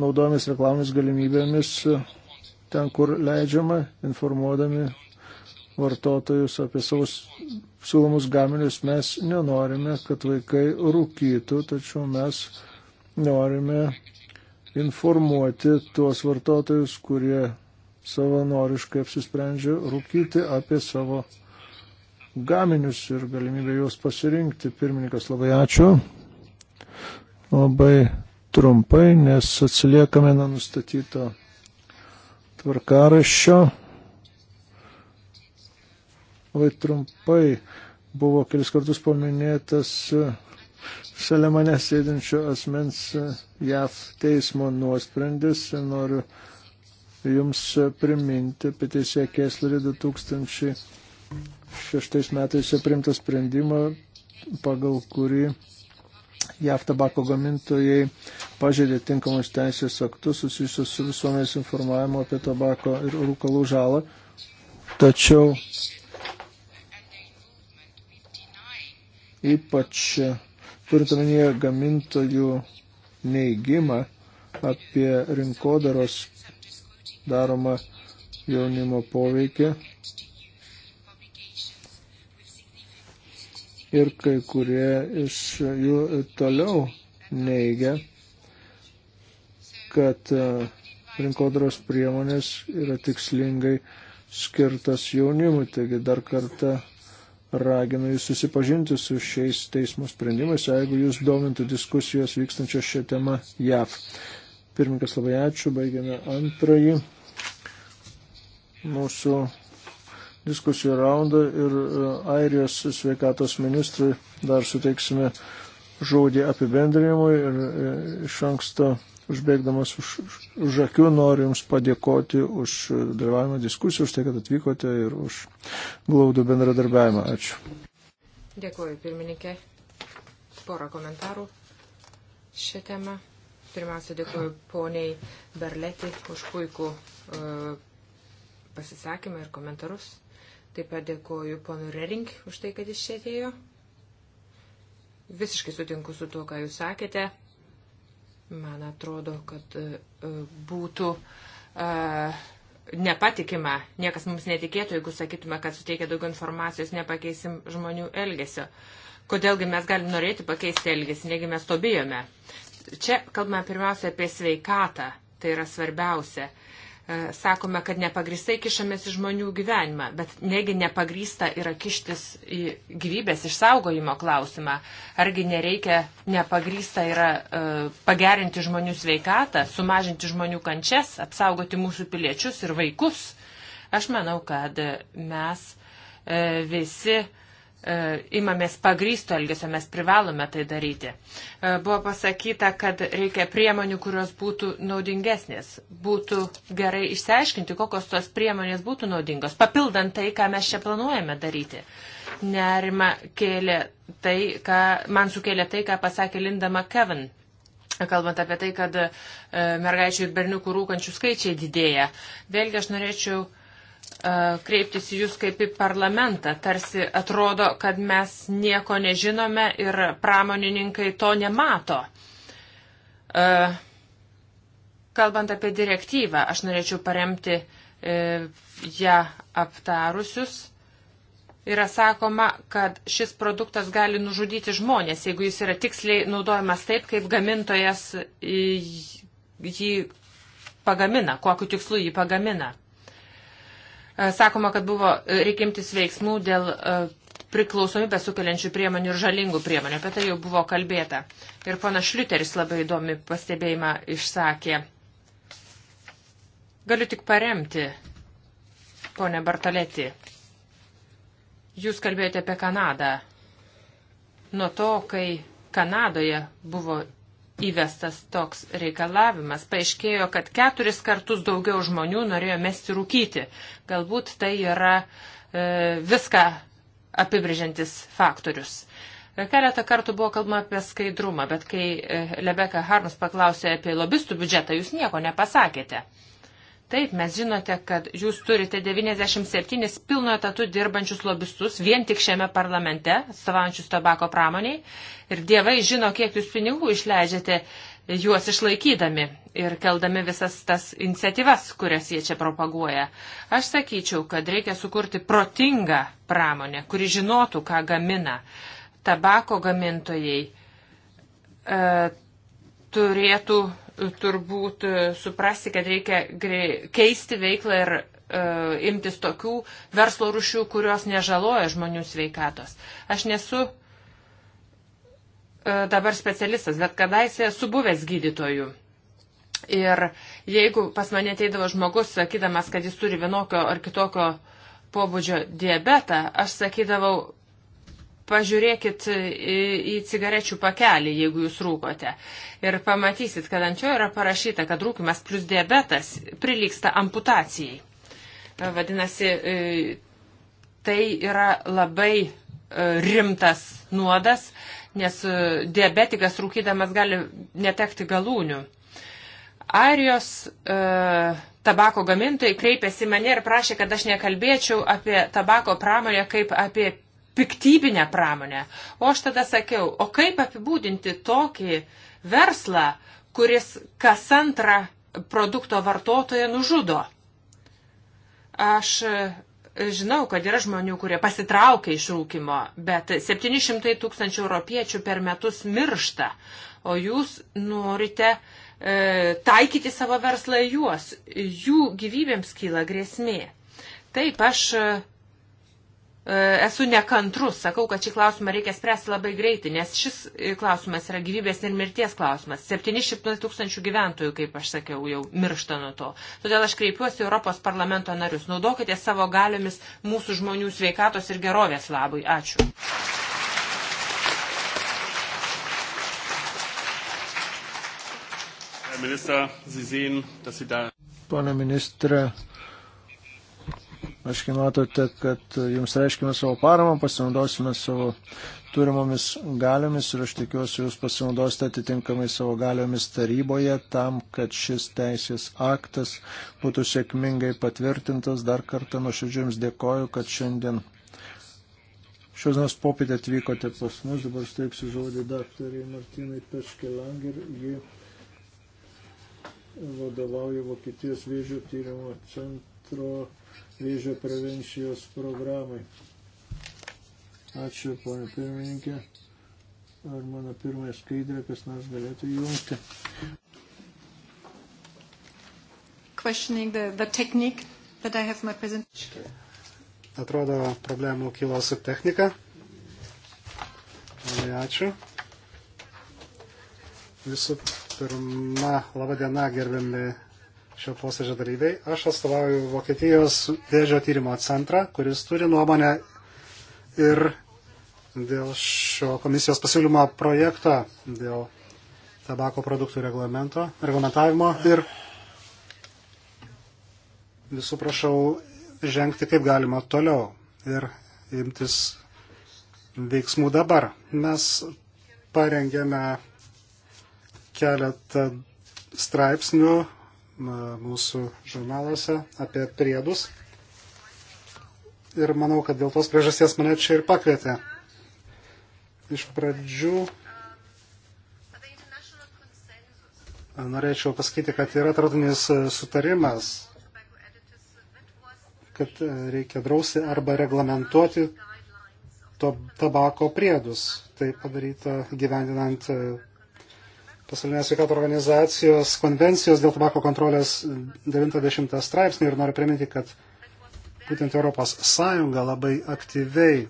naudomis reklamomis galimybėmis ten, kur leidžiama, informuodami vartotojus apie savo siūlomus gaminius, mes nenorime, kad vaikai rūkytų, tačiau mes norime informuoti tuos vartotojus, kurie savanoriškai apsisprendžia rūkyti apie savo gaminius ir galimybę juos pasirinkti. Pirmininkas, labai ačiū. Labai trumpai, nes atsiliekame nuo nustatyto tvarkaraščio. Labai trumpai buvo kelis kartus paminėtas šalia manęs sėdinčio asmens JAF teismo nuosprendis. Noriu Jums priminti apie teisėją Keslerį 2000. 2006 metais čia primtą sprendimą, pagal kurį JAV tabako gamintojai pažeidė tinkamus teisės aktus susijusius su visuomenės informavimu apie tabako ir rūkalų žalą. Tačiau ypač turint omenyje gamintojų neįgymą apie rinkodaros daromą jaunimo poveikį, ir kai kurie iš jų toliau neigia, kad e, rinkodaros priemonės yra tikslingai skirtas jaunimui. Taigi dar kartą raginu jūs susipažinti su šiais teismo sprendimais, jeigu jūs domintų diskusijos vykstančios šią temą JAV. Pirmininkas labai ačiū, baigiame antrąjį mūsų diskusijų raundą ir e, Airijos sveikatos ministrui dar suteiksime žodį apibendrinimui ir e, iš anksto užbėgdamas už, už akių noriu Jums padėkoti už dalyvavimą diskusiją, už tai, kad atvykote ir už glaudų bendradarbiavimą. Ačiū. Dėkuoju, pirmininkė. Porą komentarų šią temą. Pirmiausia, dėkuoju poniai Berleti už puikų e, pasisakymą ir komentarus. Taip pat dėkoju ponu Rering už tai, kad jis čia atėjo. Visiškai sutinku su tuo, ką jūs sakėte. Man atrodo, kad e, e, būtų uh, nepatikima, niekas mums netikėtų, jeigu sakytume, kad suteikia daugiau informacijos, nepakeisim žmonių elgesio. Kodėlgi mes galim norėti pakeisti elgesį, negi mes to bijome. Čia kalbame pirmiausia apie sveikatą, tai yra svarbiausia. Uh, E, sakome, kad nepagristai kišamės į žmonių gyvenimą, bet negi nepagrįsta yra kištis į gyvybės išsaugojimo klausimą, argi nereikia nepagrysta yra e, pagerinti žmonių sveikatą, sumažinti žmonių kančias, apsaugoti mūsų piliečius ir vaikus. Aš manau, kad mes e, visi E, imamės pagrysto elgesio, mes privalome tai daryti. E, buvo pasakyta, kad reikia priemonių, kurios būtų naudingesnės. Būtų gerai išsiaiškinti, kokios tos priemonės būtų naudingos, papildant tai, ką mes čia planuojame daryti. Nerima kėlė tai, ką, man sukėlė tai, ką pasakė Linda McKevin. Kalbant apie tai, kad e, mergaičių ir berniukų rūkančių skaičiai didėja. Vėlgi aš norėčiau uh, kreiptis į jūs kaip į parlamentą. Tarsi atrodo, kad mes nieko nežinome ir pramonininkai to nemato. Kalbant apie direktyvą, aš norėčiau paremti e, ją aptarusius. Yra sakoma, kad šis produktas gali nužudyti žmonės, jeigu jis yra tiksliai naudojamas taip, kaip gamintojas jį pagamina, kokiu tikslu jį pagamina. E, sakoma, kad buvo e, reikimtis veiksmų dėl e, priklausomybę sukeliančių priemonių ir žalingų priemonių. Apie tai jau buvo kalbėta. Ir pana Šliuteris labai įdomi pastebėjimą išsakė. Galiu tik paremti, ponė Bartoletį. Jūs kalbėjote apie Kanadą. Nuo to, kai Kanadoje buvo įvestas toks reikalavimas, paaiškėjo, kad keturis kartus daugiau žmonių norėjo mesti rūkyti. Galbūt tai yra e, viską apibrėžiantis faktorius. Keletą kartų buvo kalbama apie skaidrumą, bet kai Lebeka e, Harms paklausė apie lobistų biudžetą, jūs nieko nepasakėte. E, Taip, mes žinote, kad jūs turite 97 pilno etatų dirbančius lobistus vien tik šiame parlamente, atstovaujančius tabako pramoniai. Ir dievai žino, kiek jūs pinigų išleidžiate juos išlaikydami ir keldami visas tas iniciatyvas, kurias jie čia propaguoja. Aš sakyčiau, kad reikia sukurti protingą pramonę, kuri žinotų, ką gamina. Tabako gamintojai e, turėtų turbūt e, suprasti, kad reikia keisti veiklą ir e, imtis tokių verslo rušių, kurios nežaloja žmonių sveikatos. Aš nesu e, dabar specialistas, bet kadaise esu buvęs gydytoju. Ir jeigu pas mane ateidavo žmogus, sakydamas, kad jis turi vienokio ar kitokio pobūdžio diabetą, aš sakydavau, pažiūrėkit į, į cigarečių pakelį, jeigu jūs rūkote. Ir pamatysit, kad ant jo yra parašyta, kad rūkimas plus diabetas prilyksta amputacijai. Vadinasi, e, tai yra labai e, rimtas nuodas, nes e, diabetikas rūkydamas gali netekti galūnių. Airijos tabako gamintojai kreipėsi mane ir prašė, kad aš nekalbėčiau apie tabako pramonę kaip apie piktybinę pramonę. O aš tada sakiau, o kaip apibūdinti tokį verslą, kuris kas antrą produkto vartotoją nužudo? Aš e, žinau, kad yra žmonių, kurie pasitraukia iš rūkimo, bet 700 tūkstančių europiečių per metus miršta, o jūs norite e, taikyti savo verslą juos, jų gyvybėms kyla grėsmė. Taip, aš e, E, esu nekantrus, sakau, kad šį klausimą reikia spręsti labai greitai, nes šis klausimas yra gyvybės ir mirties klausimas. 700 tūkstančių gyventojų, kaip aš sakiau, jau miršta nuo to. Todėl aš kreipiuosi Europos parlamento narius. Naudokite savo galiomis mūsų žmonių sveikatos ir gerovės labui. Ačiū. Minister, Sie sehen, dass Sie da. Pone ministre, Aiškiai matote, kad jums reiškime savo paramą, pasinaudosime savo turimomis galiomis ir aš tikiuosi, jūs pasinaudosite atitinkamai savo galiomis taryboje tam, kad šis teisės aktas būtų sėkmingai patvirtintas. Dar kartą nuoširdžiai jums dėkoju, kad šiandien šios dienos popietę atvykote pas mus. Dabar steiksiu žodį daktariai Martinai Peškelanger. Ji vadovauja Vokietijos vėžio tyrimo centro vėžio prevencijos programai. Ačiū, ponė pirmininkė. Ar mano pirmąją skaidrę kas nors galėtų jungti? questioning the, the technique that I have my presentation. Atrodo, problemų kilo su technika. Labai ačiū. Visų pirma, laba diena, gerbiami šio posėdžio dalyviai. Aš atstovauju Vokietijos vėžio tyrimo centrą, kuris turi nuomonę ir dėl šio komisijos pasiūlymo projekto, dėl tabako produktų reglamento, reglamentavimo ir visų prašau žengti kaip galima toliau ir imtis veiksmų dabar. Mes parengėme keletą straipsnių mūsų žurnaluose apie priedus. Ir manau, kad dėl tos priežasties mane čia ir pakvietė. Iš pradžių norėčiau pasakyti, kad yra tarptautinis sutarimas, kad reikia drausti arba reglamentuoti to tabako priedus. Tai padaryta gyvendinant pasaulinės sveikato organizacijos konvencijos dėl tabako kontrolės 90 straipsnį ir noriu priminti, kad būtent Europos Sąjunga labai aktyviai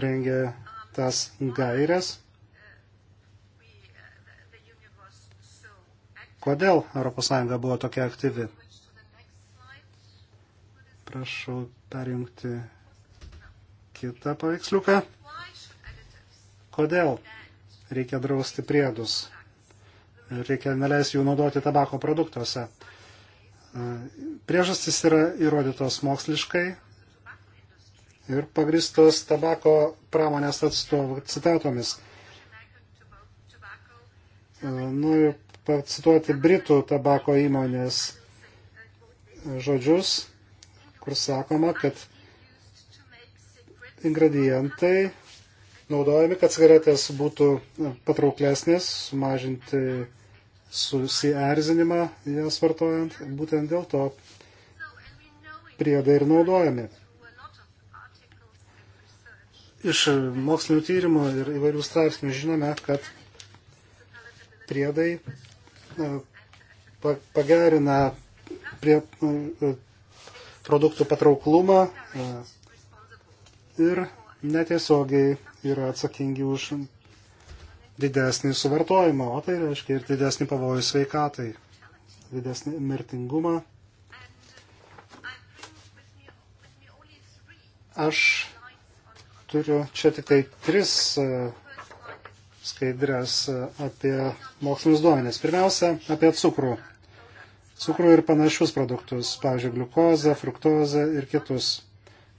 rengia tas gairias. Kodėl ES buvo tokia aktyvi? Prašau perjungti kitą paveiksliuką. Kodėl reikia drausti priedus, reikia neleisti jų naudoti tabako produktuose. Priežastys yra įrodytos moksliškai ir pagristos tabako pramonės atstovų citatomis. Noriu pacituoti Britų tabako įmonės žodžius, kur sakoma, kad ingredientai naudojami, kad cigaretės būtų patrauklesnės, sumažinti susierzinimą jas vartojant. Būtent dėl to priedai ir naudojami. Iš mokslinio tyrimo ir įvairių straipsnių žinome, kad priedai pagerina prie produktų patrauklumą ir netiesiogiai yra atsakingi už didesnį suvartojimą, o tai reiškia ir didesnį pavojų sveikatai, didesnį mirtingumą. Aš turiu čia tik tai tris e, skaidrės e, apie mokslinius duomenis. Pirmiausia, apie cukrų. Cukrų ir panašius produktus, pavyzdžiui, gliukozę, fruktozę ir kitus.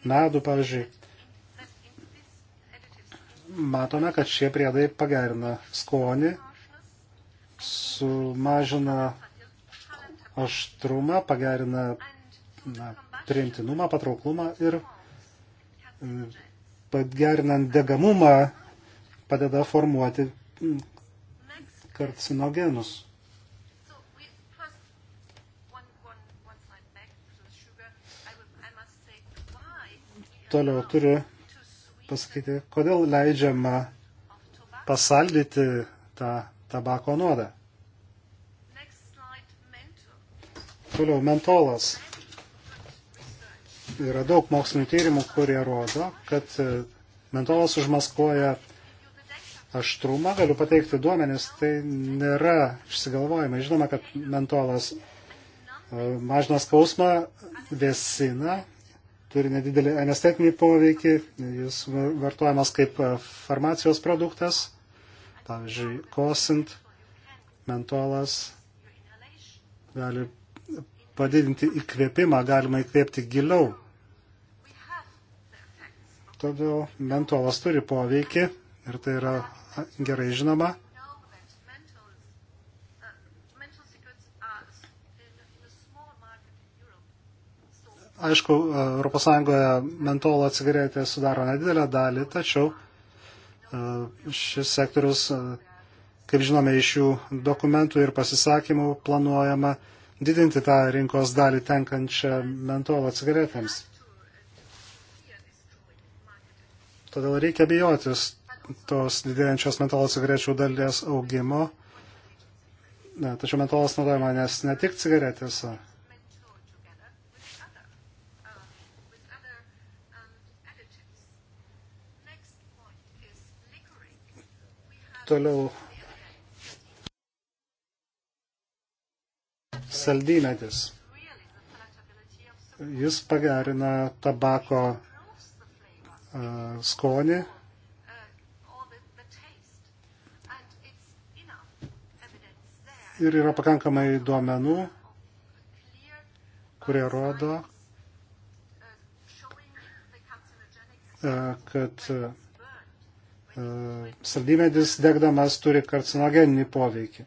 Medų, pavyzdžiui matome, kad šie priedai pagerina skonį, sumažina aštrumą, pagerina na, priimtinumą, patrauklumą ir e, pagerinant degamumą padeda formuoti karcinogenus. Toliau turiu pasakyti, kodėl leidžiama pasaldyti tą tabako nuodą. Toliau mentolas. Yra daug mokslinių tyrimų, kurie rodo, kad e, mentolas užmaskuoja aštrumą. Galiu pateikti duomenis, tai nėra išsigalvojimai. Žinoma, kad mentolas e, mažina skausmą, vėsina turi nedidelį anestetinį poveikį, jis vartojamas kaip e, farmacijos produktas, pavyzdžiui, kosint, mentolas gali padidinti įkvėpimą, galima įkvėpti giliau. Todėl mentolas turi poveikį ir tai yra gerai žinoma. Aišku, ES mentolo cigaretė sudaro nedidelę dalį, tačiau e, šis sektorius, e, kaip žinome, iš jų dokumentų ir pasisakymų planuojama didinti tą rinkos dalį tenkančią mentolo cigaretėms. Todėl reikia bijotis tos didėjančios mentolo cigarečių dalies augimo. Na, tačiau mentolas naudojama nes ne tik cigaretėse, Toliau saldymetis. Jis pagerina tabako skonį. Ir yra pakankamai duomenų, kurie rodo, kad E, saldymedis degdamas turi karcinogeninį poveikį.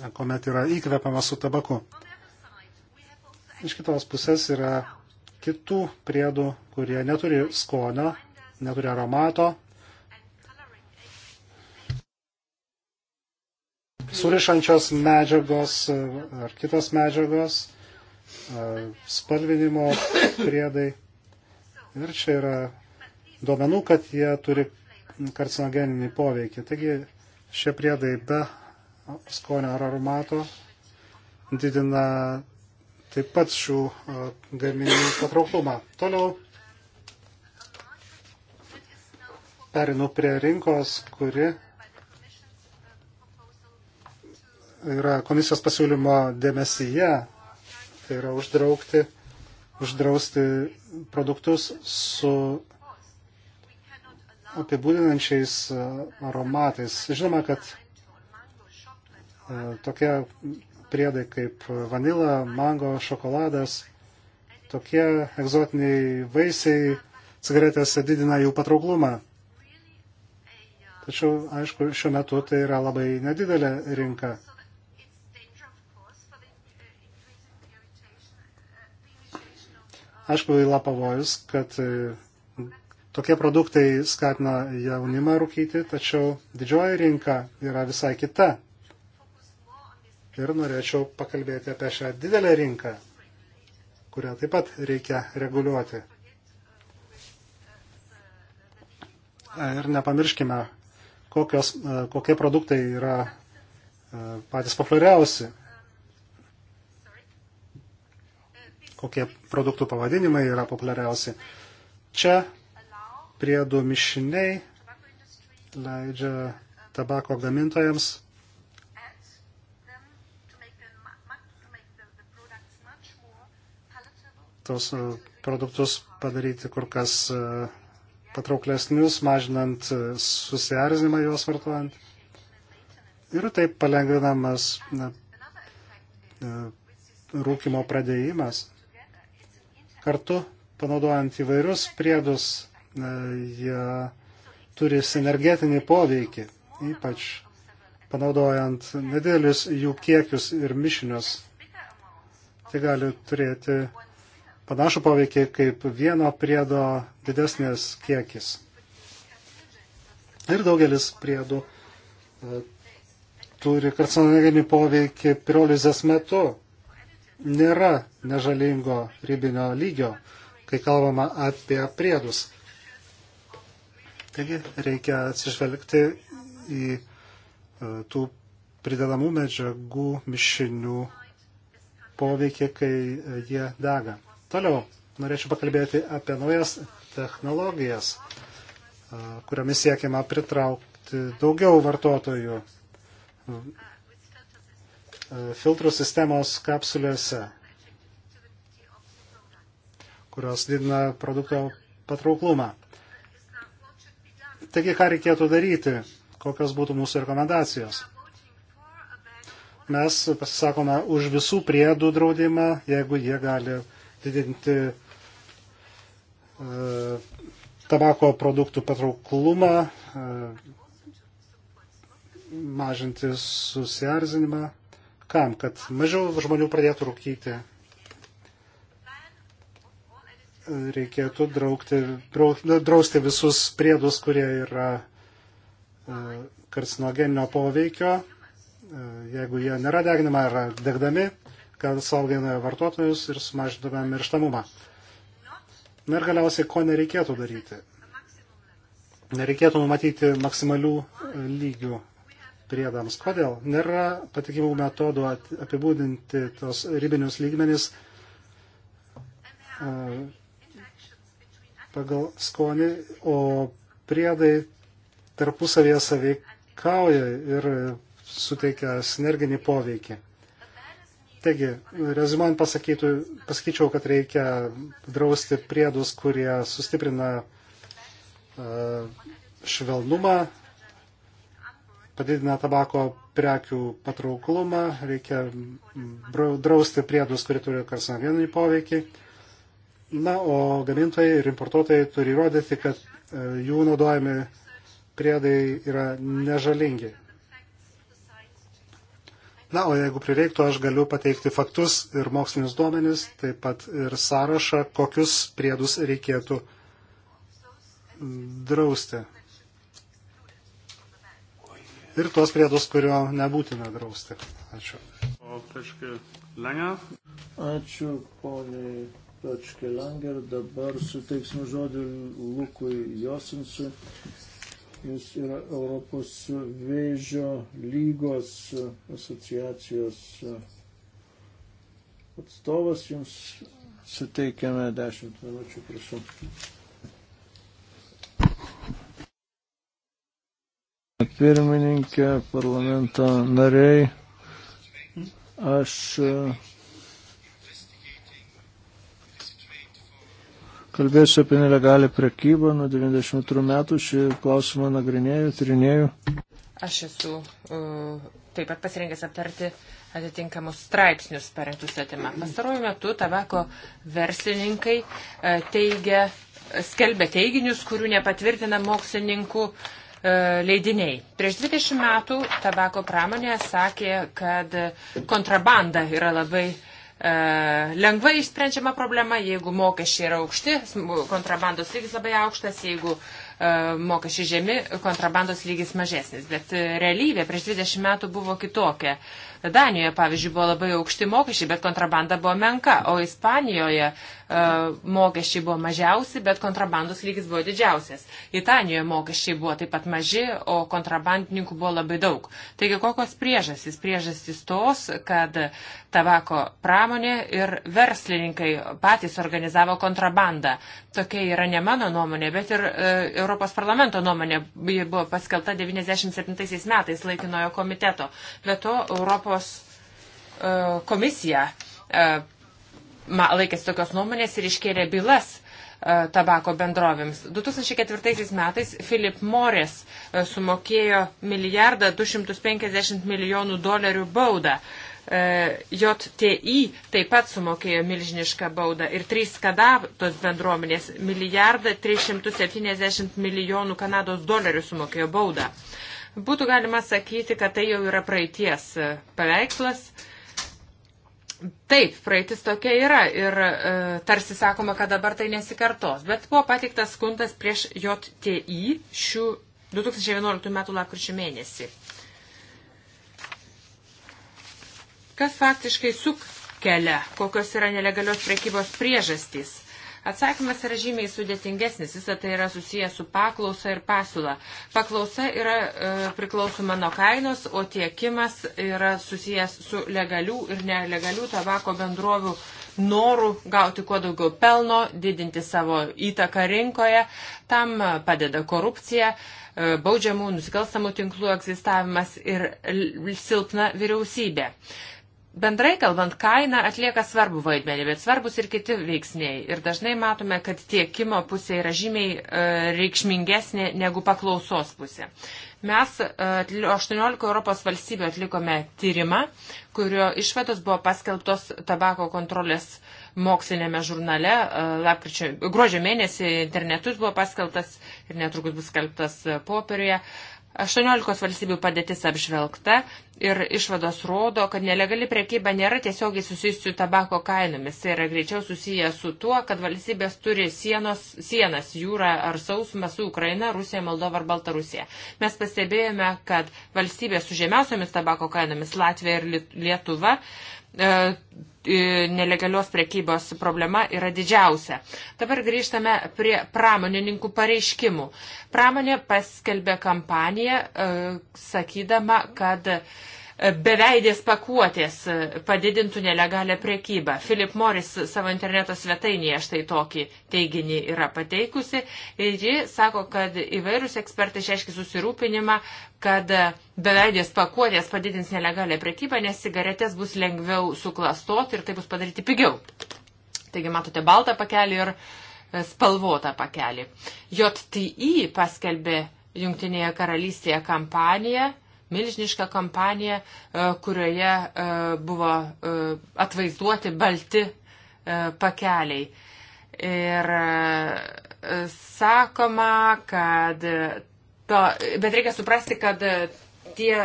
E, kuomet yra įkvepiama su tabaku. Iš kitos pusės yra kitų priedų, kurie neturi skonio, neturi aromato. Surišančios medžiagos e, ar kitos medžiagos, spalvinimo priedai. Ir čia yra duomenų, kad jie turi karcinogeninį poveikį. Taigi šie priedai be skonio ar aromato didina taip pat šių e, gaminių patrauklumą. Toliau perinu prie rinkos, kuri yra komisijos pasiūlymo dėmesyje, tai yra uždraukti, uždrausti produktus su apibūdinančiais e, aromatais. Žinoma, kad e, tokie priedai kaip vanila, mango, šokoladas, tokie egzotiniai vaisiai cigaretėse didina jų patrauklumą. Tačiau, aišku, šiuo metu tai yra labai nedidelė rinka. Aišku, įla pavojus, kad e, Tokie produktai skatina jaunimą rūkyti, tačiau didžioji rinka yra visai kita. Ir norėčiau pakalbėti apie šią didelę rinką, kurią taip pat reikia reguliuoti. Ir nepamirškime, kokios, e, kokie produktai yra e, patys populiariausi, kokie produktų pavadinimai yra populiariausi. Čia priedų mišiniai leidžia tabako gamintojams tos e, produktus padaryti kur kas e, patrauklesnius, mažinant e, susierzinimą juos vartojant. Ir taip palengvinamas na, rūkimo pradėjimas. Kartu panaudojant įvairius priedus E, jie turi sinergetinį poveikį, ypač panaudojant nedėlius jų kiekius ir mišinius. Tai gali turėti panašų poveikį kaip vieno priedo didesnės kiekis. Ir daugelis priedų e, turi karcinogeninį poveikį pirolizės metu. Nėra nežalingo ribinio lygio, kai kalbama apie priedus. Taigi reikia atsižvelgti į e, tų pridedamų medžiagų mišinių poveikį, kai e, jie dega. Toliau norėčiau pakalbėti apie naujas technologijas, e, kuriomis siekiama pritraukti daugiau vartotojų filtrų sistemos kapsulėse, kurios didina produkto patrauklumą. Taigi, ką reikėtų daryti, kokios būtų mūsų rekomendacijos. Mes pasisakome už visų priedų draudimą, jeigu jie gali didinti e, tabako produktų patrauklumą, e, mažinti susiarzinimą. Kam? Kad mažiau žmonių pradėtų rūkyti reikėtų draukti, drauk, drausti visus priedus, kurie yra e, karcinogeninio poveikio, e, jeigu jie nėra deginama ar degdami, kad saugintume vartotojus ir sumažintume mirštamumą. Na ir galiausiai, ko nereikėtų daryti. Nereikėtų numatyti maksimalių e, lygių priedams. Kodėl? Nėra patikimų metodų apibūdinti tos ribinius lygmenis pagal skonį, o priedai tarpusavėje saveikauja ir suteikia sinerginį poveikį. Taigi, rezumant pasakyčiau, kad reikia drausti priedus, kurie sustiprina e, švelnumą, padidina tabako prekių patrauklumą, reikia drausti priedus, kurie turi karsinogeninį poveikį Na, o gamintojai ir importuotojai turi įrodyti, kad e, jų naudojami priedai yra nežalingi. Na, o jeigu prireiktų, aš galiu pateikti faktus ir mokslinius duomenis, taip pat ir sąrašą, kokius priedus reikėtų drausti. Ir tuos priedus, kurio nebūtina drausti. Ačiū. Ačiū, poniai Točkelanger. Dabar suteiksime žodį Lukui Josinsui. Jis yra Europos vėžio lygos asociacijos atstovas. Jums suteikiame 10 minučių, prašau. Pirmininkė, parlamento nariai, aš Kalbėsiu apie nelegalę prekybą nuo 92 metų, šį klausimą nagrinėjau, tyrinėjau. Aš esu uh, taip pat pasirengęs aptarti atitinkamus straipsnius parengtus tą temą. Pastaruoju metu tabako verslininkai uh, teigia, skelbia teiginius, kurių nepatvirtina mokslininkų uh, leidiniai. Prieš 20 metų tabako pramonė sakė, kad kontrabanda yra labai uh, E, lengvai išsprendžiama problema, jeigu mokesčiai yra aukšti, kontrabandos lygis labai aukštas, jeigu e, mokesčiai žemi, kontrabandos lygis mažesnis. Bet e, realybė prieš 20 metų buvo kitokia. Danijoje, pavyzdžiui, buvo labai aukšti mokesčiai, bet kontrabanda buvo menka, o Ispanijoje mokesčiai buvo mažiausi, bet kontrabandos lygis buvo didžiausias. Italijoje mokesčiai buvo taip pat maži, o kontrabandininkų buvo labai daug. Taigi kokios priežastys? Priežastys tos, kad tabako pramonė ir verslininkai patys organizavo kontrabandą. Tokia yra ne mano nuomonė, bet ir e, Europos parlamento nuomonė. Ji buvo paskelta 97 metais laikinojo komiteto. Be to, Europos e, komisija e, laikėsi tokios nuomonės ir iškėlė bylas e, tabako bendrovėms. 2004 metais Philip Morris e, sumokėjo milijardą 250 milijonų dolerių baudą E, JTI taip pat sumokėjo milžinišką baudą ir trys Kanados bendruomenės milijardą 370 milijonų Kanados dolerių sumokėjo baudą. Būtų galima sakyti, kad tai jau yra praeities e, paveikslas. Taip, praeitis tokia yra ir e, tarsi sakoma, kad dabar tai nesikartos, bet buvo patiktas skundas prieš JTI šių 2011 m. lapkričio mėnesį. Kas faktiškai sukkelia, kokios yra nelegalios prekybos priežastys? Atsakymas yra žymiai sudėtingesnis, visą tai yra susijęs su paklausa ir pasiūla. Paklausa yra e, priklausoma nuo kainos, o tiekimas yra susijęs su legalių ir nelegalių tabako bendrovių norų gauti kuo daugiau pelno, didinti savo įtaką rinkoje. Tam padeda korupcija, e, baudžiamų nusikalstamų tinklų egzistavimas ir silpna vyriausybė. Bendrai kalbant, kaina atlieka svarbu vaidmenį, bet svarbus ir kiti veiksniai. Ir dažnai matome, kad tiekimo pusė yra žymiai e, reikšmingesnė negu paklausos pusė. Mes e, 18 Europos valstybių atlikome tyrimą, kurio išvados buvo paskelbtos tabako kontrolės mokslinėme žurnale. E, lapkričio, gruodžio mėnesį internetus buvo paskelbtas ir netrukus bus skelbtas e, popieriuje. E, 18 valstybių padėtis apžvelgta ir išvados rodo, kad nelegali priekyba nėra tiesiogiai susijusi su tabako kainomis. Tai yra greičiau susiję su tuo, kad valstybės turi sienos, sienas jūrą ar sausumą su Ukraina, Rusija, Moldova ar Baltarusija. Mes pastebėjome, kad valstybės su žemiausiomis tabako kainomis Latvija ir Lietuva E, e, nelegalios prekybos problema yra didžiausia. Dabar grįžtame prie pramonininkų pareiškimų. Pramonė paskelbė kampaniją, e, sakydama, kad beveidės pakuotės padidintų nelegalę prekybą. Philip Morris savo interneto svetainėje štai tokį teiginį yra pateikusi ir ji sako, kad įvairius ekspertai išreiškia susirūpinimą, kad beveidės pakuotės padidins nelegalę prekybą, nes cigaretės bus lengviau suklastoti ir tai bus padaryti pigiau. Taigi matote baltą pakelį ir e, spalvotą pakelį. JTI paskelbė Junktinėje karalystėje kampaniją milžinišką kampaniją, e, kurioje e, buvo e, atvaizduoti balti pakeliai. Ir sakoma, kad. To, bet reikia suprasti, kad tie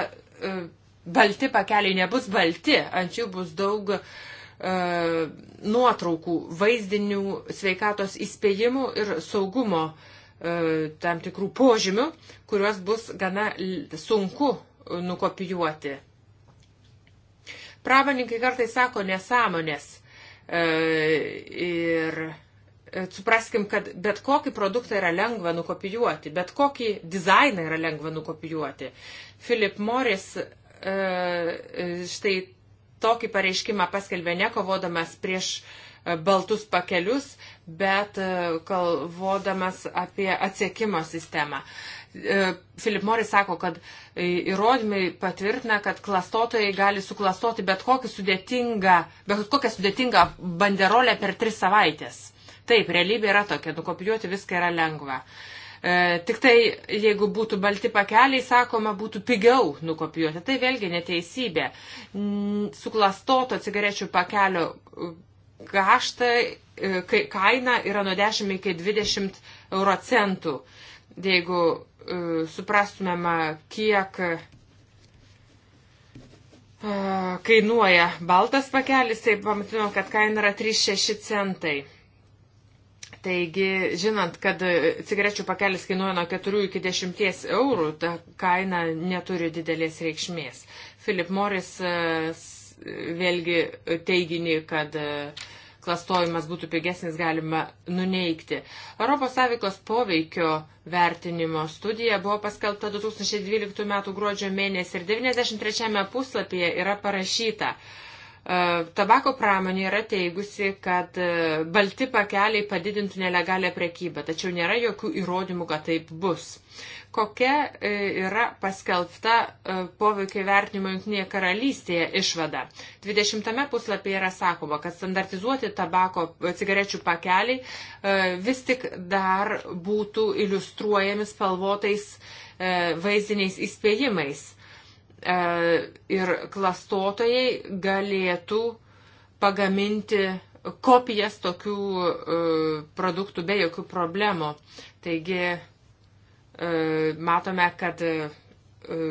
balti pakeliai nebus balti, ant jų bus daug uh, nuotraukų, vaizdinių sveikatos įspėjimų ir saugumo tam tikrų požymių, kuriuos bus gana sunku nukopijuoti. Pravininkai kartais sako nesąmonės. E, ir e, supraskim, kad bet kokį produktą yra lengva nukopijuoti, bet kokį dizainą yra lengva nukopijuoti. Philip Morris e, štai tokį pareiškimą paskelbė nekovodamas prieš baltus pakelius, bet kalvodamas apie atsiekimo sistemą. Filip e, Moris sako, kad e, įrodymai patvirtina, kad klastotojai gali suklastoti bet, sudėtingą, bet kokią sudėtingą banderolę per tris savaitės. Taip, realybė yra tokia, nukopijuoti viską yra lengva. E, tik tai, jeigu būtų balti pakeliai, sakoma, būtų pigiau nukopijuoti. Tai vėlgi neteisybė. Suklastoto cigarečių pakelio e, kaštai, kaina yra nuo 10 iki 20 euro centų. Jeigu E, suprastumėme, kiek e, kainuoja baltas pakelis, tai pamatytumėm, kad kaina yra 3-6 centai. Taigi, žinant, kad cigarečių pakelis kainuoja nuo 4 iki 10 eurų, ta kaina neturi didelės reikšmės. Philip Morris e, vėlgi teiginį, kad uh, klastojimas būtų pigesnis, galima nuneikti. Europos sąveikos poveikio vertinimo studija buvo paskelbta 2012 m. gruodžio mėnesį ir 93 puslapyje yra parašyta. E, tabako pramonė yra teigusi, kad e, balti pakeliai padidintų nelegalią prekybą, tačiau nėra jokių įrodymų, kad taip bus. Kokia e, yra paskelbta e, poveikio vertinimo Junktinėje karalystėje išvada? 20 puslapyje yra sakoma, kad standartizuoti tabako e, cigarečių pakeliai vis tik dar būtų iliustruojami spalvotais vaizdiniais įspėjimais. Ir klastotojai galėtų pagaminti kopijas tokių produktų be jokių problemų. Taigi E, matome, kad e, e,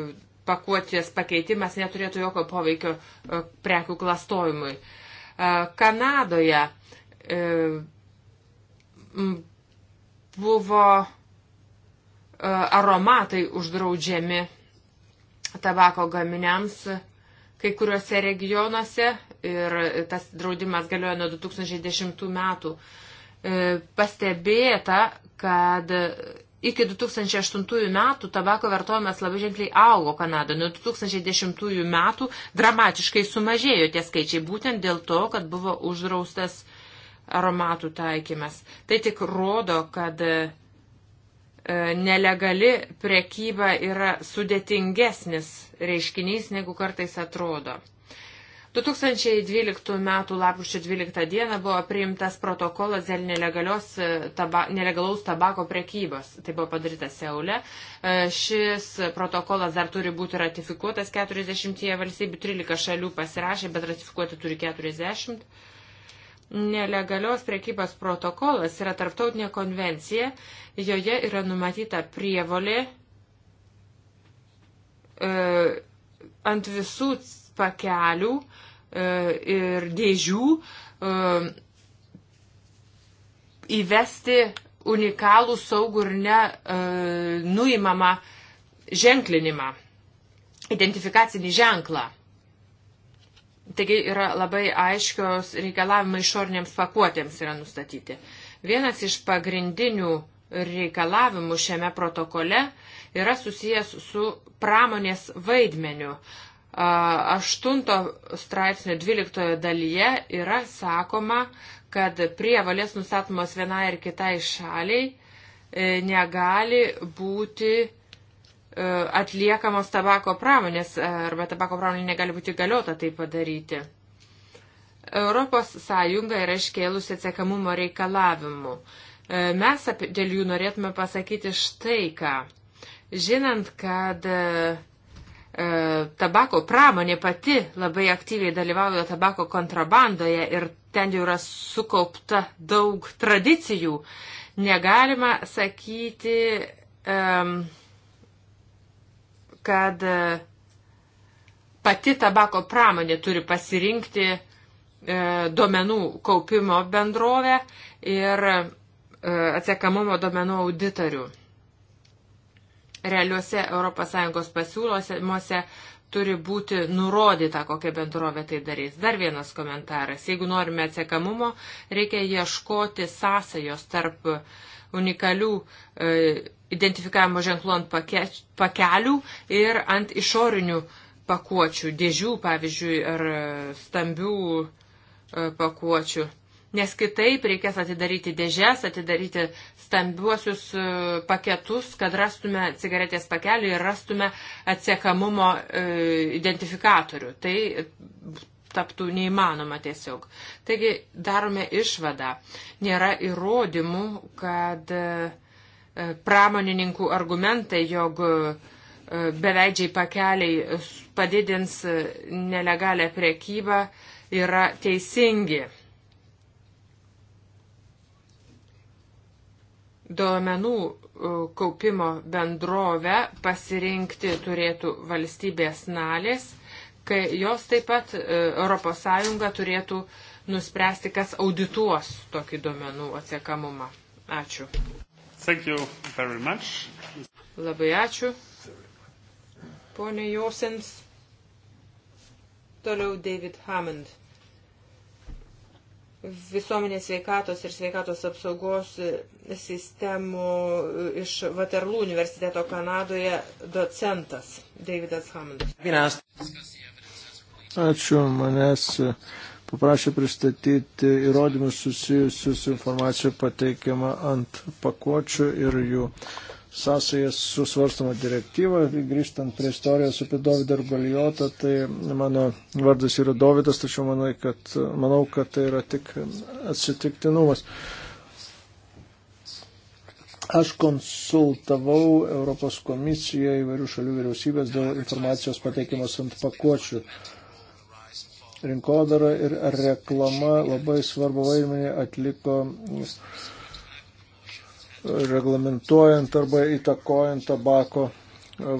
pakuotės pakeitimas neturėtų jokio poveikio prekių klastojimui. Kanadoje buvo aromatai uždraudžiami tabako gaminiams kai kuriuose regionuose ir tas draudimas galioja nuo 2010 metų. Pastebėta, kad Iki 2008 metų tabako vartojimas labai ženkliai augo Kanadoje. Nuo 2010 metų dramatiškai sumažėjo tie skaičiai būtent dėl to, kad buvo uždraustas aromatų taikymas. Tai tik rodo, kad e, nelegali prekyba yra sudėtingesnis reiškinys, negu kartais atrodo. 2012 m. lapkričio 12 d. buvo priimtas protokolas dėl e, taba, nelegalaus tabako prekybos. Tai buvo padaryta Seule. E, šis protokolas dar turi būti ratifikuotas 40 valstybių, 13 šalių pasirašė, bet ratifikuoti turi 40. Nelegalios prekybos protokolas yra tarptautinė konvencija, joje yra numatyta prievolė e, ant visų pakelių e, ir dėžių e, įvesti unikalų saugų ir ne e, nuimamą ženklinimą, identifikacinį ženklą. Taigi yra labai aiškios reikalavimai išorniams pakuotėms yra nustatyti. Vienas iš pagrindinių reikalavimų šiame protokole yra susijęs su pramonės vaidmeniu. 8 straipsnio 12 dalyje yra sakoma, kad prievalės nustatomos vienai ir kitai šaliai e, negali būti e, atliekamos tabako pramonės arba tabako pramonė negali būti galiota tai padaryti. Europos Sąjunga yra iškėlusi atsiekamumo reikalavimų. E, mes apie, dėl jų norėtume pasakyti štai ką. Žinant, kad uh, E, tabako pramonė pati labai aktyviai dalyvauja tabako kontrabandoje ir ten jau yra sukaupta daug tradicijų. Negalima sakyti, kad e, pati tabako pramonė turi pasirinkti e, duomenų kaupimo bendrovę ir atsiekamumo duomenų auditorių realiuose ES pasiūlymuose turi būti nurodyta, kokia bendrovė tai darys. Dar vienas komentaras. Jeigu norime atsiekamumo, reikia ieškoti sąsajos tarp e, unikalių e, identifikavimo ženklų ant pake, pakelių ir ant išorinių pakuočių, dėžių, pavyzdžiui, ar e, stambių e, pakuočių nes kitaip reikės atidaryti dėžes, atidaryti stambiuosius e, paketus, kad rastume cigaretės pakelį ir rastume atsiekamumo e, identifikatorių. Tai taptų neįmanoma tiesiog. Taigi darome išvadą. Nėra įrodymų, kad e, pramonininkų argumentai, jog beveidžiai pakeliai padidins nelegalę priekybą, yra teisingi. duomenų e, kaupimo bendrovę pasirinkti turėtų valstybės nalės, kai jos taip pat ES turėtų nuspręsti, kas audituos tokį duomenų atsiekamumą. Ačiū. Labai ačiū. Pone Josens. Toliau David Hammond visuomenės sveikatos ir sveikatos apsaugos e, sistemų e, iš Waterloo universiteto Kanadoje docentas Davidas Hammondas. Ačiū, manęs paprašė pristatyti įrodymus susijusius informaciją pateikiamą ant pakuočių ir jų sąsajas su svarstama direktyva. Grįžtant prie istorijos apie Dovydą ir Galiotą, tai mano vardas yra Dovydas, tačiau manai, kad, manau, kad tai yra tik atsitiktinumas. Aš konsultavau Europos komisiją įvairių šalių vyriausybės dėl informacijos pateikimas ant pakuočių rinkodara ir reklama labai svarbu vaidmenį atliko reglamentuojant arba įtakojant tabako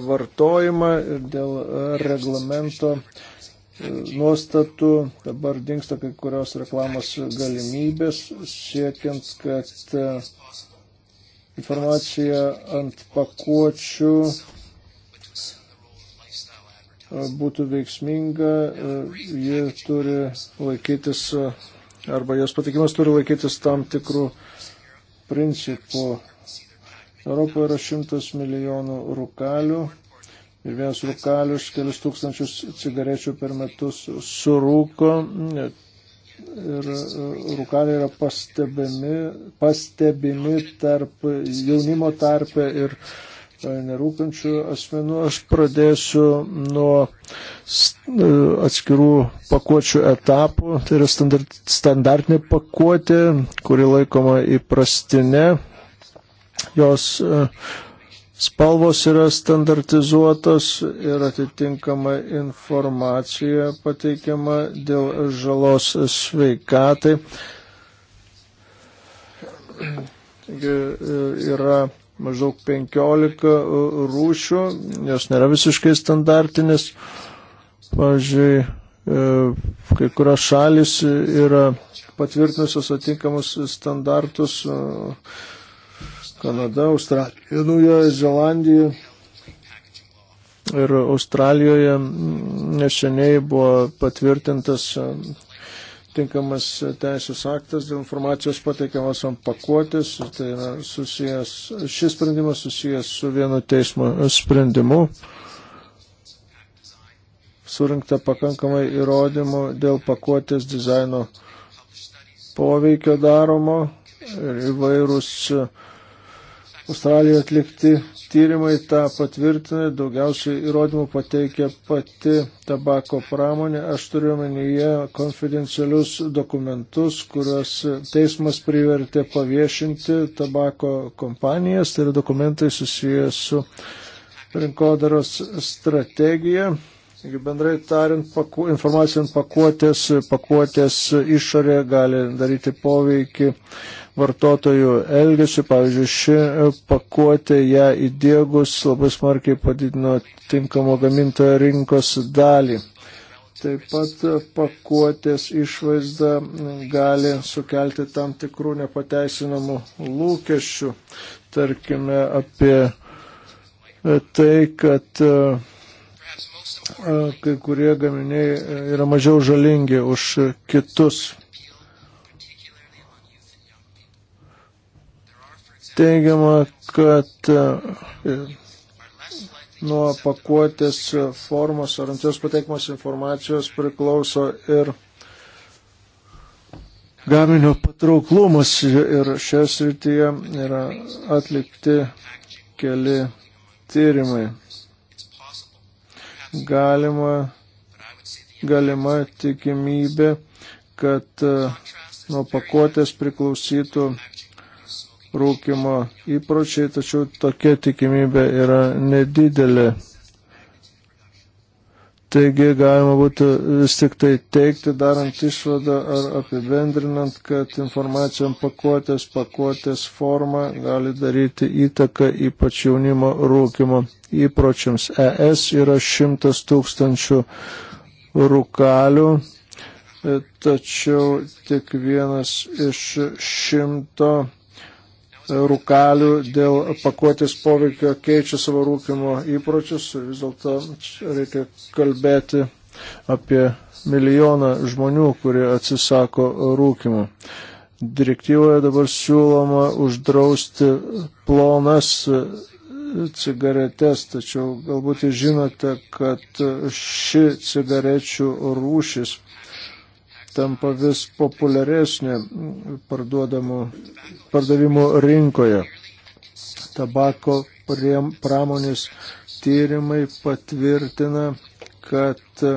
vartojimą ir dėl reglamento e, nuostatų dabar dinksta kai kurios reklamos galimybės, siekiant, kad e, informacija ant pakuočių e, būtų veiksminga, ji turi laikytis arba jos patikimas turi laikytis tam tikrų uh, principu. Europoje yra šimtas milijonų rūkalių ir vienas rūkalius kelius tūkstančius cigarečių per metus surūko. Ir rūkaliai yra pastebimi, pastebimi tarp jaunimo tarpe ir uh, nerūpinčių asmenų. Aš pradėsiu nuo e, atskirų pakuočių etapų. Tai yra standart, standartinė pakuotė, kuri laikoma įprastinė. Jos e, spalvos yra standartizuotos ir atitinkama informacija pateikiama dėl žalos sveikatai. Taigi e, yra maždaug 15 e, rūšių, jos nėra visiškai standartinės. Pavyzdžiui, e, kai kurios šalis yra patvirtinusios atinkamus standartus e, Kanada, Australija, Naujoje Zelandija ir Australijoje neseniai buvo patvirtintas tinkamas teisės aktas dėl informacijos pateikiamas ant pakuotės. Tai yra susijęs, šis sprendimas susijęs su vienu teismo sprendimu. Surinkta pakankamai įrodymų dėl pakuotės dizaino poveikio daromo ir įvairūs uh, Australijoje atlikti tyrimai tą patvirtina, daugiausiai įrodymų pateikia pati tabako pramonė. Aš turiu omenyje konfidencialius dokumentus, kuriuos teismas privertė paviešinti tabako kompanijas, tai yra dokumentai susijęs su rinkodaros strategija. Taigi bendrai tariant, paku, informacija ant pakuotės, pakuotės išorė gali daryti poveikį vartotojų elgesiu. Pavyzdžiui, ši pakuotė ją įdėgus labai smarkiai padidino tinkamo gamintojo rinkos dalį. Taip pat pakuotės išvaizda gali sukelti tam tikrų nepateisinamų lūkesčių, tarkime apie tai, kad e, kai kurie gaminiai yra mažiau žalingi už kitus. teigiama, kad e, nuo pakuotės formos ar antios pateikimos informacijos priklauso ir gaminio patrauklumas ir šioje srityje yra atlikti keli tyrimai. Galima, galima tikimybė, kad e, nuo pakuotės priklausytų rūkimo įpročiai, tačiau tokia tikimybė yra nedidelė. Taigi galima būtų vis tik tai teikti, darant išvadą ar apibendrinant, kad informacijom pakuotės, pakuotės forma gali daryti įtaką ypač jaunimo rūkimo įpročiams. ES yra šimtas tūkstančių rūkalių, tačiau tik vienas iš šimto rūkalių dėl pakuotės poveikio keičia savo rūkimo įpročius ir vis dėlto reikia kalbėti apie milijoną žmonių, kurie atsisako rūkimo. Direktyvoje dabar siūloma uždrausti plonas e, cigaretės, tačiau galbūt jūs žinote, kad ši cigarečių rūšis tampa vis populiaresnė pardavimų rinkoje. Tabako pramonės tyrimai patvirtina, kad e,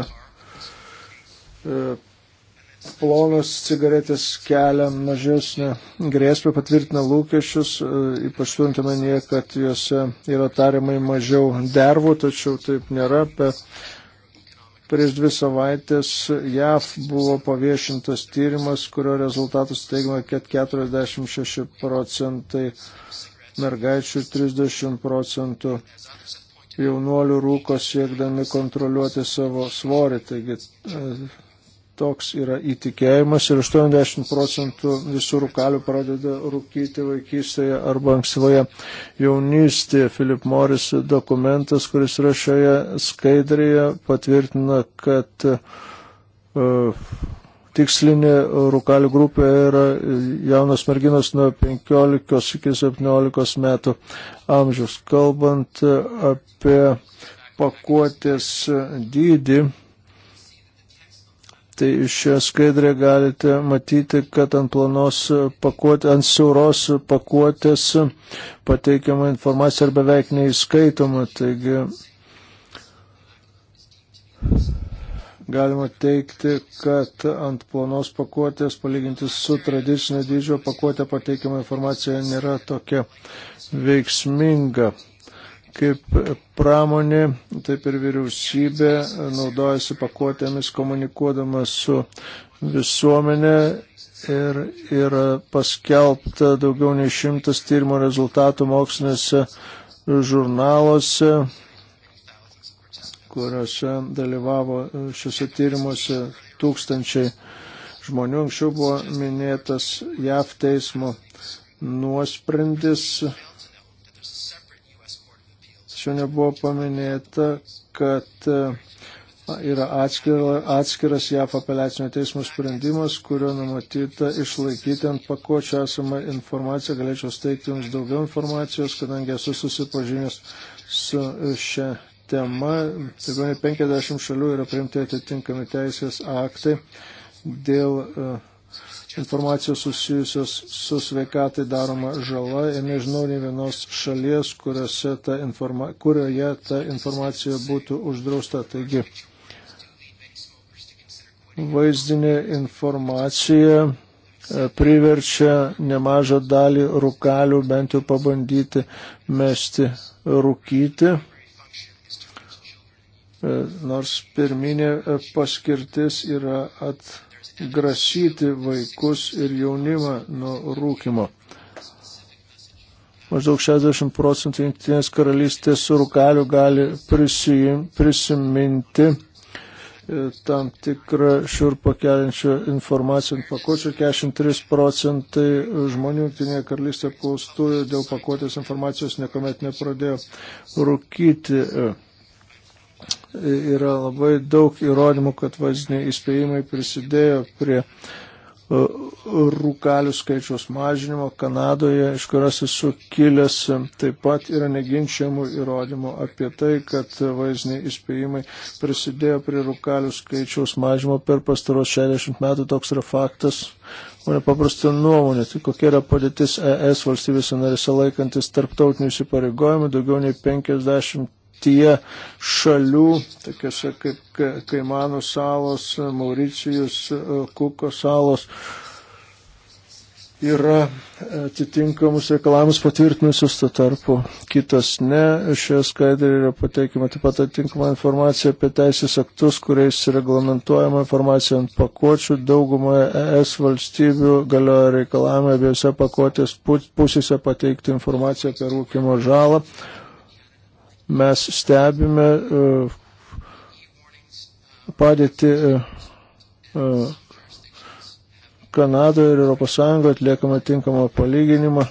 plonos cigaretės kelia mažesnę grėsmę, patvirtina lūkesčius, e, ypač turint omenyje, kad juose yra tariamai mažiau dervų, tačiau taip nėra. Be Prieš dvi savaitės JAV buvo paviešintas tyrimas, kurio rezultatus teigiama, kad 46 procentai mergaičių, 30 procentų jaunuolių rūko siekdami kontroliuoti savo svorį. Taigi toks yra įtikėjimas ir 80 procentų visų rūkalių pradeda rūkyti vaikystėje arba ankstyvoje jaunystėje. Philip Morris dokumentas, kuris yra šioje skaidrėje, patvirtina, kad uh, tikslinė rūkalių grupė yra jaunos merginos nuo 15 iki 17 metų amžiaus. Kalbant apie pakuotės dydį, Tai šioje skaidrė galite matyti, kad ant planos pakuotės, ant siauros pakuotės pateikiama informacija ar beveik neįskaitoma. Taigi galima teikti, kad ant planos pakuotės, palyginti su tradicinio dydžio pakuotė, pateikiama informacija nėra tokia veiksminga kaip pramonė, taip ir vyriausybė naudojasi pakuotėmis komunikuodama su visuomenė ir yra paskelbta daugiau nei šimtas tyrimo rezultatų mokslinėse žurnaluose, kuriuose dalyvavo šiuose tyrimuose tūkstančiai žmonių. Anksčiau buvo minėtas JAV teismo nuosprendis tačiau nebuvo paminėta, kad e, yra atskira, atskiras JAF apeliacinio teismo sprendimas, kurio numatyta išlaikyti ant pakuočio esamą informaciją. Galėčiau steigti Jums daugiau informacijos, kadangi esu susipažinęs su e, šia tema. Daugiau nei 50 šalių yra priimti atitinkami teisės aktai dėl e, informacijos susijusios su sveikatai daroma žala ir nežinau nei vienos šalies, ta informa, kurioje ta informacija būtų uždrausta. Taigi, vaizdinė informacija e, priverčia nemažą dalį rūkalių bent jau pabandyti mesti rūkyti. E, nors pirminė e, paskirtis yra atveju grasyti vaikus ir jaunimą nuo rūkimo. Maždaug 60 procentų jungtinės karalystės rūkalių gali prisijim, prisiminti e, tam tikrą šiurpą keliančią informaciją ant pakuočių. 43 procentai žmonių jungtinėje karalystėje klaustųjų dėl pakuotės informacijos niekuomet nepradėjo rūkyti. E yra labai daug įrodymų, kad vaziniai įspėjimai prisidėjo prie e, rūkalių skaičiaus mažinimo Kanadoje, iš kurios esu kilęs, e, taip pat yra neginčiamų įrodymų apie tai, kad vaizdiniai įspėjimai prisidėjo prie rūkalių skaičiaus mažinimo per pastaros 60 metų, toks yra faktas, o ne paprasta nuomonė. Tai kokia yra padėtis ES valstybėse narėse laikantis tarptautinių įsipareigojimų, daugiau nei 50 tie šalių, tokiuose kaip Kaimanų salos, Mauricijus, Kuko salos, yra atitinkamus reikalavimus patvirtinusios, tuo tarpu kitas ne. Šioje skaidrėje yra pateikima taip pat atitinkama informacija apie teisės aktus, kuriais reglamentuojama informacija ant pakuočių. Daugumoje ES valstybių galioja reikalavimai abiejose pakuotės pusėse pateikti informaciją apie rūkimo žalą. Mes stebime e, padėti e, e, Kanadoje ir Europos Sąjungoje atliekama tinkama palyginimą,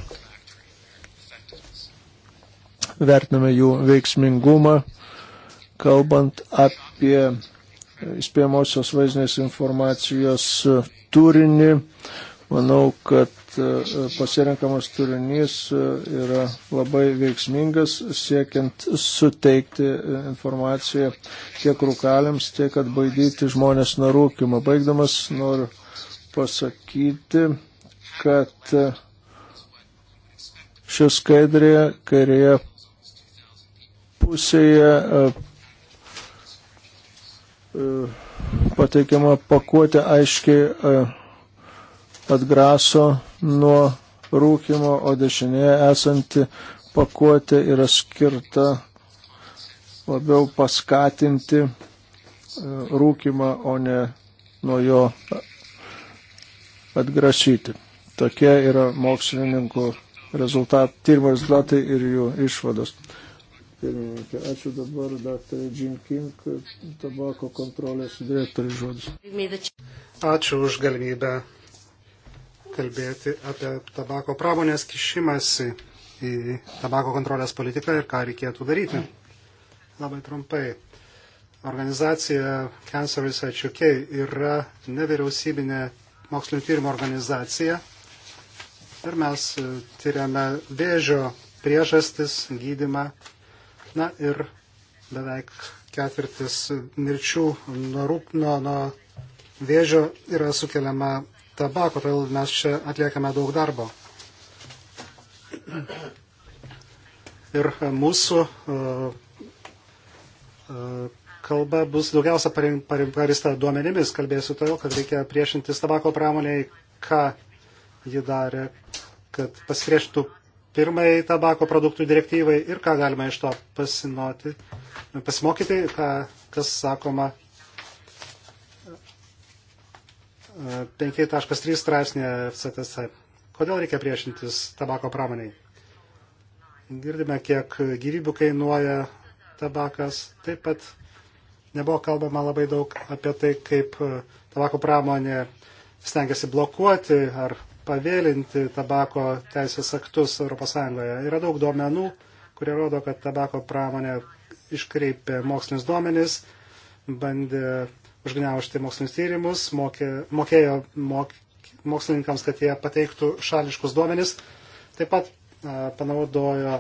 vertiname jų veiksmingumą, kalbant apie įspėjamosios vaizdinės informacijos turinį. Manau, kad kad e, pasirenkamas turinys e, yra labai veiksmingas, siekiant suteikti e, informaciją tiek rūkaliams, tiek atbaidyti žmonės nuo rūkimo. Baigdamas noriu pasakyti, kad šio skaidrėje kairėje pusėje pateikiama pakuotė aiškiai atgraso nuo rūkimo, o dešinėje esanti pakuotė yra skirta labiau paskatinti e, rūkimą, o ne nuo jo atgrasyti. Tokie yra mokslininkų rezultat, tyrimo rezultatai ir jų išvados. Pirmininkė, ačiū dabar daktarė Džinkink, tabako kontrolės direktorius žodis. Ačiū už galimybę kalbėti apie tabako pramonės kišimąsi į tabako kontrolės politiką ir ką reikėtų daryti. Labai trumpai. Organizacija Cancer Research UK yra nevyriausybinė mokslinio tyrimo organizacija ir mes tyriame vėžio priežastis, gydimą. Na ir beveik ketvirtis mirčių nuo, nuo, nuo vėžio yra sukeliama tabako, todėl mes čia atliekame daug darbo. Ir mūsų e, e, kalba bus daugiausia parista duomenimis, kalbėsiu todėl, kad reikia priešintis tabako pramoniai, ką ji darė, kad pasipriešintų pirmai tabako produktų direktyvai ir ką galima iš to pasinoti, pasimokyti, ką, kas sakoma 5.3 straipsnė FCTC. Kodėl reikia priešintis tabako pramoniai? Girdime, kiek gyvybių kainuoja tabakas. Taip pat nebuvo kalbama labai daug apie tai, kaip e, tabako pramonė stengiasi blokuoti ar pavėlinti tabako teisės aktus ES. Yra daug duomenų, kurie rodo, kad tabako pramonė iškreipė mokslinius duomenis, bandė uh, užgneušti mokslinis tyrimus, mokė, mokėjo mok, mokslininkams, kad jie pateiktų šališkus duomenis, taip pat a, panaudojo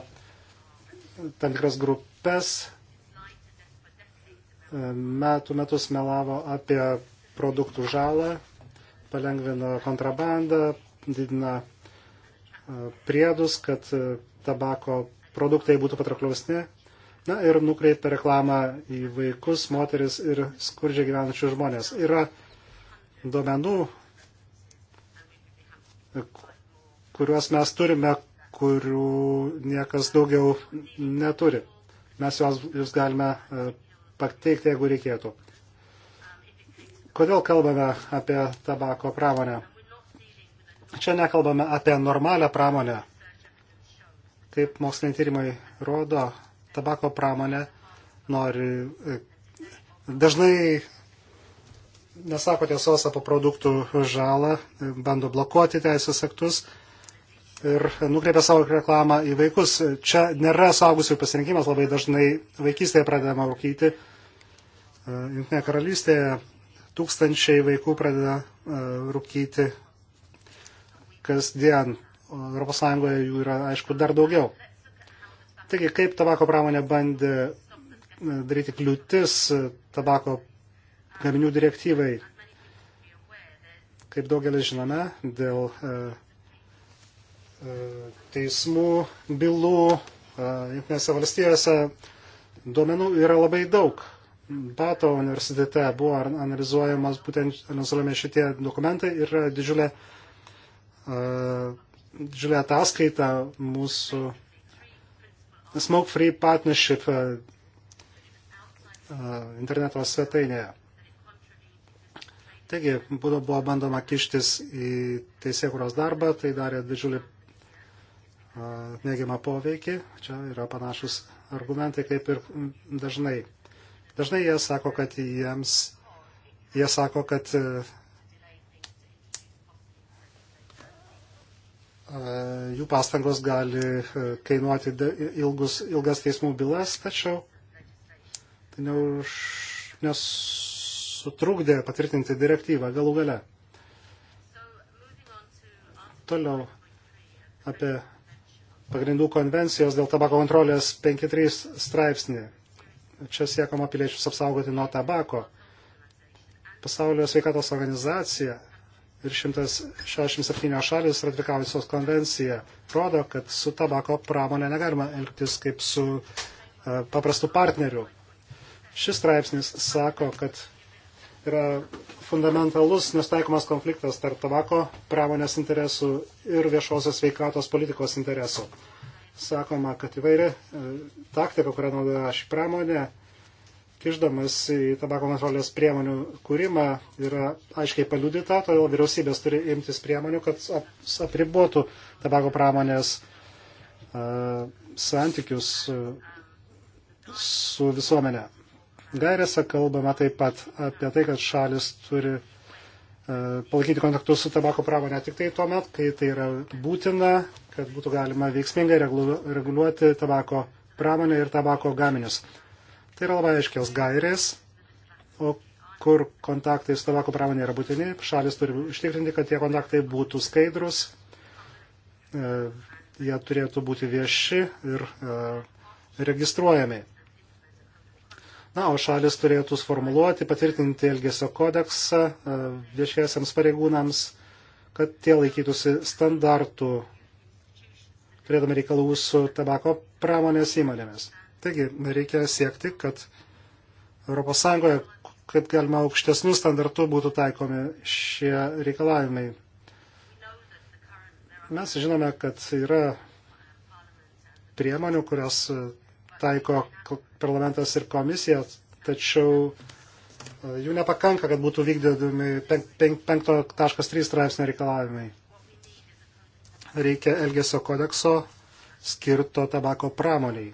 tam tikras grupės, a, metų metus melavo apie produktų žalą, palengvina kontrabandą, didina a, priedus, kad a, tabako produktai būtų patrauklesni Na ir nukreipia reklamą į vaikus, moteris ir skurdžiai gyvenančius žmonės. Yra duomenų, kuriuos mes turime, kurių niekas daugiau neturi. Mes juos, jūs galime e, pateikti, jeigu reikėtų. Kodėl kalbame apie tabako pramonę? Čia nekalbame apie normalią pramonę. Kaip moksliniai tyrimai rodo, tabako pramonė nori e, dažnai nesako tiesos apie produktų žalą, e, bando blokuoti teisės aktus ir nukreipia savo reklamą į vaikus. Čia nėra saugusių pasirinkimas, labai dažnai vaikystėje pradedama rūkyti. E, Junktinėje karalystėje tūkstančiai vaikų pradeda rūkyti kasdien. Europos Sąjungoje jų yra, aišku, dar daugiau. Taigi, kaip tabako pramonė bandė e, daryti kliūtis e, tabako gaminių direktyvai? Kaip daugelis žinome, dėl e, teismų bylų Junktinėse valstijose duomenų yra labai daug. Bato universitete buvo analizuojamas būtent analizuojami šitie dokumentai ir didžiulė, didžiulė ataskaita mūsų Smoke Free Partnership uh, uh, interneto svetainėje. Taigi, būdų buvo bandoma kištis į teisėkuros darbą, tai darė didžiulį uh, neigiamą poveikį. Čia yra panašus argumentai kaip ir dažnai. Dažnai jie sako, kad jiems, jie sako, kad E, jų pastangos gali e, kainuoti ilgus, ilgas teismų bylas, tačiau tai neuž, nesutrukdė patvirtinti direktyvą galų gale. Toliau apie pagrindų konvencijos dėl tabako kontrolės 5.3 straipsnį. Čia siekama piliečius apsaugoti nuo tabako. Pasaulio sveikatos organizacija ir 167 šalis ratifikavusios konvenciją rodo, kad su tabako pramonė negalima elgtis kaip su e, paprastu partneriu. Šis straipsnis sako, kad yra fundamentalus nestaikomas konfliktas tarp tabako pramonės interesų ir viešosios veikatos politikos interesų. Sakoma, kad įvairi e, taktika, kurią naudoja ši pramonė, kišdamas į tabako kontrolės priemonių kūrimą yra aiškiai paliudyta, todėl vyriausybės turi imtis priemonių, kad apribotų tabako pramonės uh, santykius uh, su visuomenė. Gairėse kalbama taip pat apie tai, kad šalis turi uh, palaikyti kontaktus su tabako pramonė tik tai tuo met, kai tai yra būtina, kad būtų galima veiksmingai reguliuoti tabako pramonę ir tabako gaminius. Tai yra labai aiškios gairės, o kur kontaktai su tabako pramonė yra būtini, šalis turi užtikrinti, kad tie kontaktai būtų skaidrus, e, jie turėtų būti vieši ir e, registruojami. Na, o šalis turėtų sformuluoti, patvirtinti Elgesio kodeksą e, viešiesiams pareigūnams, kad tie laikytųsi standartų, turėdami reikalų su tabako pramonės įmonėmis. Taigi reikia siekti, kad ES, kad galima aukštesnių standartų būtų taikomi šie reikalavimai. Mes žinome, kad yra priemonių, kurios taiko parlamentas ir komisija, tačiau e, jų nepakanka, kad būtų vykdydami 5.3 straipsnio reikalavimai. Reikia Elgesio kodekso skirto tabako pramoniai.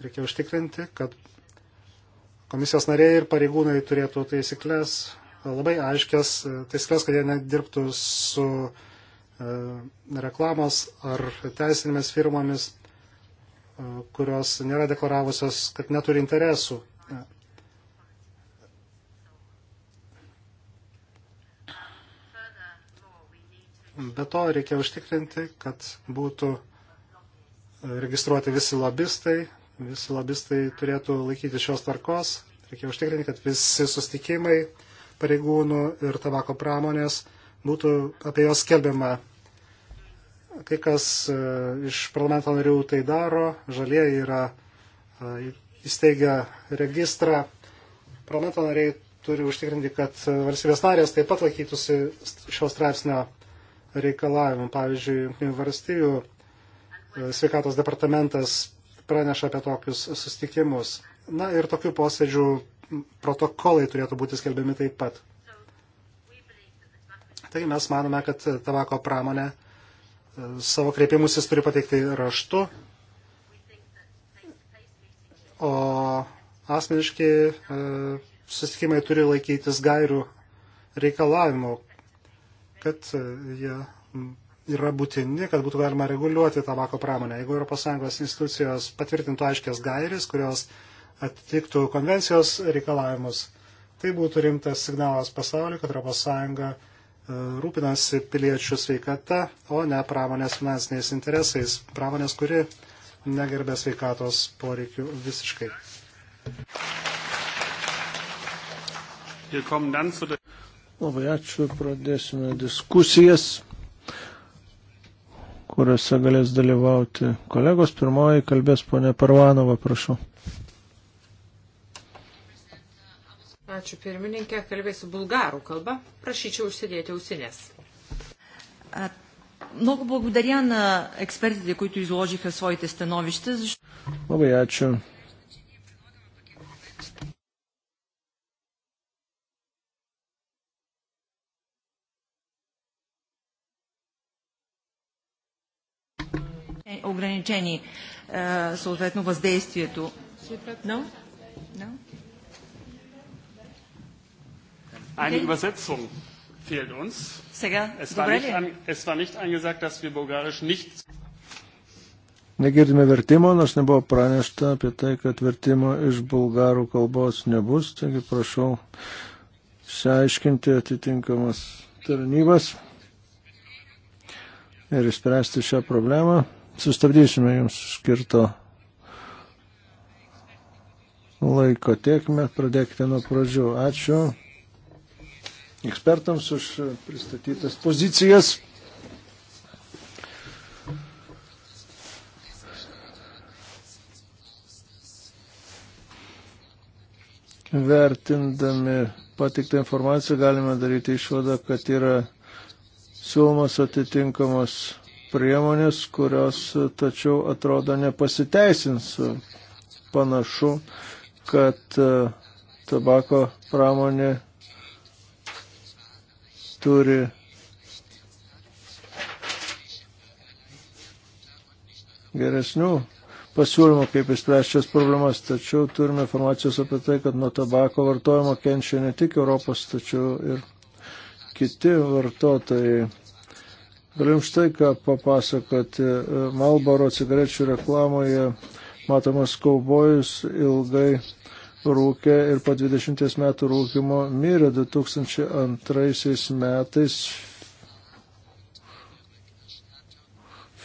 Reikia užtikrinti, kad komisijos nariai ir pareigūnai turėtų taisyklės, labai aiškias e, taisyklės, kad jie nedirbtų su e, reklamos ar teisinėmis firmomis, e, kurios nėra deklaravusios, kad neturi interesų. Be to reikia užtikrinti, kad būtų registruoti visi lobistai, visi lobistai turėtų laikyti šios tvarkos. Reikia užtikrinti, kad visi sustikimai pareigūnų ir tabako pramonės būtų apie jos skelbiama. Kai kas e, iš parlamento narių tai daro, žalieji yra e, įsteigę registrą. Parlamento nariai turi užtikrinti, kad valstybės narės taip pat laikytųsi šios straipsnio reikalavimų. Pavyzdžiui, Junktinių valstybių e, sveikatos departamentas praneša apie tokius susitikimus. Na ir tokių posėdžių protokolai turėtų būti skelbiami taip pat. Taigi mes manome, kad tabako pramonė e, savo kreipimus jis turi pateikti raštu, o asmeniški e, susitikimai turi laikytis gairių reikalavimų, kad e, jie yra būtini, kad būtų galima reguliuoti tabako pramonę. Jeigu ES institucijos patvirtintų aiškias gairis, kurios atitiktų konvencijos reikalavimus, tai būtų rimtas signalas pasauliu, kad ES e, rūpinasi piliečių sveikata, o ne pramonės finansiniais interesais. Pramonės, kuri negerbė sveikatos poreikių visiškai. Labai ačiū, pradėsime diskusijas kuriuose galės dalyvauti kolegos. Pirmoji kalbės ponė Parvanova, prašau. Ačiū pirmininkė, kalbėsiu bulgarų kalbą. Prašyčiau užsidėti ausinės. Много благодаря на експертите, които изложиха своите становища. Много ячо. ограничени е, съответно въздействието. No? No? Eine Übersetzung fehlt uns. Сега, es war, nicht an, es war nicht angesagt, dass wir bulgarisch nicht. Negirdime vertimo, nors nebuvo pranešta apie tai, kad vertimo iš bulgarų kalbos nebus, taigi prašau išsiaiškinti atitinkamas tarnybas ir išspręsti šią problemą sustabdysime jums skirto laiko tiekme. Pradėkite nuo pradžių. Ačiū ekspertams už pristatytas pozicijas. Vertindami patiktą informaciją galime daryti išvadą, kad yra siūlomos atitinkamos priemonės, kurios e, tačiau atrodo nepasiteisins. E, panašu, kad e, tabako pramonė turi geresnių pasiūlymų, kaip įspręsti šias problemas, tačiau turime informacijos apie tai, kad nuo tabako vartojimo kenčia ne tik Europos, tačiau ir kiti vartotojai. Galim štai ką papasakoti. Malboro cigarečių reklamoje matomas kaubojus ilgai rūkė ir po 20 metų rūkimo mirė 2002 metais.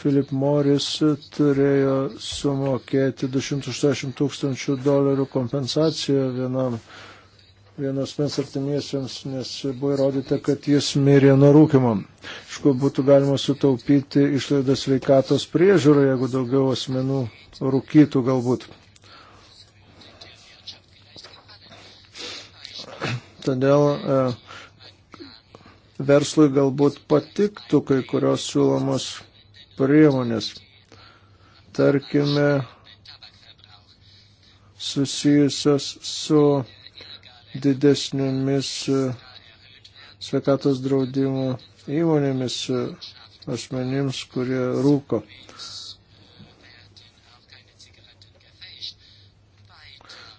Philip Morris turėjo sumokėti 280 tūkstančių dolerių kompensaciją vienam vienos mens artimiesiams, nes buvo įrodyta, kad jis mirė nuo rūkimo. Iš ko būtų galima sutaupyti išlaidas veikatos priežiūrą, jeigu daugiau asmenų rūkytų galbūt. Todėl e, verslui galbūt patiktų kai kurios siūlomos priemonės. Tarkime, susijusios su didesnėmis e, sveikatos draudimo įmonėmis e, asmenims, kurie rūko.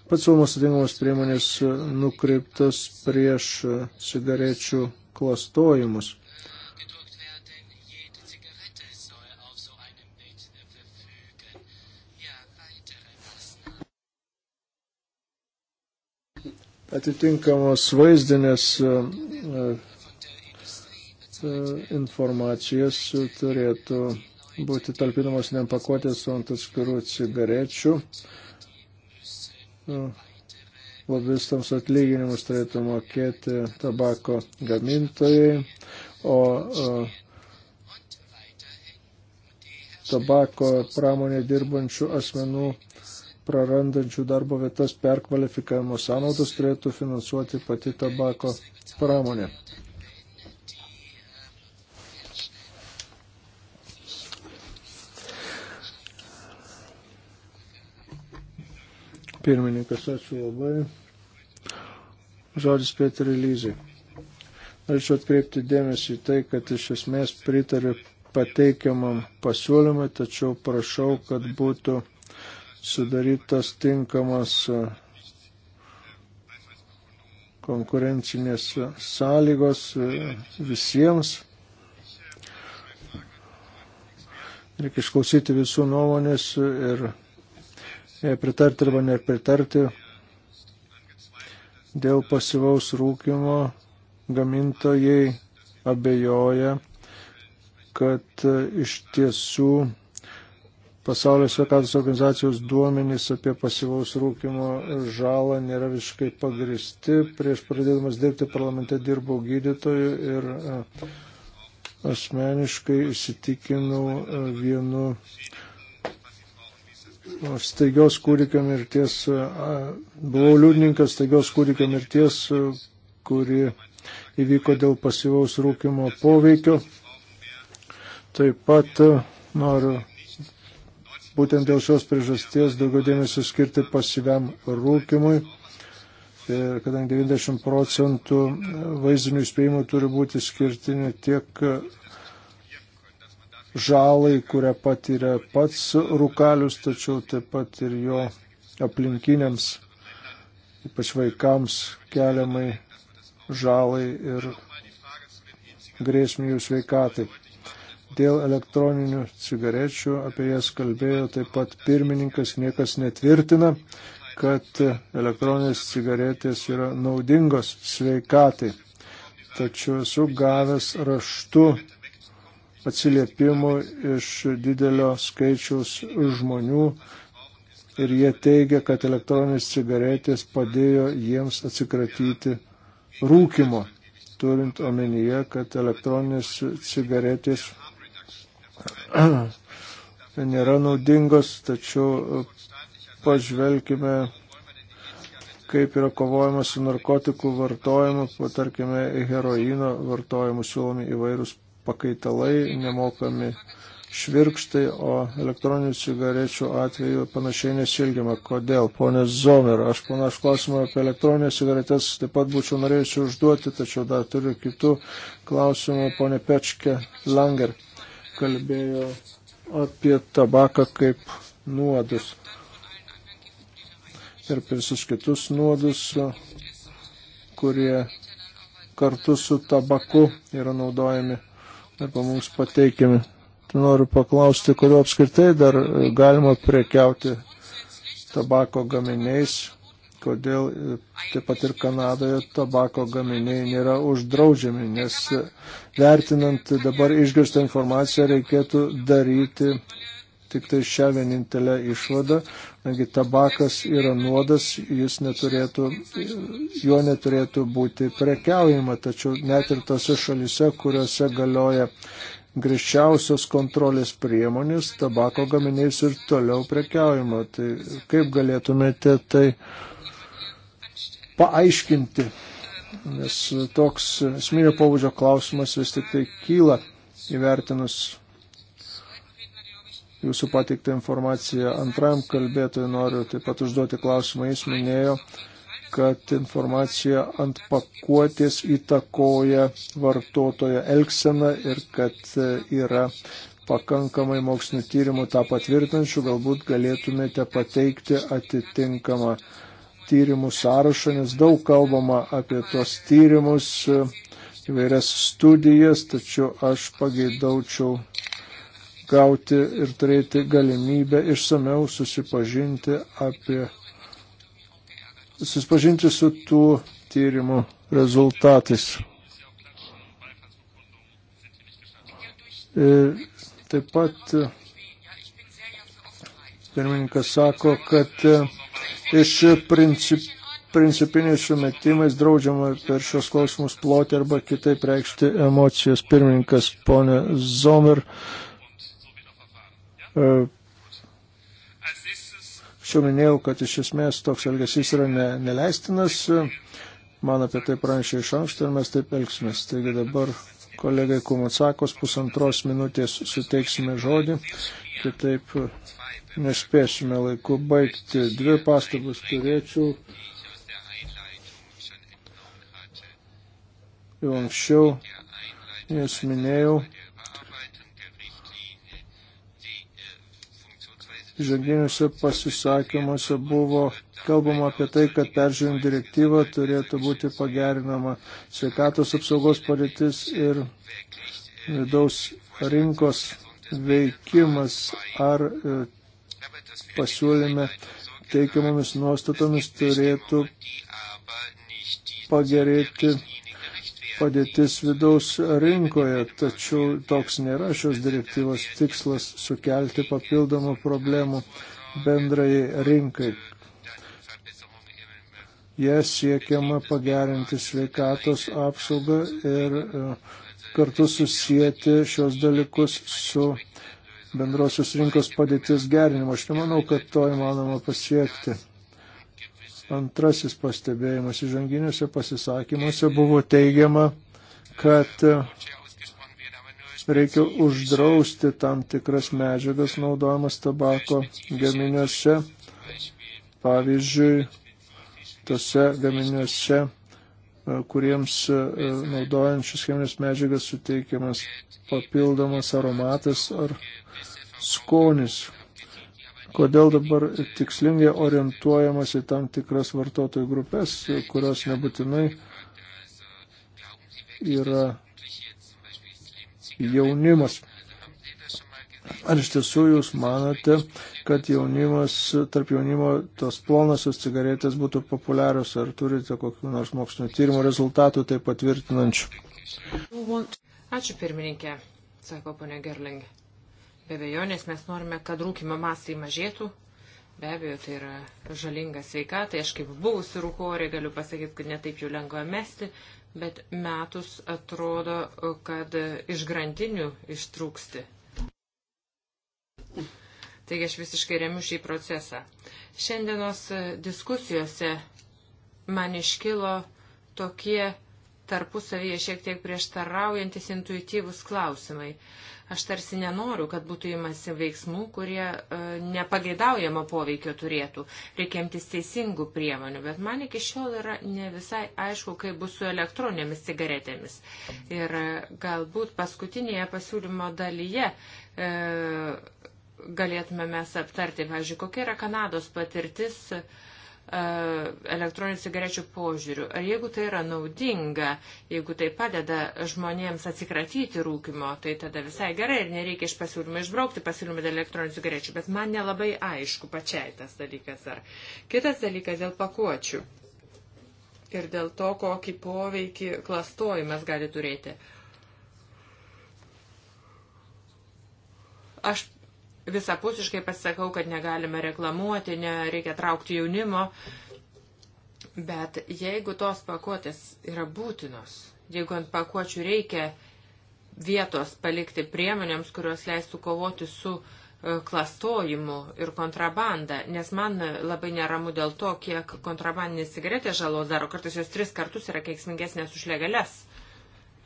Pats siūlomas atitinkamos priemonės e, nukreiptas prieš cigarečių klastojimus. atitinkamos vaizdinės e, e, informacijos turėtų būti talpinamos nepakuotės ant atskirų cigarečių. E, lobistams atlyginimus turėtų mokėti tabako gamintojai, o tabako pramonė dirbančių asmenų prarandančių darbo vietas perkvalifikavimo sąnaudas turėtų finansuoti pati tabako pramonė. Pirmininkas, ačiū labai. Žodis Peterį Lyzai. Norėčiau atkreipti dėmesį į tai, kad iš esmės pritariu pateikiamam pasiūlymui, tačiau prašau, kad būtų sudarytos tinkamos e, konkurencinės sąlygos e, visiems. Reikia išklausyti visų nuomonės ir pritarti arba nepritarti dėl pasivaus rūkimo gamintojai abejoja, kad e, iš tiesų Pasaulio sveikatos organizacijos duomenys apie pasivaus rūkimo žalą nėra visiškai pagristi. Prieš pradėdamas dirbti parlamente dirbau gydytoju ir e, asmeniškai įsitikinau e, vienu e, staigios kūdikio mirties, buvau liūdininkas staigios kūdikio mirties, kuri įvyko dėl pasivaus rūkimo poveikio. Taip pat noriu būtent dėl šios priežasties daugiau dėmesio skirti pasyviam rūkimui. Ir e, kadangi 90 procentų vaizdinių įspėjimų turi būti skirti ne tiek žalai, kurią patiria pats rūkalius, tačiau taip pat ir jo aplinkiniams, ypač vaikams keliamai žalai ir grėsmių sveikatai. Dėl elektroninių cigarečių apie jas kalbėjo taip pat pirmininkas, niekas netvirtina, kad elektroninės cigaretės yra naudingos sveikatai. Tačiau esu gavęs raštu atsiliepimų iš didelio skaičiaus žmonių ir jie teigia, kad elektroninės cigaretės padėjo jiems atsikratyti rūkimo, turint omenyje, kad elektroninės cigaretės Tai nėra naudingos, tačiau e, pažvelkime, kaip yra kovojama su narkotikų vartojimu, tarkime, heroino vartojimu siūlomi įvairūs pakaitalai, nemokami švirkštai, o elektroninių cigarečių atveju panašiai nesilgiama. Kodėl? Pone Zomer, aš panaš klausimą apie elektroninės cigaretės taip pat būčiau norėjusi užduoti, tačiau dar turiu kitų klausimų, pone Pečke Langer kalbėjo apie tabaką kaip nuodus ir visus kitus nuodus, kurie kartu su tabaku yra naudojami arba mums pateikiami. Tai noriu paklausti, kodėl apskritai dar galima prekiauti tabako gaminiais, kodėl e, taip pat ir Kanadoje tabako gaminiai nėra uždraudžiami, nes vertinant dabar išgirstą informaciją reikėtų daryti tik tai šią vienintelę išvadą, negi tabakas yra nuodas, jis neturėtų, juo neturėtų būti prekiaujama, tačiau net ir tose šalise, kuriuose galioja grįžčiausios kontrolės priemonės tabako gaminiais ir toliau prekiaujama. Tai kaip galėtumėte tai paaiškinti, nes toks esminio pobūdžio klausimas vis tik tai kyla įvertinus jūsų pateiktą informaciją. Antrajam kalbėtojui noriu taip pat užduoti klausimą. Jis minėjo, kad informacija ant pakuotės įtakoja vartotojo elgseną ir kad yra pakankamai mokslinio tyrimų tą patvirtinčių. Galbūt galėtumėte pateikti atitinkamą uh, tyrimų sąrašą, nes daug kalbama apie tuos tyrimus, įvairias studijas, tačiau aš pageidaučiau gauti ir turėti galimybę išsameu susipažinti apie susipažinti su tų tyrimų rezultatais. Ir taip pat pirmininkas sako, kad iš princip, principiniais sumetimais draudžiama per šios klausimus ploti arba kitaip reikšti emocijos pirmininkas ponė Zomer. E, Šiuo minėjau, kad iš esmės toks elgesys yra ne, neleistinas. Man apie tai pranešė iš anksto ir mes taip elgsimės. Taigi dabar kolegai Kumatsakos pusantros minutės suteiksime žodį. Kitaip nespėsime laiku baigti. Dvi pastabas turėčiau. Jau anksčiau jas minėjau. Žanginiuose pasisakymuose buvo kalbama apie tai, kad peržiūrint direktyvą turėtų būti pagerinama sveikatos apsaugos padėtis ir vidaus rinkos veikimas. Ar e, pasiūlyme teikiamomis nuostatomis turėtų pagerėti padėtis vidaus rinkoje, tačiau toks nėra šios direktyvos tikslas sukelti papildomų problemų bendrai rinkai. Jie siekiama pagerinti sveikatos apsaugą ir e, kartu susijęti šios dalykus su bendrosios rinkos padėties gerinimo. Aš nemanau, kad to įmanoma pasiekti. Antrasis pastebėjimas įžanginiuose pasisakymuose buvo teigiama, kad reikia uždrausti tam tikras medžiagas naudojamas tabako gaminiuose. Pavyzdžiui, tose gaminiuose kuriems naudojant šis cheminės medžiagas suteikiamas papildomas aromatas ar skonis. Kodėl dabar tikslingai orientuojamas į tam tikras vartotojų grupės, kurios nebūtinai yra jaunimas. Ar iš tiesų jūs manote, kad jaunimas, tarp jaunimo tos plonosios cigaretės būtų populiarios. Ar turite kokiu nors mokslinio tyrimo rezultatų tai patvirtinančių? Ačiū pirmininkė, sako ponė Gerling. Be abejonės mes norime, kad rūkimo masai mažėtų. Be abejo, tai yra žalinga sveikatai. Aš kaip buvusi rūkorė galiu pasakyti, kad netaip jau lengva mesti, bet metus atrodo, kad iš grandinių ištrūksti. Taigi aš visiškai remiu šį procesą. Šiandienos diskusijose man iškilo tokie tarpusavyje šiek tiek prieštaraujantis intuityvus klausimai. Aš tarsi nenoriu, kad būtų įmasi veiksmų, kurie e, nepageidaujamo poveikio turėtų. Reikiamtis teisingų priemonių, bet man iki šiol yra ne visai aišku, kaip bus su elektroninėmis cigaretėmis. Ir e, galbūt paskutinėje pasiūlymo dalyje e, galėtume mes aptarti? Pavyzdžiui, kokia yra Kanados patirtis e, elektroninių cigarečių požiūrių? Ar jeigu tai yra naudinga, jeigu tai padeda žmonėms atsikratyti rūkimo, tai tada visai gerai ir nereikia iš pasiūlymą išbraukti pasiūlymą dėl elektroninių cigarečių, bet man nelabai aišku pačiai tas dalykas. Ar. Kitas dalykas dėl pakuočių ir dėl to, kokį poveikį klastojimas gali turėti. Aš visapusiškai pasisakau, kad negalime reklamuoti, nereikia traukti jaunimo. Bet jeigu tos pakuotės yra būtinos, jeigu ant pakuočių reikia vietos palikti priemonėms, kurios leistų kovoti su e, klastojimu ir kontrabanda, nes man labai neramu dėl to, kiek kontrabandinė cigaretė žalos daro, kartais jos tris kartus yra keiksmingesnės už legales.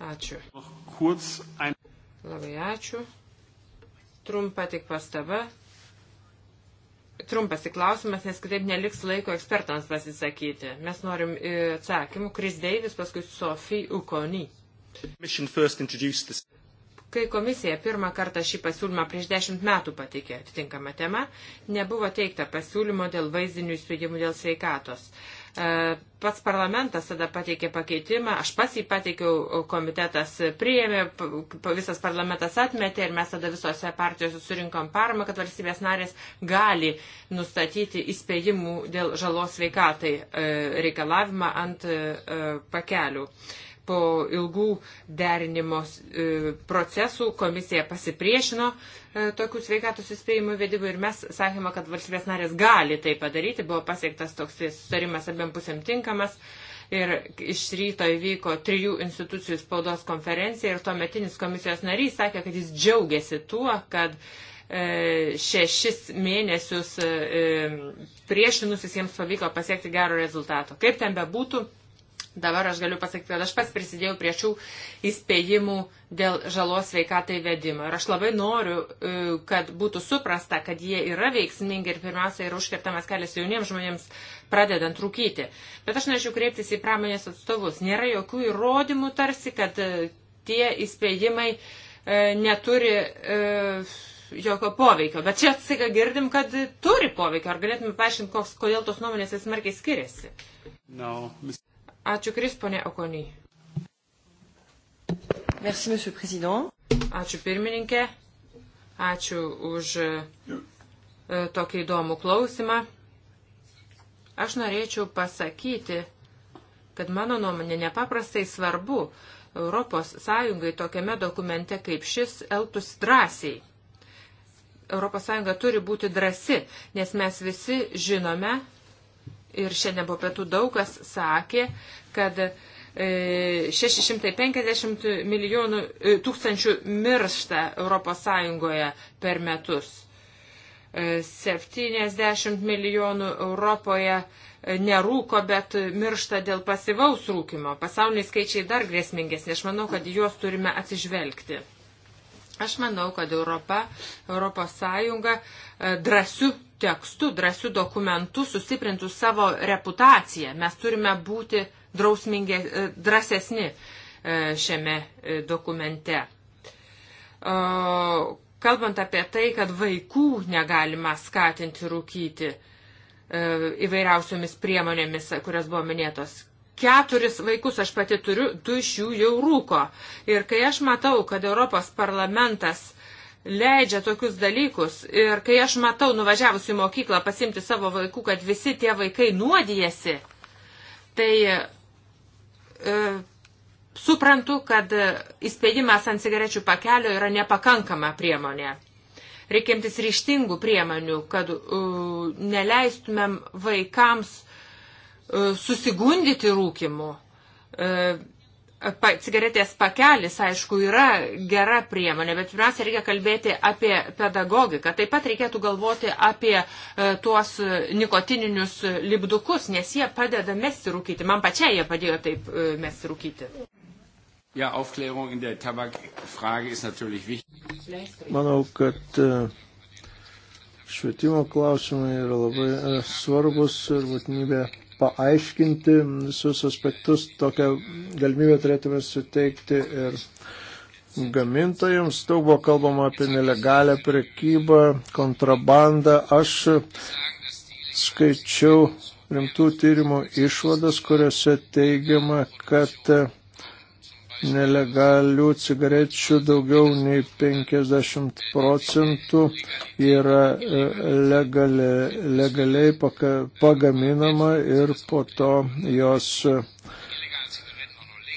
Ačiū. Labai ačiū. Trumpa tik pastaba. Trumpas tik klausimas, nes kitaip neliks laiko ekspertams pasisakyti. Mes norim e, atsakymų. Kris Deivis, paskui Sofija Ukony. Kai komisija pirmą kartą šį pasiūlymą prieš dešimt metų patikė atitinkamą temą, nebuvo teikta pasiūlymo dėl vaizdinių įspėjimų dėl sveikatos. Uh, E, pats parlamentas tada pateikė pakeitimą, aš pats jį pateikiau, komitetas priėmė, visas parlamentas atmetė ir mes tada visose partijose surinkom paramą, kad valstybės narės gali nustatyti įspėjimų dėl žalos veikatai e, reikalavimą ant e, pakelių po ilgų derinimo procesų komisija pasipriešino E, tokių sveikatos įspėjimų vedybų ir mes sakėme, kad valstybės narės gali tai padaryti, buvo pasiektas toks sustarimas abiem pusėm tinkamas. Ir iš ryto įvyko trijų institucijų spaudos konferencija ir tuometinis komisijos narys sakė, kad jis džiaugiasi tuo, kad e, šešis mėnesius e, priešinus visiems pavyko pasiekti gero rezultato. Kaip ten bebūtų, Dabar aš galiu pasakyti, kad aš pats prisidėjau prie šių įspėjimų dėl žalos sveikatai vedimo. Ir aš labai noriu, e, kad būtų suprasta, kad jie yra veiksmingi ir pirmiausia yra užkertamas kelias jauniems žmonėms pradedant rūkyti. Bet aš norėčiau kreiptis į pramonės atstovus. Nėra jokių įrodymų tarsi, kad e, tie įspėjimai e, neturi jokio poveikio. Bet čia atsika girdim, kad turi poveikio. Ar galėtume paaiškinti, koks, kodėl tos nuomonės smarkiai skiriasi? No. Mis... Ačiū Kris, ponė Okony. Merci, monsieur président. Ačiū pirmininkė. Ačiū už e, tokį įdomų klausimą. Aš norėčiau pasakyti, kad mano nuomonė nepaprastai svarbu Europos Sąjungai tokiame dokumente kaip šis elgtųsi drąsiai. Europos Sąjunga turi būti drasi, nes mes visi žinome, ir šiandien po pietų daug kas sakė, kad 650 e, milijonų e, tūkstančių miršta ES per metus. 70 e, milijonų Europoje nerūko, bet miršta dėl pasivaus rūkimo. Pasauliniai skaičiai dar grėsmingesni. Aš manau, kad juos turime atsižvelgti. Aš manau, kad Europa, Europos Sąjunga drąsiu tekstu, drąsiu dokumentu sustiprintų savo reputaciją. Mes turime būti drausmingi, e, drąsesni e, šiame e, dokumente. Kalbant apie tai, kad vaikų negalima skatinti rūkyti įvairiausiomis priemonėmis, kurias buvo minėtos. Keturis vaikus aš pati turiu, du iš jų jau rūko. Ir kai aš matau, kad Europos parlamentas leidžia tokius dalykus. Ir kai aš matau, nuvažiavus į mokyklą pasimti savo vaikų, kad visi tie vaikai nuodijasi, tai e, suprantu, kad įspėjimas ant cigarečių pakelio yra nepakankama priemonė. Reikiantis ryštingų priemonių, kad e, neleistumėm vaikams e, susigundyti rūkimu. E, pa, cigaretės pakelis, aišku, yra gera priemonė, bet pirmiausia reikia kalbėti apie pedagogiką. Taip pat reikėtų galvoti apie e, tuos nikotininius lipdukus, nes jie padeda mesti rūkyti. Man pačiai jie padėjo taip e, mesti rūkyti. Ja, Aufklärung in der Tabakfrage ist natürlich wichtig. Manau, kad e, švietimo klausimai yra labai e, svarbus ir būtinybė paaiškinti visus aspektus. Tokią galimybę turėtume suteikti ir gamintojams. Daug buvo kalbama apie nelegalę prekybą, kontrabandą. Aš skaičiau rimtų tyrimų išvadas, kuriuose teigiama, kad nelegalių cigarečių daugiau nei 50 procentų yra e, legaliai, legaliai pagaminama ir po to jos, e,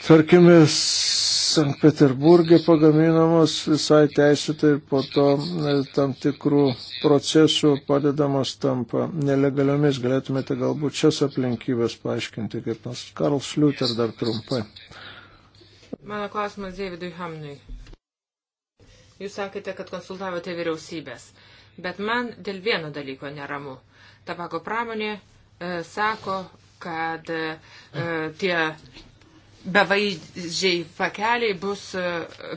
tarkime, Sankt Peterburgė pagaminamos visai teisėtai ir po to e, tam tikrų procesų padedamos tampa nelegaliomis. Galėtumėte galbūt šias aplinkybės paaiškinti, kaip nors Karl Schliuter dar trumpai. Mano klausimas Davidui Hamnui. Jūs sakėte, kad konsultavote vyriausybės, bet man dėl vieno dalyko neramu. Tabako pramonė e, sako, kad e, e tie bevaidžiai pakeliai bus e,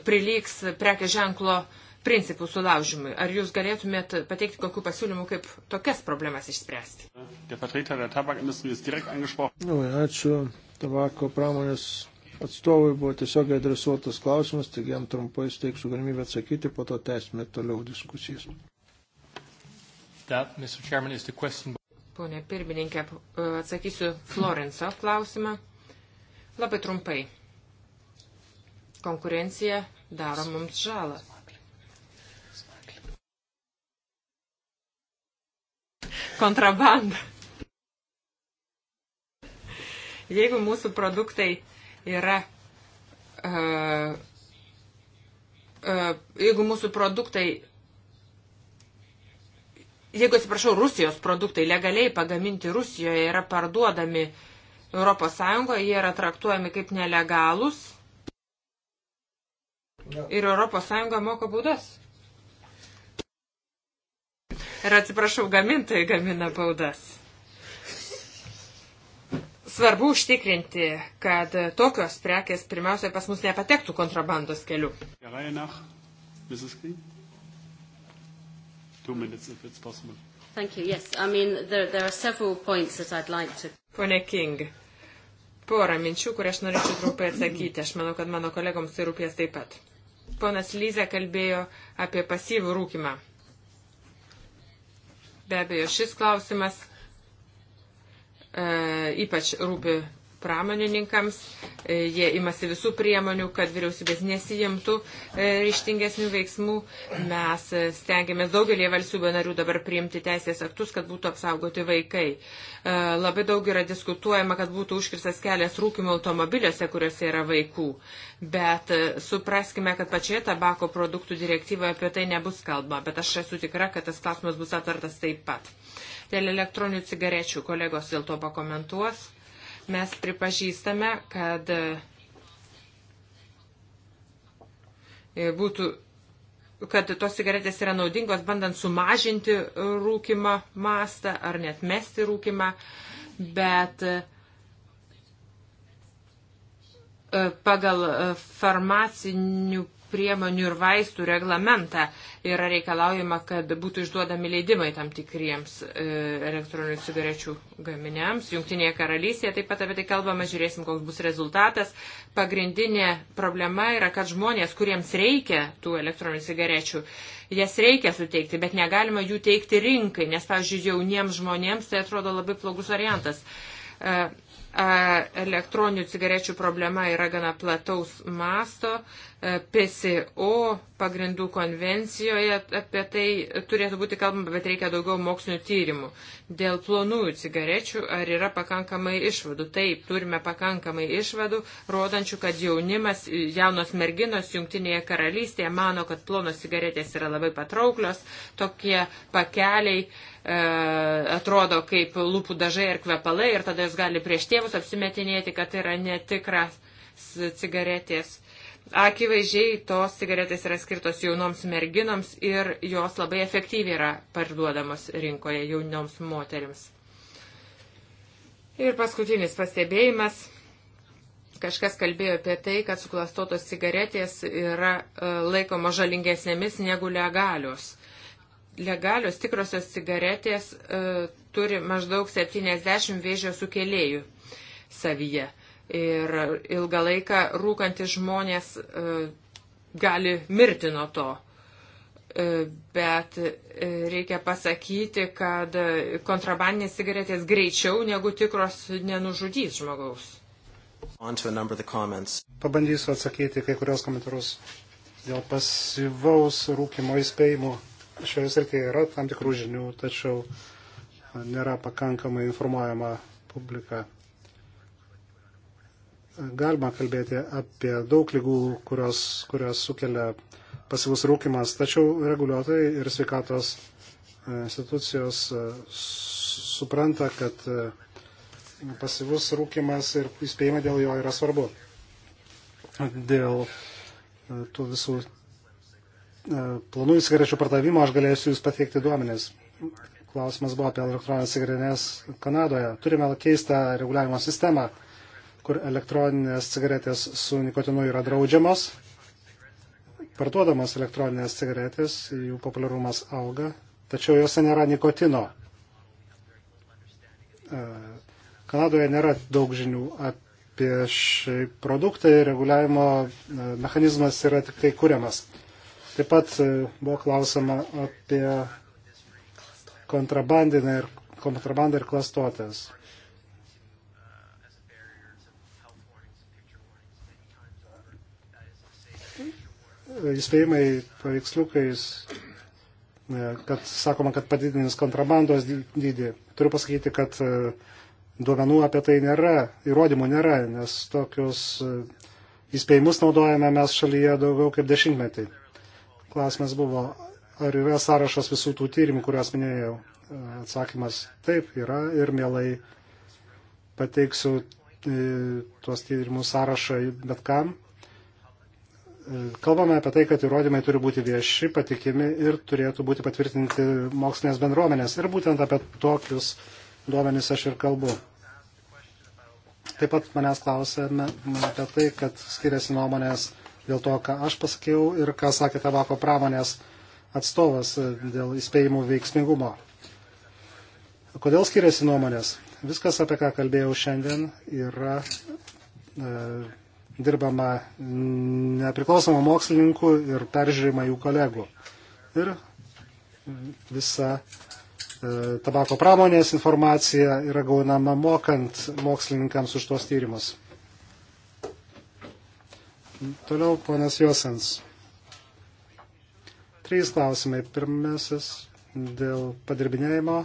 prilygs prekė ženklo principų sulaužymui. Ar jūs galėtumėt pateikti kokių pasiūlymų, kaip tokias problemas išspręsti? Nu, ačiū. Tabako pramonės atstovui buvo tiesiog adresuotas klausimas, taigi jam trumpai steiksiu galimybę atsakyti, po to tęsime toliau diskusijas. That, Chairman, question... Pone pirmininkė, atsakysiu Florenco klausimą. Labai trumpai. Konkurencija daro mums žalą. Kontrabanda. Jeigu mūsų produktai yra. Uh, uh, jeigu mūsų produktai. Jeigu, atsiprašau, Rusijos produktai legaliai pagaminti Rusijoje yra parduodami ES, jie yra traktuojami kaip nelegalus ir ES moka baudas. Ir atsiprašau, gamintojai gamina baudas. Svarbu užtikrinti, kad tokios prekės pirmiausia pas mus nepatektų kontrabandos keliu. Yes. I mean, there, there like to... Pone King, porą minčių, kur aš norėčiau trumpai atsakyti. Aš manau, kad mano kolegoms tai rūpės taip pat. Ponas Lyze kalbėjo apie pasyvų rūkimą. Be abejo, šis klausimas E, ypač rūpi pramonininkams, e, jie imasi visų priemonių, kad vyriausybės nesijimtų e, ryštingesnių veiksmų. Mes stengiamės daugelį valstybių narių dabar priimti teisės aktus, kad būtų apsaugoti vaikai. Labai daug yra diskutuojama, kad būtų užkirstas kelias rūkimo automobiliuose, kuriuose yra vaikų. Bet supraskime, kad pačioje tabako produktų direktyvoje apie tai nebus kalba, bet aš esu tikra, kad tas klausimas bus aptartas taip pat. Dėl elektroninių cigarečių kolegos dėl to pakomentuos. Mes pripažįstame, kad e, būtų kad tos cigaretės yra naudingos, bandant sumažinti rūkimą mastą ar net mesti rūkimą, bet e, pagal e, farmacinių priemonių ir vaistų reglamentą yra reikalaujama, kad būtų išduodami leidimai tam tikriems e, elektroninių cigarečių gaminiams. Junktinėje karalystėje taip pat apie tai kalbama, žiūrėsim, koks bus rezultatas. Pagrindinė problema yra, kad žmonės, kuriems reikia tų elektroninių cigarečių, jas reikia suteikti, bet negalima jų teikti rinkai, nes, pavyzdžiui, jauniems žmonėms tai atrodo labai plogus variantas. E, elektroninių cigarečių problema yra gana plataus masto. PCO pagrindų konvencijoje apie tai turėtų būti kalbama, bet reikia daugiau mokslinių tyrimų. Dėl plonųjų cigarečių ar yra pakankamai išvadų? Taip, turime pakankamai išvadų, rodančių, kad jaunimas, jaunos merginos Junktinėje karalystėje mano, kad plonos cigaretės yra labai patrauklios, tokie pakeliai E, atrodo kaip lūpų dažai ar kvepalai ir tada jis gali prieš tėvus apsimetinėti, kad tai yra netikras cigaretės. Akivaizdžiai tos cigaretės yra skirtos jaunoms merginoms ir jos labai efektyviai yra parduodamos rinkoje jaunoms moteriams. Ir paskutinis pastebėjimas. Kažkas kalbėjo apie tai, kad suklastotos cigaretės yra e, laikomos žalingesnėmis negu legalios legalios tikrosios cigaretės e, turi maždaug 70 vėžio sukėlėjų savyje. Ir ilgą laiką rūkantis žmonės e, gali mirti nuo to. E, bet e, reikia pasakyti, kad kontrabandinės cigaretės greičiau negu tikros nenužudys žmogaus. Pabandysiu atsakyti kai kurios komentarus dėl pasyvaus rūkimo įspėjimų šioje srityje yra tam tikrų žinių, tačiau e, nėra pakankamai informuojama publika. E, galima kalbėti apie daug lygų, kurios, kurios sukelia pasivus rūkimas, tačiau reguliuotojai ir sveikatos e, institucijos supranta, kad pasivus rūkimas ir įspėjimai dėl jo yra svarbu. Dėl tų visų E, planų cigarečių pardavimo aš galėsiu Jūs pateikti duomenis. Klausimas buvo apie elektroninės cigaretės Kanadoje. Turime keistą reguliavimo sistemą, kur elektroninės cigaretės su nikotinu yra draudžiamos. Parduodamos elektroninės cigaretės, jų populiarumas auga, tačiau juose nėra nikotino. E, Kanadoje nėra daug žinių apie šį produktą ir reguliavimo e, mechanizmas yra tik tai kuriamas. Taip pat e, buvo klausima apie kontrabandą ir, kontrabandą ir klastotės. Įspėjimai paveiksliukais, e, kad sakoma, kad padidinins kontrabandos dydį. Turiu pasakyti, kad e, duomenų apie tai nėra, įrodymų nėra, nes tokius įspėjimus naudojame mes šalyje daugiau kaip dešimtmetį. Klausimas buvo, ar yra sąrašas visų tų tyrimų, kuriuos minėjau. E, atsakymas taip yra ir mielai pateiksiu e, tuos tyrimų sąrašą bet kam. E, kalbame apie tai, kad įrodymai turi būti vieši, patikimi ir turėtų būti patvirtinti mokslinės bendruomenės. Ir būtent apie tokius duomenys aš ir kalbu. Taip pat manęs klausėme apie tai, kad skiriasi nuomonės dėl to, ką aš pasakiau ir ką sakė tabako pramonės atstovas dėl įspėjimų veiksmingumo. Kodėl skiriasi nuomonės? Viskas, apie ką kalbėjau šiandien, yra e, dirbama nepriklausomų mokslininkų ir peržiūrima jų kolegų. Ir visa e, tabako pramonės informacija yra gaunama mokant mokslininkams už tuos tyrimus. Toliau ponas Josens. Trys klausimai. Pirmasis dėl padirbinėjimo.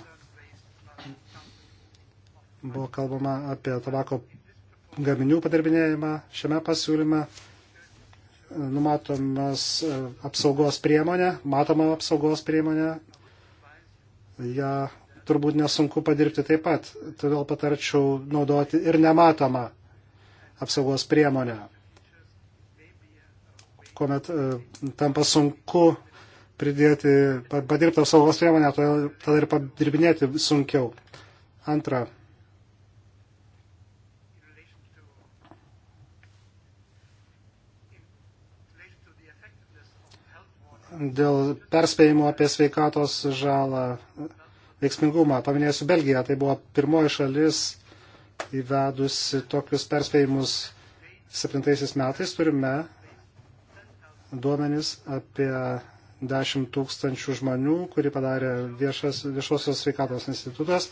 Buvo kalbama apie tabako gaminių padirbinėjimą. Šiame pasiūlyme numatomas e, apsaugos priemonė, matoma apsaugos priemonė. Ja turbūt nesunku padirbti taip pat. Todėl patarčiau naudoti ir nematomą apsaugos priemonę kuomet e, tampa sunku pridėti padirbtą saugos priemonę, tada ir padirbinėti sunkiau. Antra. Dėl perspėjimo apie sveikatos žalą veiksmingumą. Paminėsiu Belgiją, tai buvo pirmoji šalis įvedusi tokius perspėjimus septintaisiais metais. Turime duomenys apie 10 tūkstančių žmonių, kurį padarė viešas, viešosios sveikatos institutas.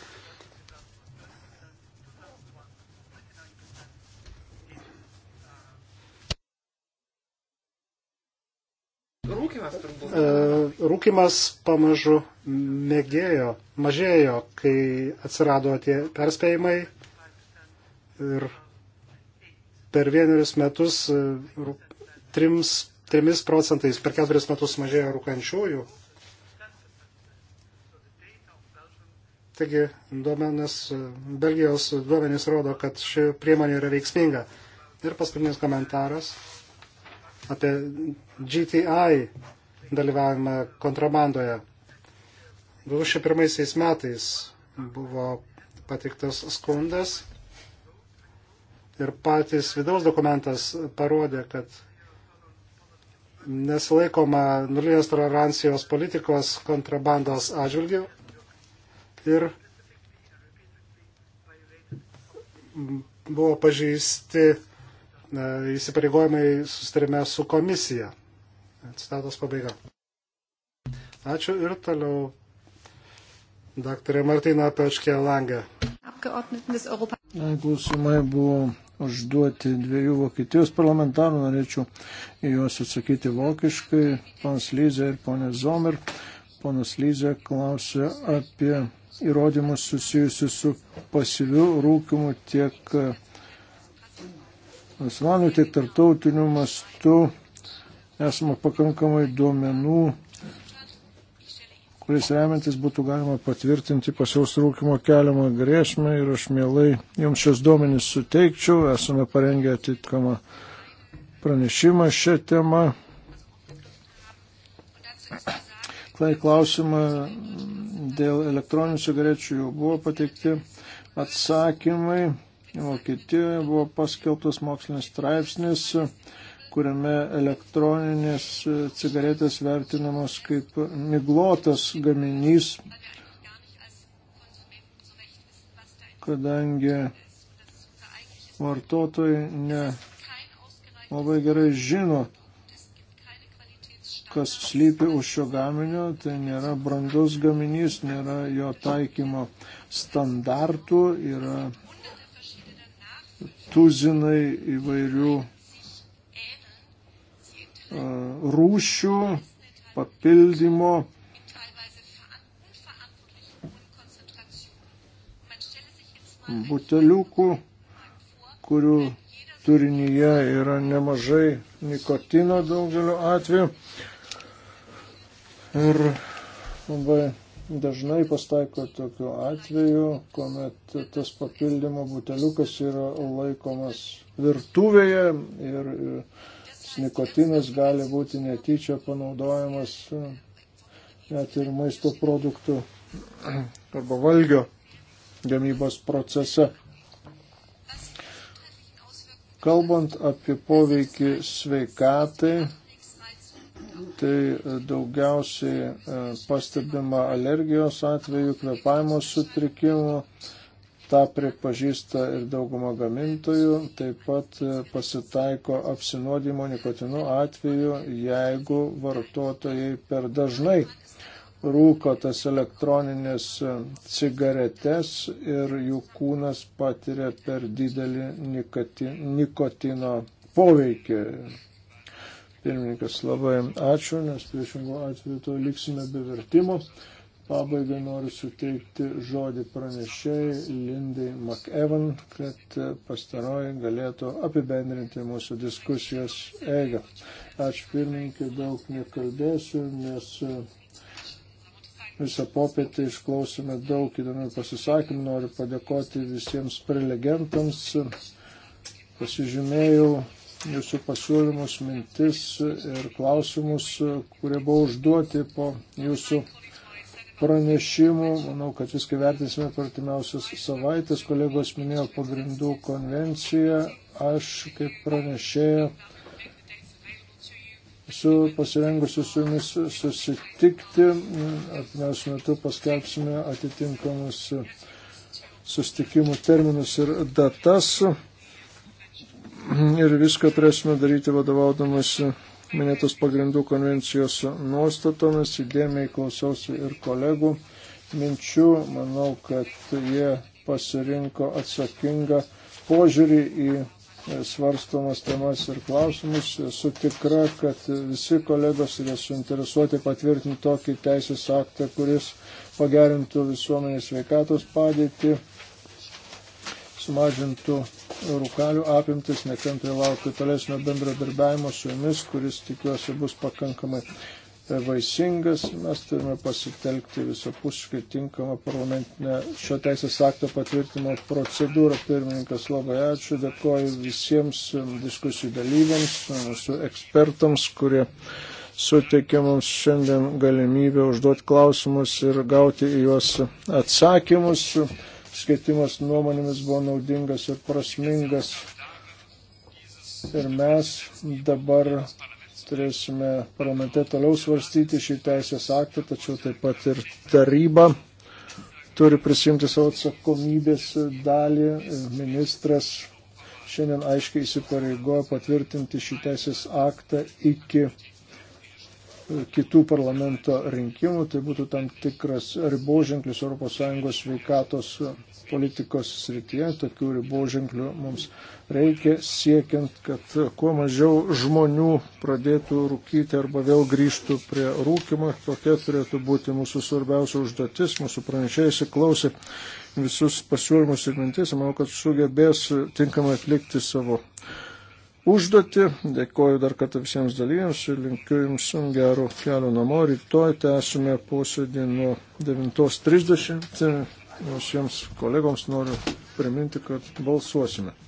Rūkimas turbūt. E, Rūkimas pamažu mėgėjo, mažėjo, kai atsirado tie perspėjimai ir per vienerius metus e, trims 3 procentais per keturis metus mažėjo rūkančiųjų. Taigi duomenis, Belgijos duomenys rodo, kad ši priemonė yra veiksminga. Ir paskutinis komentaras apie GTI dalyvavimą kontrabandoje. 2001 metais buvo patiktas skundas ir patys vidaus dokumentas parodė, kad nesilaikoma nulinės tolerancijos politikos kontrabandos atžvilgių ir buvo pažeisti įsipareigojimai sustarime su komisija. Citatos pabaiga. Ačiū ir toliau daktarė Martina Pečkė Langė. Klausimai buvo užduoti dviejų Vokietijos parlamentarų, norėčiau į juos atsakyti vokiškai, ponas Lyze ir ponė Zomer. Ponas Lyze klausė apie įrodymus susijusius su pasyviu rūkimu tiek nacionaliniu, tiek tarptautiniu mastu. Esame pakankamai duomenų kuriais remiantis būtų galima patvirtinti pasiaus rūkimo keliamą grėsmę ir aš mielai jums šios duomenys suteikčiau. Esame parengę atitinkamą pranešimą šią temą. Tai klausimą dėl elektroninių cigarečių jau buvo pateikti atsakymai. Vokietijoje buvo paskelbtas mokslinis straipsnis kuriame elektroninės cigaretės vertinamos kaip miglotas gaminys, kadangi vartotojai ne labai gerai žino, kas slypi už šio gaminio, tai nėra brandus gaminys, nėra jo taikymo standartų, yra tuzinai įvairių rūšių papildymo. Buteliukų, kurių turinyje yra nemažai nikotino daugeliu atveju. Ir labai dažnai pastaiko tokiu atveju, kuomet tas papildymo buteliukas yra laikomas virtuvėje ir, ir nikotinas gali būti netyčia panaudojamas e, net ir maisto produktų arba valgio gamybos procese. Kalbant apie poveikį sveikatai, tai daugiausiai e, pastebima alergijos atveju, kvepavimo sutrikimų Ta pripažįsta ir dauguma gamintojų. Taip pat e, pasitaiko apsinuodimo nikotinu atveju, jeigu vartotojai per dažnai rūko tas elektroninės e, cigaretes ir jų kūnas patiria per didelį nikoti, nikotino poveikį. Pirmininkas, labai ačiū, nes priešingų atveju to liksime be vertimo pabaigai noriu suteikti žodį pranešėjai Lindai McEwan, kad pastaroji galėtų apibendrinti mūsų diskusijos eigą. Ačiū pirmininkai, daug nekalbėsiu, nes visą popietį išklausome daug įdomių pasisakymų. Noriu padėkoti visiems prelegentams. Pasižymėjau jūsų pasiūlymus, mintis ir klausimus, kurie buvo užduoti po jūsų pranešimų. Manau, kad viską vertinsime per artimiausias savaitės. Kolegos minėjo pagrindų konvenciją. Aš kaip pranešėja esu pasirengusi su jumis susitikti. Artimiausiu metu paskelbsime atitinkamus sustikimų terminus ir datas. Ir viską turėsime daryti vadovaudamasi minėtos pagrindų konvencijos nuostatomis, įdėmiai klausiausi ir kolegų minčių. Manau, kad jie pasirinko atsakingą požiūrį į svarstomas temas ir klausimus. Esu tikra, kad visi kolegos yra suinteresuoti patvirtinti tokį teisės aktą, kuris pagerintų visuomenės sveikatos padėtį, sumažintų rūkalių apimtis, nekantrai laukiu tolesnio bendradarbiavimo su jumis, kuris tikiuosi bus pakankamai e, vaisingas. Mes turime pasitelkti visapuškai tinkamą parlamentinę šio teisės akto patvirtimo procedūrą. Pirmininkas labai ačiū, dėkoju visiems diskusijų dalyviams, mūsų ekspertams, kurie suteikia mums šiandien galimybę užduoti klausimus ir gauti į juos atsakymus skaitimas nuomonėmis buvo naudingas ir prasmingas. Ir mes dabar turėsime parlamente toliau svarstyti šį teisės aktą, tačiau taip pat ir taryba turi prisimti savo atsakomybės dalį. Ministras šiandien aiškiai įsipareigoja patvirtinti šį teisės aktą iki kitų parlamento rinkimų. Tai būtų tam tikras riboženklis ES sveikatos politikos srityje. Tokių ribų ženklių mums reikia siekiant, kad kuo mažiau žmonių pradėtų rūkyti arba vėl grįžtų prie rūkimo. Tokia turėtų būti mūsų svarbiausia užduotis. Mūsų pranešėjai įsiklausė visus pasiūlymus ir mintis. Manau, kad sugebės tinkamai atlikti savo užduotį. Dėkoju dar kartą visiems dalyviams ir linkiu Jums gerų kelių namo. Rytoj tęsime posėdį nuo 9.30 visiems kolegoms noriu priminti, kad balsuosime.